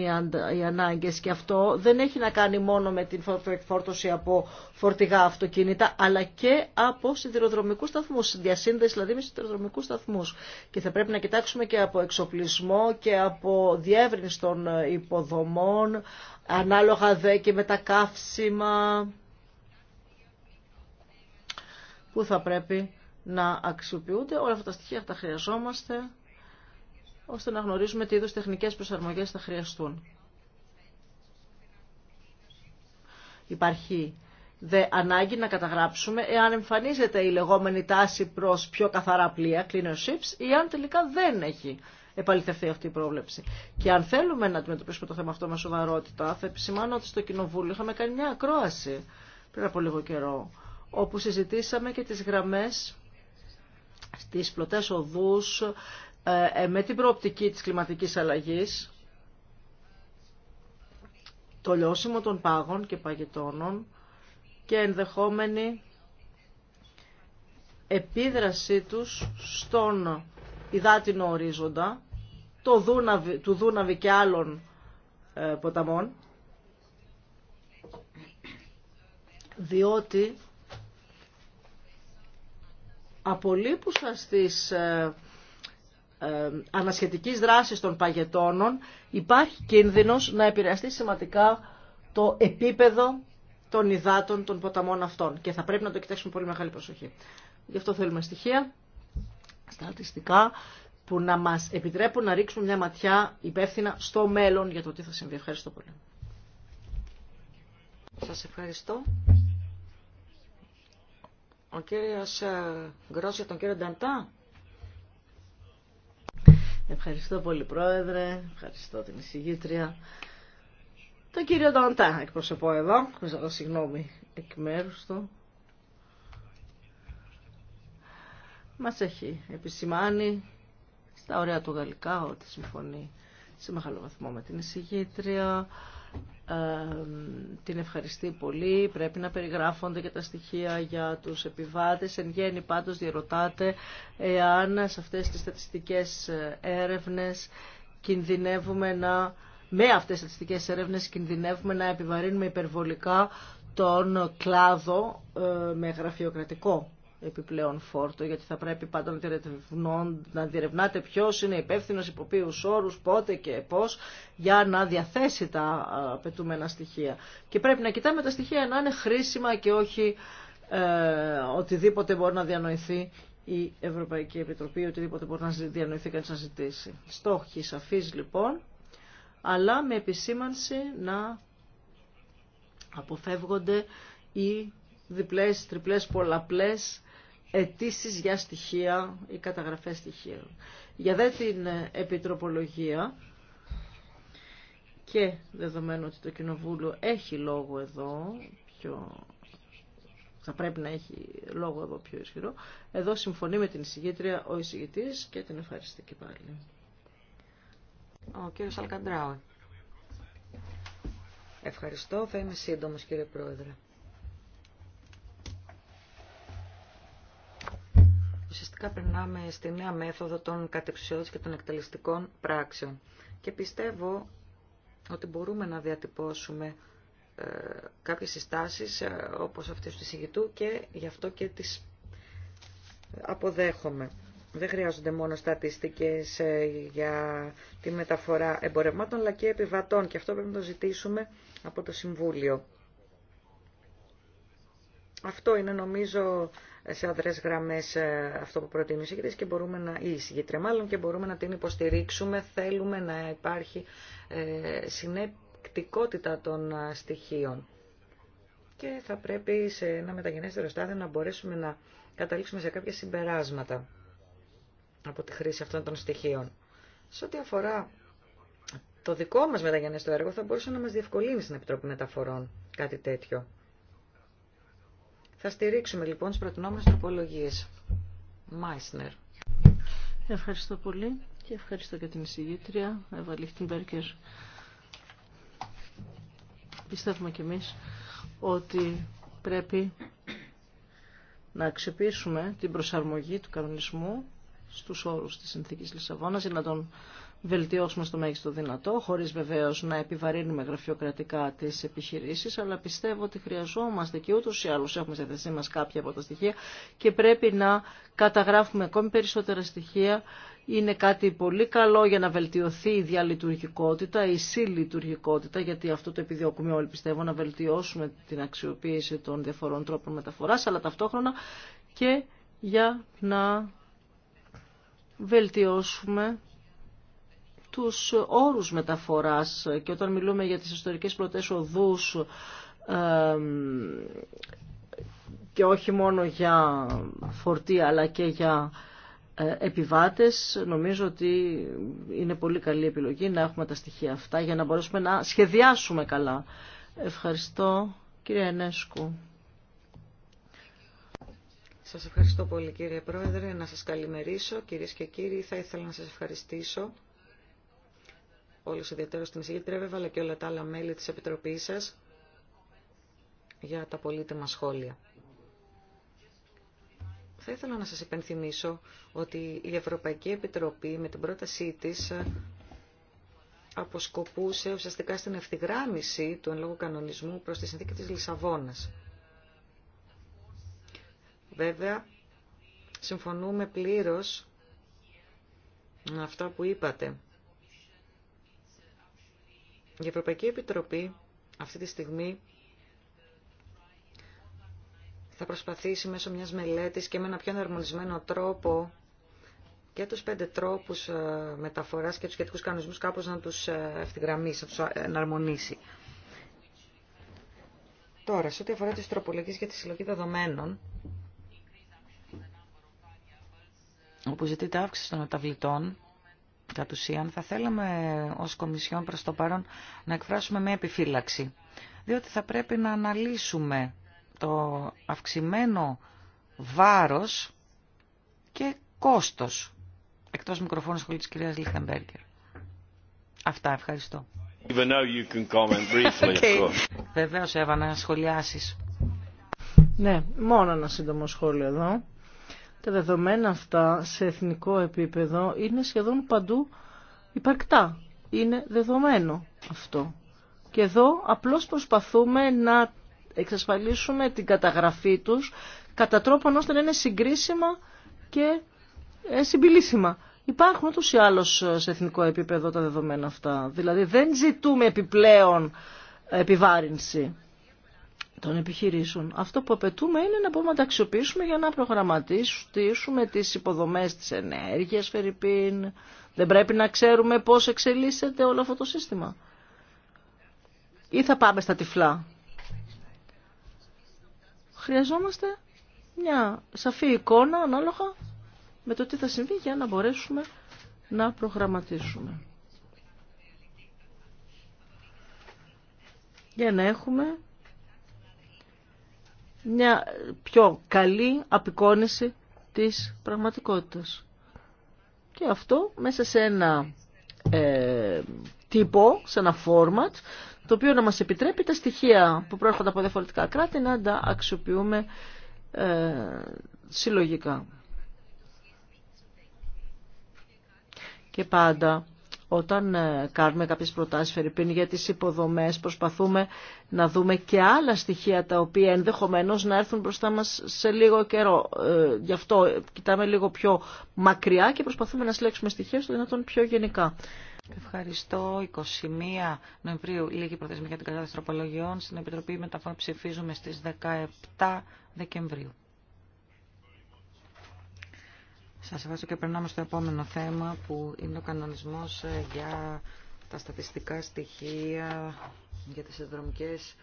οι ανάγκες και αυτό δεν έχει να κάνει μόνο με την φόρτωση από φορτηγά αυτοκίνητα αλλά και από σιδηροδρομικούς σταθμούς, διασύνδεση δηλαδή με σιδηροδρομικούς σταθμούς. Και θα πρέπει να κοιτάξουμε και από εξοπλισμό και από διεύρυνση των υποδομών, ανάλογα δε και με τα καύσιμα που θα πρέπει να αξιοποιούνται. Όλα αυτά τα στοιχεία τα χρειαζόμαστε ώστε να γνωρίζουμε τι είδους τεχνικές προσαρμογές θα χρειαστούν. Υπάρχει δε ανάγκη να καταγράψουμε εάν εμφανίζεται η λεγόμενη τάση προς πιο καθαρά πλοία, cleaner ships, ή αν τελικά δεν έχει επαληθευτεί αυτή η πρόβλεψη. Και αν θέλουμε να αντιμετωπίσουμε το θέμα αυτό με σοβαρότητα, θα επισημάνω ότι στο Κοινοβούλιο είχαμε κάνει μια ακρόαση πριν από λίγο καιρό, όπου συζητήσαμε και τις γραμμές στις πλωτές οδούς ε, ε, με την προοπτική της κλιματικής αλλαγής, το λιώσιμο των πάγων και παγετώνων και ενδεχόμενη επίδρασή τους στον υδάτινο ορίζοντα το του Δούναβη και άλλων ε, ποταμών διότι απολύπουσα στις ανασχετικής δράσης των παγετώνων υπάρχει κίνδυνος να επηρεαστεί σημαντικά το επίπεδο των υδάτων των ποταμών αυτών και θα πρέπει να το κοιτάξουμε πολύ μεγάλη προσοχή. Γι' αυτό θέλουμε στοιχεία στατιστικά που να μας επιτρέπουν να ρίξουμε μια ματιά υπεύθυνα στο μέλλον για το τι θα συμβεί. Ευχαριστώ πολύ. Σας ευχαριστώ. Ο κύριος ε, Γκρός για τον κύριο Νταντά. Ευχαριστώ πολύ Πρόεδρε, ευχαριστώ την εισηγήτρια. Το κύριο Νταντά εκπροσωπώ εδώ, ζητώ συγγνώμη εκ μέρου του. Μας έχει επισημάνει στα ωραία του γαλλικά ότι συμφωνεί σε μεγάλο βαθμό με την εισηγήτρια την ευχαριστεί πολύ. Πρέπει να περιγράφονται και τα στοιχεία για τους επιβάτες. Εν γέννη πάντως διαρωτάτε εάν σε αυτές τις στατιστικές έρευνες κινδυνεύουμε να με αυτές τις στατιστικές έρευνες κινδυνεύουμε να επιβαρύνουμε υπερβολικά τον κλάδο ε, με γραφειοκρατικό επιπλέον φόρτο, γιατί θα πρέπει πάντα να διερευνάτε ποιο είναι υπεύθυνο, υπό ποιου όρου, πότε και πώ, για να διαθέσει τα απαιτούμενα στοιχεία. Και πρέπει να κοιτάμε τα στοιχεία να είναι χρήσιμα και όχι ε, οτιδήποτε μπορεί να διανοηθεί η Ευρωπαϊκή Επιτροπή, οτιδήποτε μπορεί να διανοηθεί κανεί να ζητήσει. Στόχοι σαφεί λοιπόν, αλλά με επισήμανση να αποφεύγονται οι διπλές, τριπλές, πολλαπλές αιτήσει για στοιχεία ή καταγραφές στοιχείων. Για δε την ε, επιτροπολογία και δεδομένου ότι το Κοινοβούλιο έχει λόγο εδώ, πιο... θα πρέπει να έχει λόγο εδώ πιο ισχυρό, εδώ συμφωνεί με την εισηγήτρια ο εισηγητή και την ευχαριστεί και πάλι. Ο κύριος Αλκαντράου. Ευχαριστώ. Θα είμαι σύντομος κύριε Πρόεδρε. ουσιαστικά περνάμε στη νέα μέθοδο των κατεξουσιώδης και των εκτελεστικών πράξεων. Και πιστεύω ότι μπορούμε να διατυπώσουμε ε, κάποιες συστάσεις ε, όπως αυτές του συγητού και γι' αυτό και τις αποδέχομαι. Δεν χρειάζονται μόνο στατιστικές ε, για τη μεταφορά εμπορευμάτων αλλά και επιβατών και αυτό πρέπει να το ζητήσουμε από το Συμβούλιο. Αυτό είναι νομίζω σε αδρές γραμμές ε, αυτό που προτείνει η και μπορούμε να, ή η και μπορούμε να την υποστηρίξουμε. Θέλουμε να υπάρχει ε, συνεκτικότητα των ε, στοιχείων. Και θα πρέπει σε ένα μεταγενέστερο στάδιο να μπορέσουμε να καταλήξουμε σε κάποια συμπεράσματα από τη χρήση αυτών των στοιχείων. Σε ό,τι αφορά το δικό μας μεταγενέστερο έργο θα μπορούσε να μας διευκολύνει στην Επιτροπή Μεταφορών κάτι τέτοιο. Θα στηρίξουμε λοιπόν τις προτινόμενες τροπολογίες. Μάισνερ. Ευχαριστώ πολύ και ευχαριστώ και την εισηγήτρια Εύα Λιχτιμπέρκερ. Πιστεύουμε κι εμείς ότι πρέπει να αξιοποιήσουμε την προσαρμογή του κανονισμού στους όρους της συνθήκης Λισαβόνας για να τον βελτιώσουμε στο μέγιστο δυνατό, χωρίς βεβαίως να επιβαρύνουμε γραφειοκρατικά τις επιχειρήσεις, αλλά πιστεύω ότι χρειαζόμαστε και ούτως ή άλλως έχουμε σε θέση μας κάποια από τα στοιχεία και πρέπει να καταγράφουμε ακόμη περισσότερα στοιχεία. Είναι κάτι πολύ καλό για να βελτιωθεί η διαλειτουργικότητα, η συλλειτουργικότητα, γιατί αυτό το επιδιώκουμε όλοι πιστεύω, να βελτιώσουμε την αξιοποίηση των διαφορών τρόπων μεταφοράς, αλλά ταυτόχρονα και για να βελτιώσουμε τους όρους μεταφοράς και όταν μιλούμε για τις ιστορικές πλωτές οδούς και όχι μόνο για φορτία αλλά και για ε, επιβάτες νομίζω ότι είναι πολύ καλή επιλογή να έχουμε τα στοιχεία αυτά για να μπορέσουμε να σχεδιάσουμε καλά. Ευχαριστώ κύριε Ενέσκου. Σας ευχαριστώ πολύ κύριε Πρόεδρε. Να σας καλημερίσω κυρίες και κύριοι. Θα ήθελα να σας ευχαριστήσω όλου ιδιαίτερα στην εισηγήτρια, βέβαια, αλλά και όλα τα άλλα μέλη τη Επιτροπή σα για τα πολύτιμα σχόλια. Θα ήθελα να σας υπενθυμίσω ότι η Ευρωπαϊκή Επιτροπή με την πρότασή της αποσκοπούσε ουσιαστικά στην ευθυγράμμιση του εν λόγω κανονισμού προς τη συνθήκη της Λισαβόνας. Βέβαια, συμφωνούμε πλήρως με αυτά που είπατε η Ευρωπαϊκή Επιτροπή αυτή τη στιγμή θα προσπαθήσει μέσω μιας μελέτης και με ένα πιο εναρμονισμένο τρόπο και τους πέντε τρόπους ε, μεταφοράς και τους σχετικούς κανονισμούς κάπως να τους ε, ευθυγραμμίσει, να τους ε, εναρμονίσει. Τώρα, σε ό,τι αφορά τις τροπολογίες για τη συλλογή δεδομένων, όπου ζητείται αύξηση των μεταβλητών, κατ' ουσίαν θα θέλαμε ως Κομισιόν προς το παρόν να εκφράσουμε με επιφύλαξη, διότι θα πρέπει να αναλύσουμε το αυξημένο βάρος και κόστος εκτός μικροφώνου σχολή της κυρίας Λίχτεμπέργκερ. Αυτά, ευχαριστώ. Βεβαίω Εύα, να σχολιάσεις. Ναι, μόνο ένα σύντομο σχόλιο εδώ. Τα δεδομένα αυτά σε εθνικό επίπεδο είναι σχεδόν παντού υπαρκτά. Είναι δεδομένο αυτό. Και εδώ απλώς προσπαθούμε να εξασφαλίσουμε την καταγραφή τους κατά τρόπον ώστε να είναι συγκρίσιμα και ε, συμπιλήσιμα. Υπάρχουν ούτως ή άλλως ε, σε εθνικό επίπεδο τα δεδομένα αυτά. Δηλαδή δεν ζητούμε επιπλέον ε, επιβάρυνση των επιχειρήσεων. Αυτό που απαιτούμε είναι να μπορούμε να τα αξιοποιήσουμε για να προγραμματίσουμε τις υποδομές της ενέργειας, Φερρυπίν. Δεν πρέπει να ξέρουμε πώς εξελίσσεται όλο αυτό το σύστημα. Ή θα πάμε στα τυφλά. Χρειαζόμαστε μια σαφή εικόνα ανάλογα με το τι θα συμβεί για να μπορέσουμε να προγραμματίσουμε. Για να έχουμε μια πιο καλή απεικόνηση της πραγματικότητας. Και αυτό μέσα σε ένα ε, τύπο, σε ένα format, το οποίο να μας επιτρέπει τα στοιχεία που προέρχονται από διαφορετικά κράτη να τα αξιοποιούμε ε, συλλογικά. Και πάντα όταν ε, κάνουμε κάποιες προτάσεις, Φερρυπίν, για τις υποδομές, προσπαθούμε να δούμε και άλλα στοιχεία τα οποία ενδεχομένως να έρθουν μπροστά μας σε λίγο καιρό. Ε, γι' αυτό κοιτάμε λίγο πιο μακριά και προσπαθούμε να συλλέξουμε στοιχεία στο δυνατόν πιο γενικά. Ευχαριστώ. 21 Νοεμβρίου λίγη προθεσμία για την κατάσταση τροπολογιών. Στην Επιτροπή Μεταφορών ψηφίζουμε στις 17 Δεκεμβρίου. Σας ευχαριστώ και περνάμε στο επόμενο θέμα που είναι ο κανονισμός ε, για τα στατιστικά στοιχεία για τις συνδρομικές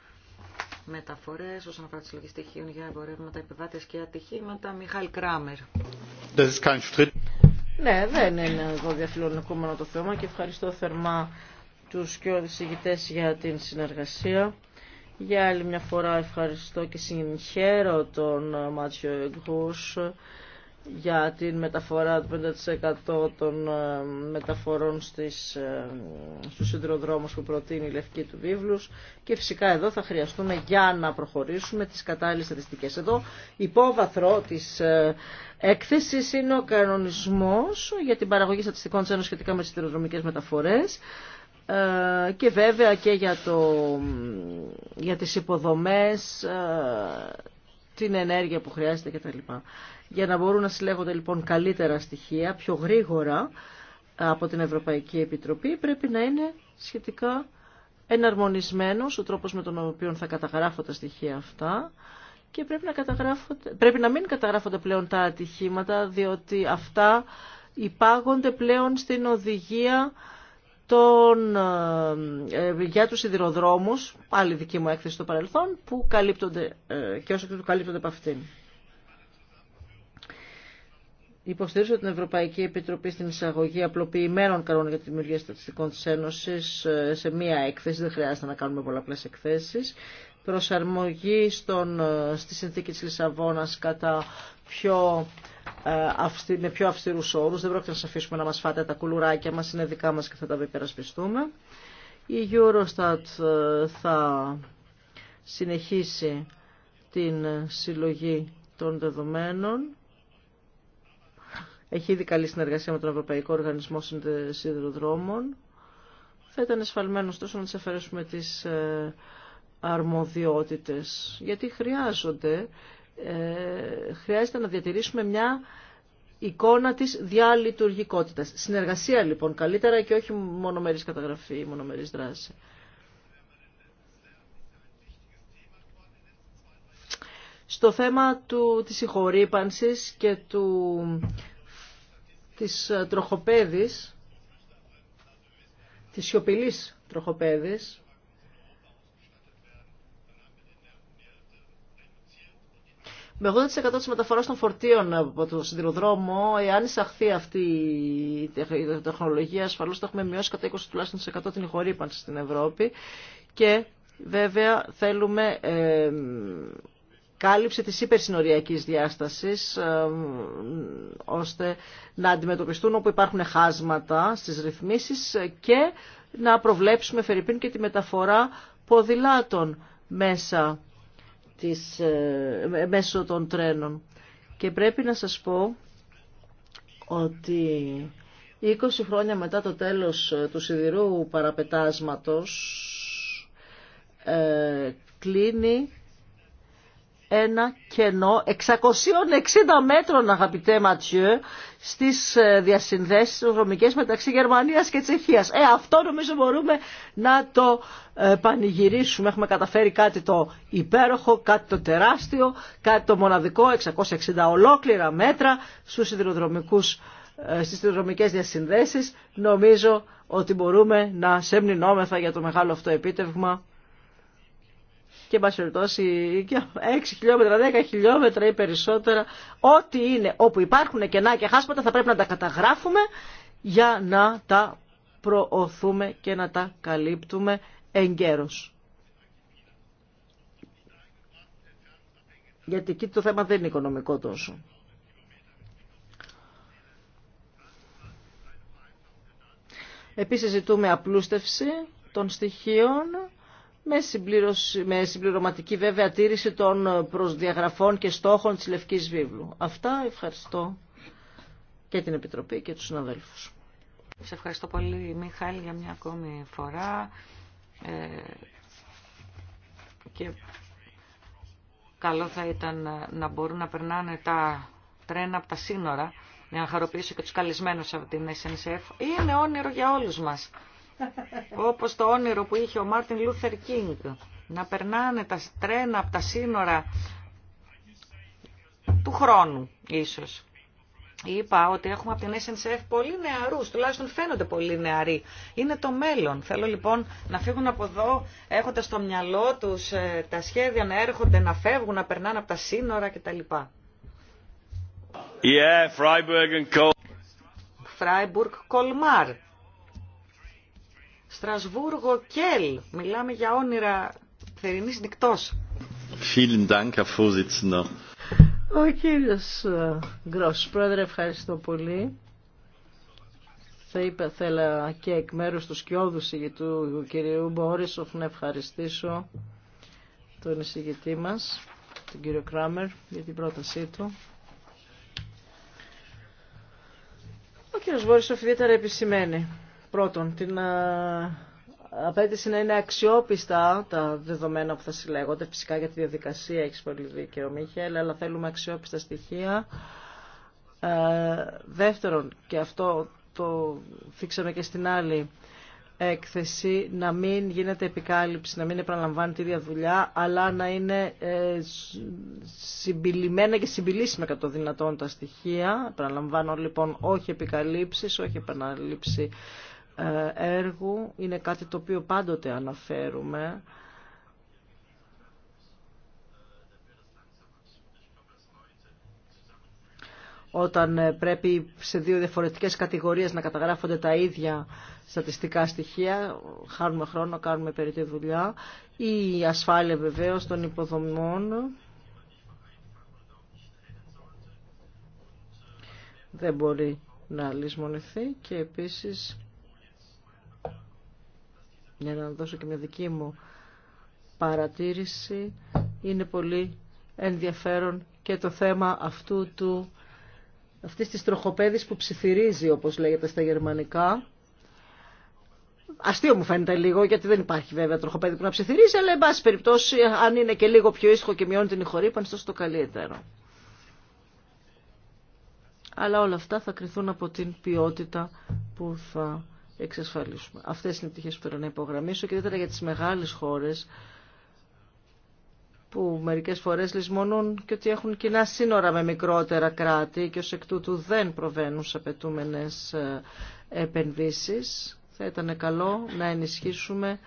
μεταφορές όσον αφορά τις λογικέ στοιχείων για εμπορεύματα, επιβάτες και ατυχήματα. Μιχάλη Κράμερ. Ναι, δεν είναι εδώ διαφιλονικούμενο το θέμα και ευχαριστώ θερμά τους και οδησηγητές για την συνεργασία. Για άλλη μια φορά ευχαριστώ και συγχαίρω τον Μάτσιο Εγκούς για την μεταφορά του 5% των ε, μεταφορών στις, ε, στους που προτείνει η Λευκή του Βίβλους και φυσικά εδώ θα χρειαστούμε για να προχωρήσουμε τις κατάλληλες στατιστικές. Εδώ υπόβαθρο της ε, έκθεσης είναι ο κανονισμός για την παραγωγή στατιστικών τσένων σχετικά με τις σιδηροδρομικές μεταφορές και βέβαια και για, το, για τις υποδομές, την ενέργεια που χρειάζεται κτλ για να μπορούν να συλλέγονται λοιπόν καλύτερα στοιχεία, πιο γρήγορα από την Ευρωπαϊκή Επιτροπή, πρέπει να είναι σχετικά εναρμονισμένος ο τρόπος με τον οποίο θα καταγράφω τα στοιχεία αυτά και πρέπει να, πρέπει να μην καταγράφονται πλέον τα ατυχήματα, διότι αυτά υπάγονται πλέον στην οδηγία ε, για τους σιδηροδρόμους, πάλι δική μου έκθεση στο παρελθόν, που καλύπτονται ε, και όσο του καλύπτονται από αυτήν. Υποστηρίζω την Ευρωπαϊκή Επιτροπή στην εισαγωγή απλοποιημένων κανόνων για τη δημιουργία στατιστικών τη Ένωση ε, σε μία έκθεση, δεν χρειάζεται να κάνουμε πολλαπλέ εκθέσει. Προσαρμογή στον, ε, στη συνθήκη τη Λισαβόνα κατά πιο, ε, αυστη, με πιο αυστηρούς όρους. Δεν πρόκειται να σας αφήσουμε να μας φάτε τα κουλουράκια μας, είναι δικά μας και θα τα υπερασπιστούμε. Η Eurostat θα συνεχίσει την συλλογή των δεδομένων έχει ήδη καλή συνεργασία με τον Ευρωπαϊκό Οργανισμό Σιδηροδρόμων. Θα ήταν εσφαλμένο τόσο να τι αφαιρέσουμε τις ε, αρμοδιότητες, γιατί χρειάζονται, ε, χρειάζεται να διατηρήσουμε μια εικόνα της διαλειτουργικότητας. Συνεργασία λοιπόν καλύτερα και όχι μονομερής καταγραφή ή μονομερής δράση. Στο θέμα του, της συγχωρήπανσης και του της ε, τροχοπέδης, της σιωπηλή τροχοπέδης, με 80% της μεταφοράς των φορτίων από το σιδηροδρόμο, εάν εισαχθεί αυτή η τεχνολογία, ασφαλώς θα έχουμε μειώσει κατά 20% τουλάχιστον την στην Ευρώπη και βέβαια θέλουμε κάλυψη της υπερσυνοριακής διάστασης ώστε να αντιμετωπιστούν όπου υπάρχουν χάσματα στις ρυθμίσεις και να προβλέψουμε φερειπίν και τη μεταφορά ποδηλάτων μέσα της, ε, μέσω των τρένων. Και πρέπει να σας πω ότι 20 χρόνια μετά το τέλος ε, του σιδηρού παραπετάσματος ε, κλείνει ένα κενό 660 μέτρων, αγαπητέ Ματσιέ, στις ε, διασυνδέσεις δρομικέ μεταξύ Γερμανίας και Τσεχίας. Ε, αυτό νομίζω μπορούμε να το ε, πανηγυρίσουμε. Έχουμε καταφέρει κάτι το υπέροχο, κάτι το τεράστιο, κάτι το μοναδικό, 660 ολόκληρα μέτρα στους σιδηροδρομικούς ε, στις συνδρομικές διασυνδέσεις νομίζω ότι μπορούμε να σεμνηνόμεθα για το μεγάλο αυτό επίτευγμα και μας περιπτώσει 6 χιλιόμετρα, 10 χιλιόμετρα ή περισσότερα, ό,τι είναι, όπου υπάρχουν κενά και χάσματα θα πρέπει να τα καταγράφουμε για να τα προωθούμε και να τα καλύπτουμε εγκαίρως. Γιατί εκεί το θέμα δεν είναι οικονομικό τόσο. Επίσης ζητούμε απλούστευση των στοιχείων με, συμπληρωματική βέβαια τήρηση των προσδιαγραφών και στόχων της Λευκής Βίβλου. Αυτά ευχαριστώ και την Επιτροπή και τους συναδέλφους. Σε ευχαριστώ πολύ Μιχάλη για μια ακόμη φορά ε, και καλό θα ήταν να μπορούν να περνάνε τα τρένα από τα σύνορα για να χαροποιήσω και τους καλεσμένους από την SNCF. Είναι όνειρο για όλους μας όπως το όνειρο που είχε ο Μάρτιν Λούθερ Κίνγκ, να περνάνε τα τρένα από τα σύνορα του χρόνου ίσως. Είπα ότι έχουμε από την SNCF πολύ νεαρούς, τουλάχιστον φαίνονται πολύ νεαροί. Είναι το μέλλον. Θέλω λοιπόν να φύγουν από εδώ έχοντας στο μυαλό τους ε, τα σχέδια να έρχονται, να φεύγουν, να περνάνε από τα σύνορα κτλ. Yeah, Freiburg and Στρασβούργο Κέλ. Μιλάμε για όνειρα θερινής νυχτός. Ο κύριο ε, Γκρός, πρόεδρε, ευχαριστώ πολύ. Θα είπα, θέλα και εκ μέρου του σκιώδου συγητού του κυρίου Μπόρισοφ να ευχαριστήσω τον εισηγητή μας, τον κύριο Κράμερ, για την πρότασή του. Ο κύριος Μπόρισοφ ιδιαίτερα επισημαίνει Πρώτον, την απέτηση να είναι αξιόπιστα τα δεδομένα που θα συλλέγονται. Φυσικά για τη διαδικασία έχει πολύ δίκαιο, Μίχελ, αλλά θέλουμε αξιόπιστα στοιχεία. Ε, δεύτερον, και αυτό το θίξαμε και στην άλλη έκθεση, να μην γίνεται επικάλυψη, να μην επαναλαμβάνει τη ίδια δουλειά, αλλά να είναι ε, συμπιλημένα και συμπιλήσιμα κατά το δυνατόν τα στοιχεία. Επαναλαμβάνω λοιπόν όχι επικαλύψεις, όχι επαναλήψη ε, έργου είναι κάτι το οποίο πάντοτε αναφέρουμε όταν ε, πρέπει σε δύο διαφορετικές κατηγορίες να καταγράφονται τα ίδια στατιστικά στοιχεία, χάνουμε χρόνο, κάνουμε περί δουλειά. Η ασφάλεια βεβαίως των υποδομών δεν μπορεί να λησμονηθεί και επίσης για να δώσω και μια δική μου παρατήρηση, είναι πολύ ενδιαφέρον και το θέμα αυτού του, αυτής της τροχοπέδης που ψιθυρίζει, όπως λέγεται στα γερμανικά. Αστείο μου φαίνεται λίγο, γιατί δεν υπάρχει βέβαια τροχοπέδι που να ψιθυρίζει, αλλά εν πάση περιπτώσει, αν είναι και λίγο πιο ήσυχο και μειώνει την ηχορύπανση, τόσο το καλύτερο. Αλλά όλα αυτά θα κρυθούν από την ποιότητα που θα εξασφαλίσουμε. Αυτές είναι οι τύχε που θέλω να υπογραμμίσω και ιδιαίτερα για τις μεγάλες χώρε που μερικέ φορέ λησμονούν και ότι έχουν κοινά σύνορα με μικρότερα κράτη και ω εκ τούτου δεν προβαίνουν σε απαιτούμενε ε, επενδύσεις. Θα ήταν καλό να ενισχύσουμε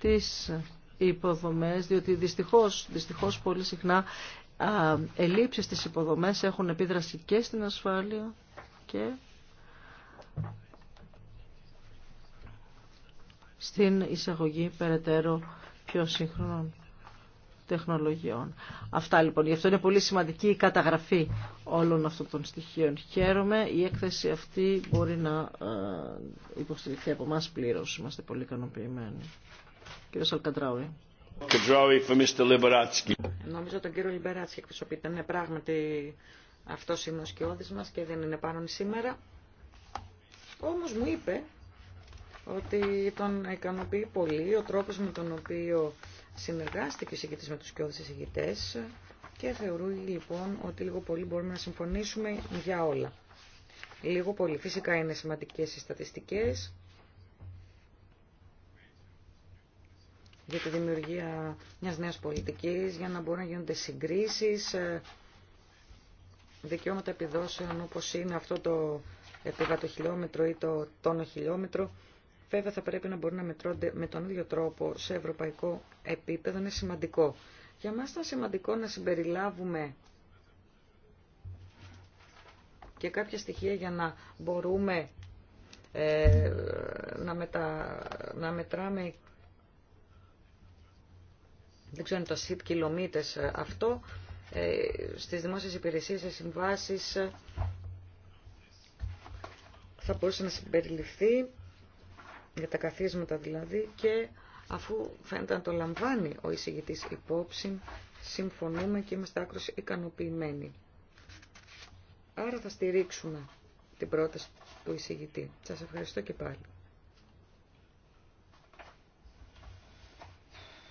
τις υποδομές, διότι δυστυχώς, δυστυχώς πολύ συχνά α, ελλείψεις στις υποδομές έχουν επίδραση και στην ασφάλεια και στην εισαγωγή περαιτέρω πιο σύγχρονων τεχνολογιών. Αυτά λοιπόν. Γι' αυτό είναι πολύ σημαντική η καταγραφή όλων αυτών των στοιχείων. Χαίρομαι. Η έκθεση αυτή μπορεί να ε, υποστηριχθεί από εμά πλήρω. Είμαστε πολύ ικανοποιημένοι. Κύριο Αλκαντράουι. Νομίζω τον κύριο Λιμπεράτσκι εκπροσωπείται. Είναι πράγματι αυτό είναι ο σκιώδη μα και δεν είναι πάνω σήμερα. Όμω μου είπε ότι τον ικανοποιεί πολύ ο τρόπος με τον οποίο συνεργάστηκε ο συγκεκριτής με τους κοιόδους συγκεκριτές και θεωρούν λοιπόν ότι λίγο πολύ μπορούμε να συμφωνήσουμε για όλα. Λίγο πολύ. Φυσικά είναι σημαντικές οι στατιστικές για τη δημιουργία μιας νέας πολιτικής, για να μπορούν να γίνονται συγκρίσεις, δικαιώματα επιδόσεων όπως είναι αυτό το επιβατοχιλιόμετρο ή το τόνο χιλιόμετρο βέβαια θα πρέπει να μπορούν να μετρώνται με τον ίδιο τρόπο σε ευρωπαϊκό επίπεδο. Είναι σημαντικό. Για μας ήταν σημαντικό να συμπεριλάβουμε και κάποια στοιχεία για να μπορούμε ε, να, μετα, να μετράμε δεν ξέρω αν το SIP κιλομίτες ε, αυτό ε, στις δημόσιες υπηρεσίες, σε συμβάσεις ε, θα μπορούσε να συμπεριληφθεί για τα καθίσματα δηλαδή και αφού φαίνεται να το λαμβάνει ο εισηγητής υπόψη, συμφωνούμε και είμαστε άκρως ικανοποιημένοι. Άρα θα στηρίξουμε την πρόταση του εισηγητή. Σας ευχαριστώ και πάλι.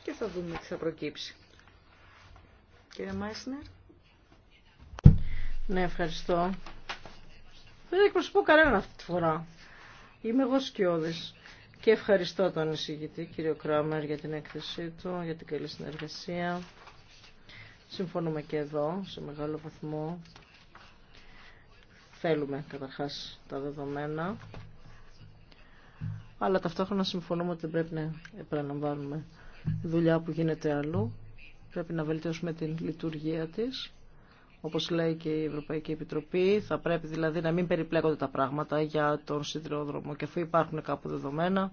Και θα δούμε τι θα προκύψει. Κύριε Μάισνερ. Ναι, ευχαριστώ. Δεν εκπροσωπώ κανέναν αυτή τη φορά. Είμαι εγώ σκιώδης και ευχαριστώ τον εισηγητή κύριο Κράμερ για την έκθεσή του, για την καλή συνεργασία. Συμφωνούμε και εδώ σε μεγάλο βαθμό. Θέλουμε καταρχάς τα δεδομένα, αλλά ταυτόχρονα συμφωνούμε ότι πρέπει να επαναλαμβάνουμε δουλειά που γίνεται αλλού. Πρέπει να βελτιώσουμε την λειτουργία της όπως λέει και η Ευρωπαϊκή Επιτροπή. Θα πρέπει δηλαδή να μην περιπλέκονται τα πράγματα για τον σιδηρόδρομο και αφού υπάρχουν κάπου δεδομένα.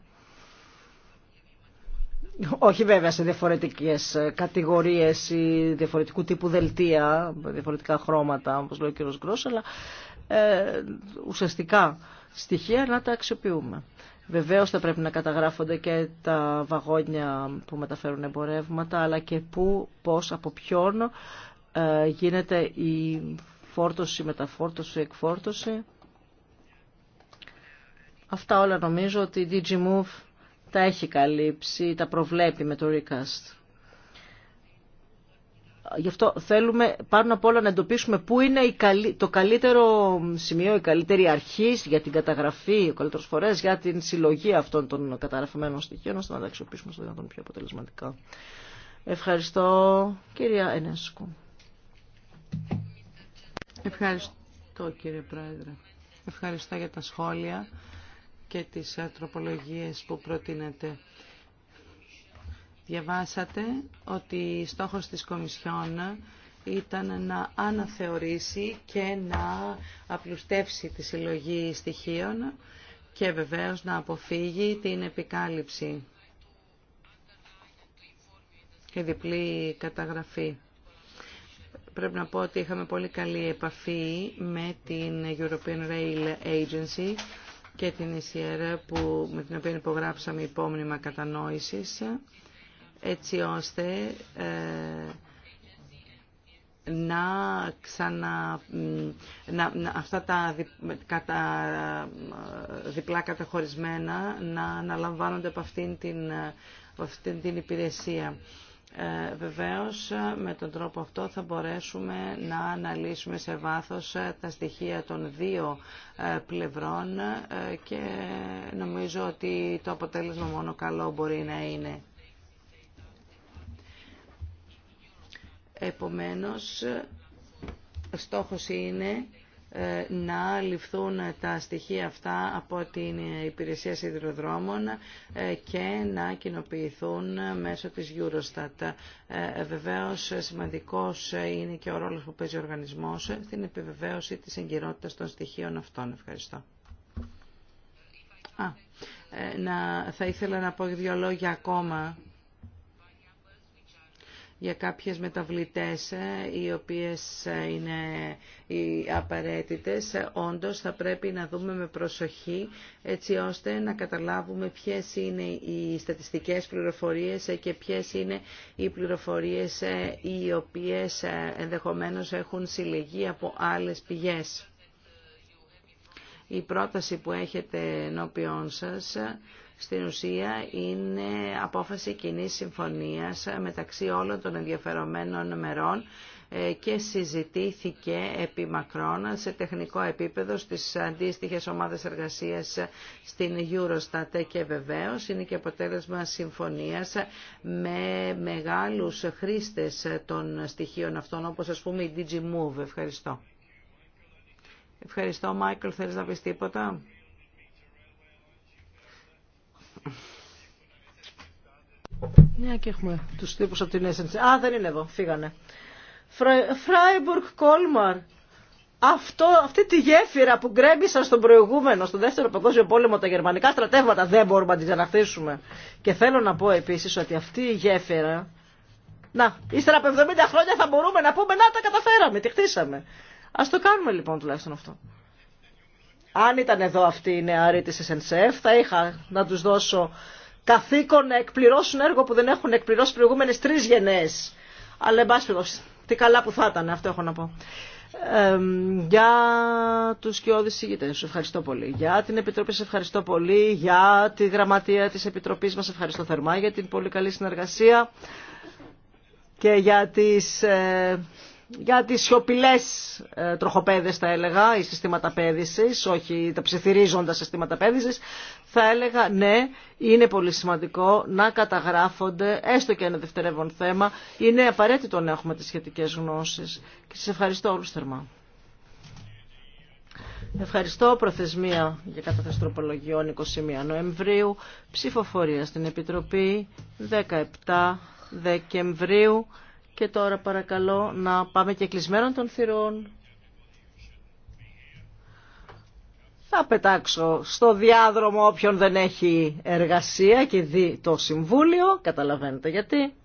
Όχι βέβαια σε διαφορετικές κατηγορίες ή διαφορετικού τύπου δελτία, διαφορετικά χρώματα, όπως λέει ο κ. Γκρός, αλλά ε, ουσιαστικά στοιχεία να τα αξιοποιούμε. Βεβαίως θα πρέπει να καταγράφονται και τα βαγόνια που μεταφέρουν εμπορεύματα, αλλά και πού, πώς, από ποιον, ε, γίνεται η φόρτωση, μεταφόρτωση, εκφόρτωση. Αυτά όλα νομίζω ότι η Digimove Move τα έχει καλύψει, τα προβλέπει με το Recast. Γι' αυτό θέλουμε πάνω απ' όλα να εντοπίσουμε πού είναι το καλύτερο σημείο, η καλύτερη αρχή για την καταγραφή, ο καλύτερο φορέα για την συλλογή αυτών των καταγραφημένων στοιχείων, ώστε να τα αξιοποιήσουμε στο δυνατόν πιο αποτελεσματικά. Ευχαριστώ, κυρία Ενέσκου. Ευχαριστώ κύριε Πρόεδρε. Ευχαριστώ για τα σχόλια και τις ε, τροπολογίες που προτείνετε. Διαβάσατε ότι στόχος της Κομισιόν ήταν να αναθεωρήσει και να απλουστεύσει τη συλλογή στοιχείων και βεβαίως να αποφύγει την επικάλυψη και διπλή καταγραφή πρέπει να πω ότι είχαμε πολύ καλή επαφή με την European Rail Agency και την ECR που, με την οποία υπογράψαμε υπόμνημα κατανόησης έτσι ώστε ε, να ξανα... αυτά τα, κατα, διπλά καταχωρισμένα να αναλαμβάνονται από αυτήν την, ε, την υπηρεσία. Ε, βεβαίως με τον τρόπο αυτό θα μπορέσουμε να αναλύσουμε σε βάθος ε, τα στοιχεία των δύο ε, πλευρών ε, και νομίζω ότι το αποτέλεσμα μόνο καλό μπορεί να είναι. Επομένως, στόχος είναι ε, να ληφθούν τα στοιχεία αυτά από την Υπηρεσία Σιδηροδρόμων ε, και να κοινοποιηθούν μέσω της Eurostat. Ε, βεβαίως σημαντικός είναι και ο ρόλος που παίζει ο οργανισμός στην επιβεβαίωση της εγκυρότητας των στοιχείων αυτών. Ευχαριστώ. να, θα ήθελα να πω δύο λόγια ακόμα για κάποιες μεταβλητές ε, οι οποίες ε, είναι οι απαραίτητες, όντως θα πρέπει να δούμε με προσοχή έτσι ώστε να καταλάβουμε ποιες είναι οι στατιστικές πληροφορίες ε, και ποιες είναι οι πληροφορίες οι οποίες ενδεχομένως έχουν συλλεγεί από άλλες πηγές. Η πρόταση που έχετε ενώπιόν σας στην ουσία είναι απόφαση κοινή συμφωνίας μεταξύ όλων των ενδιαφερομένων μερών ε, και συζητήθηκε επί μακρόν σε τεχνικό επίπεδο στις αντίστοιχες ομάδες εργασίας στην Eurostat και βεβαίως είναι και αποτέλεσμα συμφωνίας με μεγάλους χρήστες των στοιχείων αυτών όπως ας πούμε η DigiMove. Ευχαριστώ. Ευχαριστώ Μάικλ, θέλεις να πεις τίποτα. Ναι, και έχουμε Του τύπου από την Essence. Α, δεν είναι εδώ, φύγανε. Φράιμπουργκ Κόλμαρ. Αυτό, αυτή τη γέφυρα που γκρέμισαν στον προηγούμενο, στον δεύτερο παγκόσμιο πόλεμο, τα γερμανικά στρατεύματα δεν μπορούμε να την ξαναχτίσουμε. Και θέλω να πω επίση ότι αυτή η γέφυρα, να, ύστερα από 70 χρόνια θα μπορούμε να πούμε να τα καταφέραμε, τη χτίσαμε. Α το κάνουμε λοιπόν τουλάχιστον αυτό αν ήταν εδώ αυτή η νεαροί της SNCF θα είχα να τους δώσω καθήκον να εκπληρώσουν έργο που δεν έχουν εκπληρώσει προηγούμενες τρεις γενναίες. Αλλά εμπάσχετος, τι καλά που θα ήταν, αυτό έχω να πω. για τους κοιόδης συγγητές, σου ευχαριστώ πολύ. Για την Επιτροπή σας ευχαριστώ πολύ. Για τη γραμματεία της Επιτροπής μας ευχαριστώ θερμά για την πολύ καλή συνεργασία και για τις... Ε, για τις σιωπηλέ ε, τροχοπέδες θα έλεγα, οι συστήματα παίδησης, όχι τα ψιθυρίζοντα συστήματα παίδησης, θα έλεγα ναι, είναι πολύ σημαντικό να καταγράφονται, έστω και ένα δευτερεύον θέμα, είναι απαραίτητο να έχουμε τις σχετικές γνώσεις. Και σας ευχαριστώ όλους θερμά. Ευχαριστώ. Προθεσμία για κατάθεση τροπολογιών 21 Νοεμβρίου. Ψηφοφορία στην Επιτροπή 17 Δεκεμβρίου. Και τώρα παρακαλώ να πάμε και κλεισμένων των θυρών. Θα πετάξω στο διάδρομο όποιον δεν έχει εργασία και δει το Συμβούλιο, καταλαβαίνετε γιατί.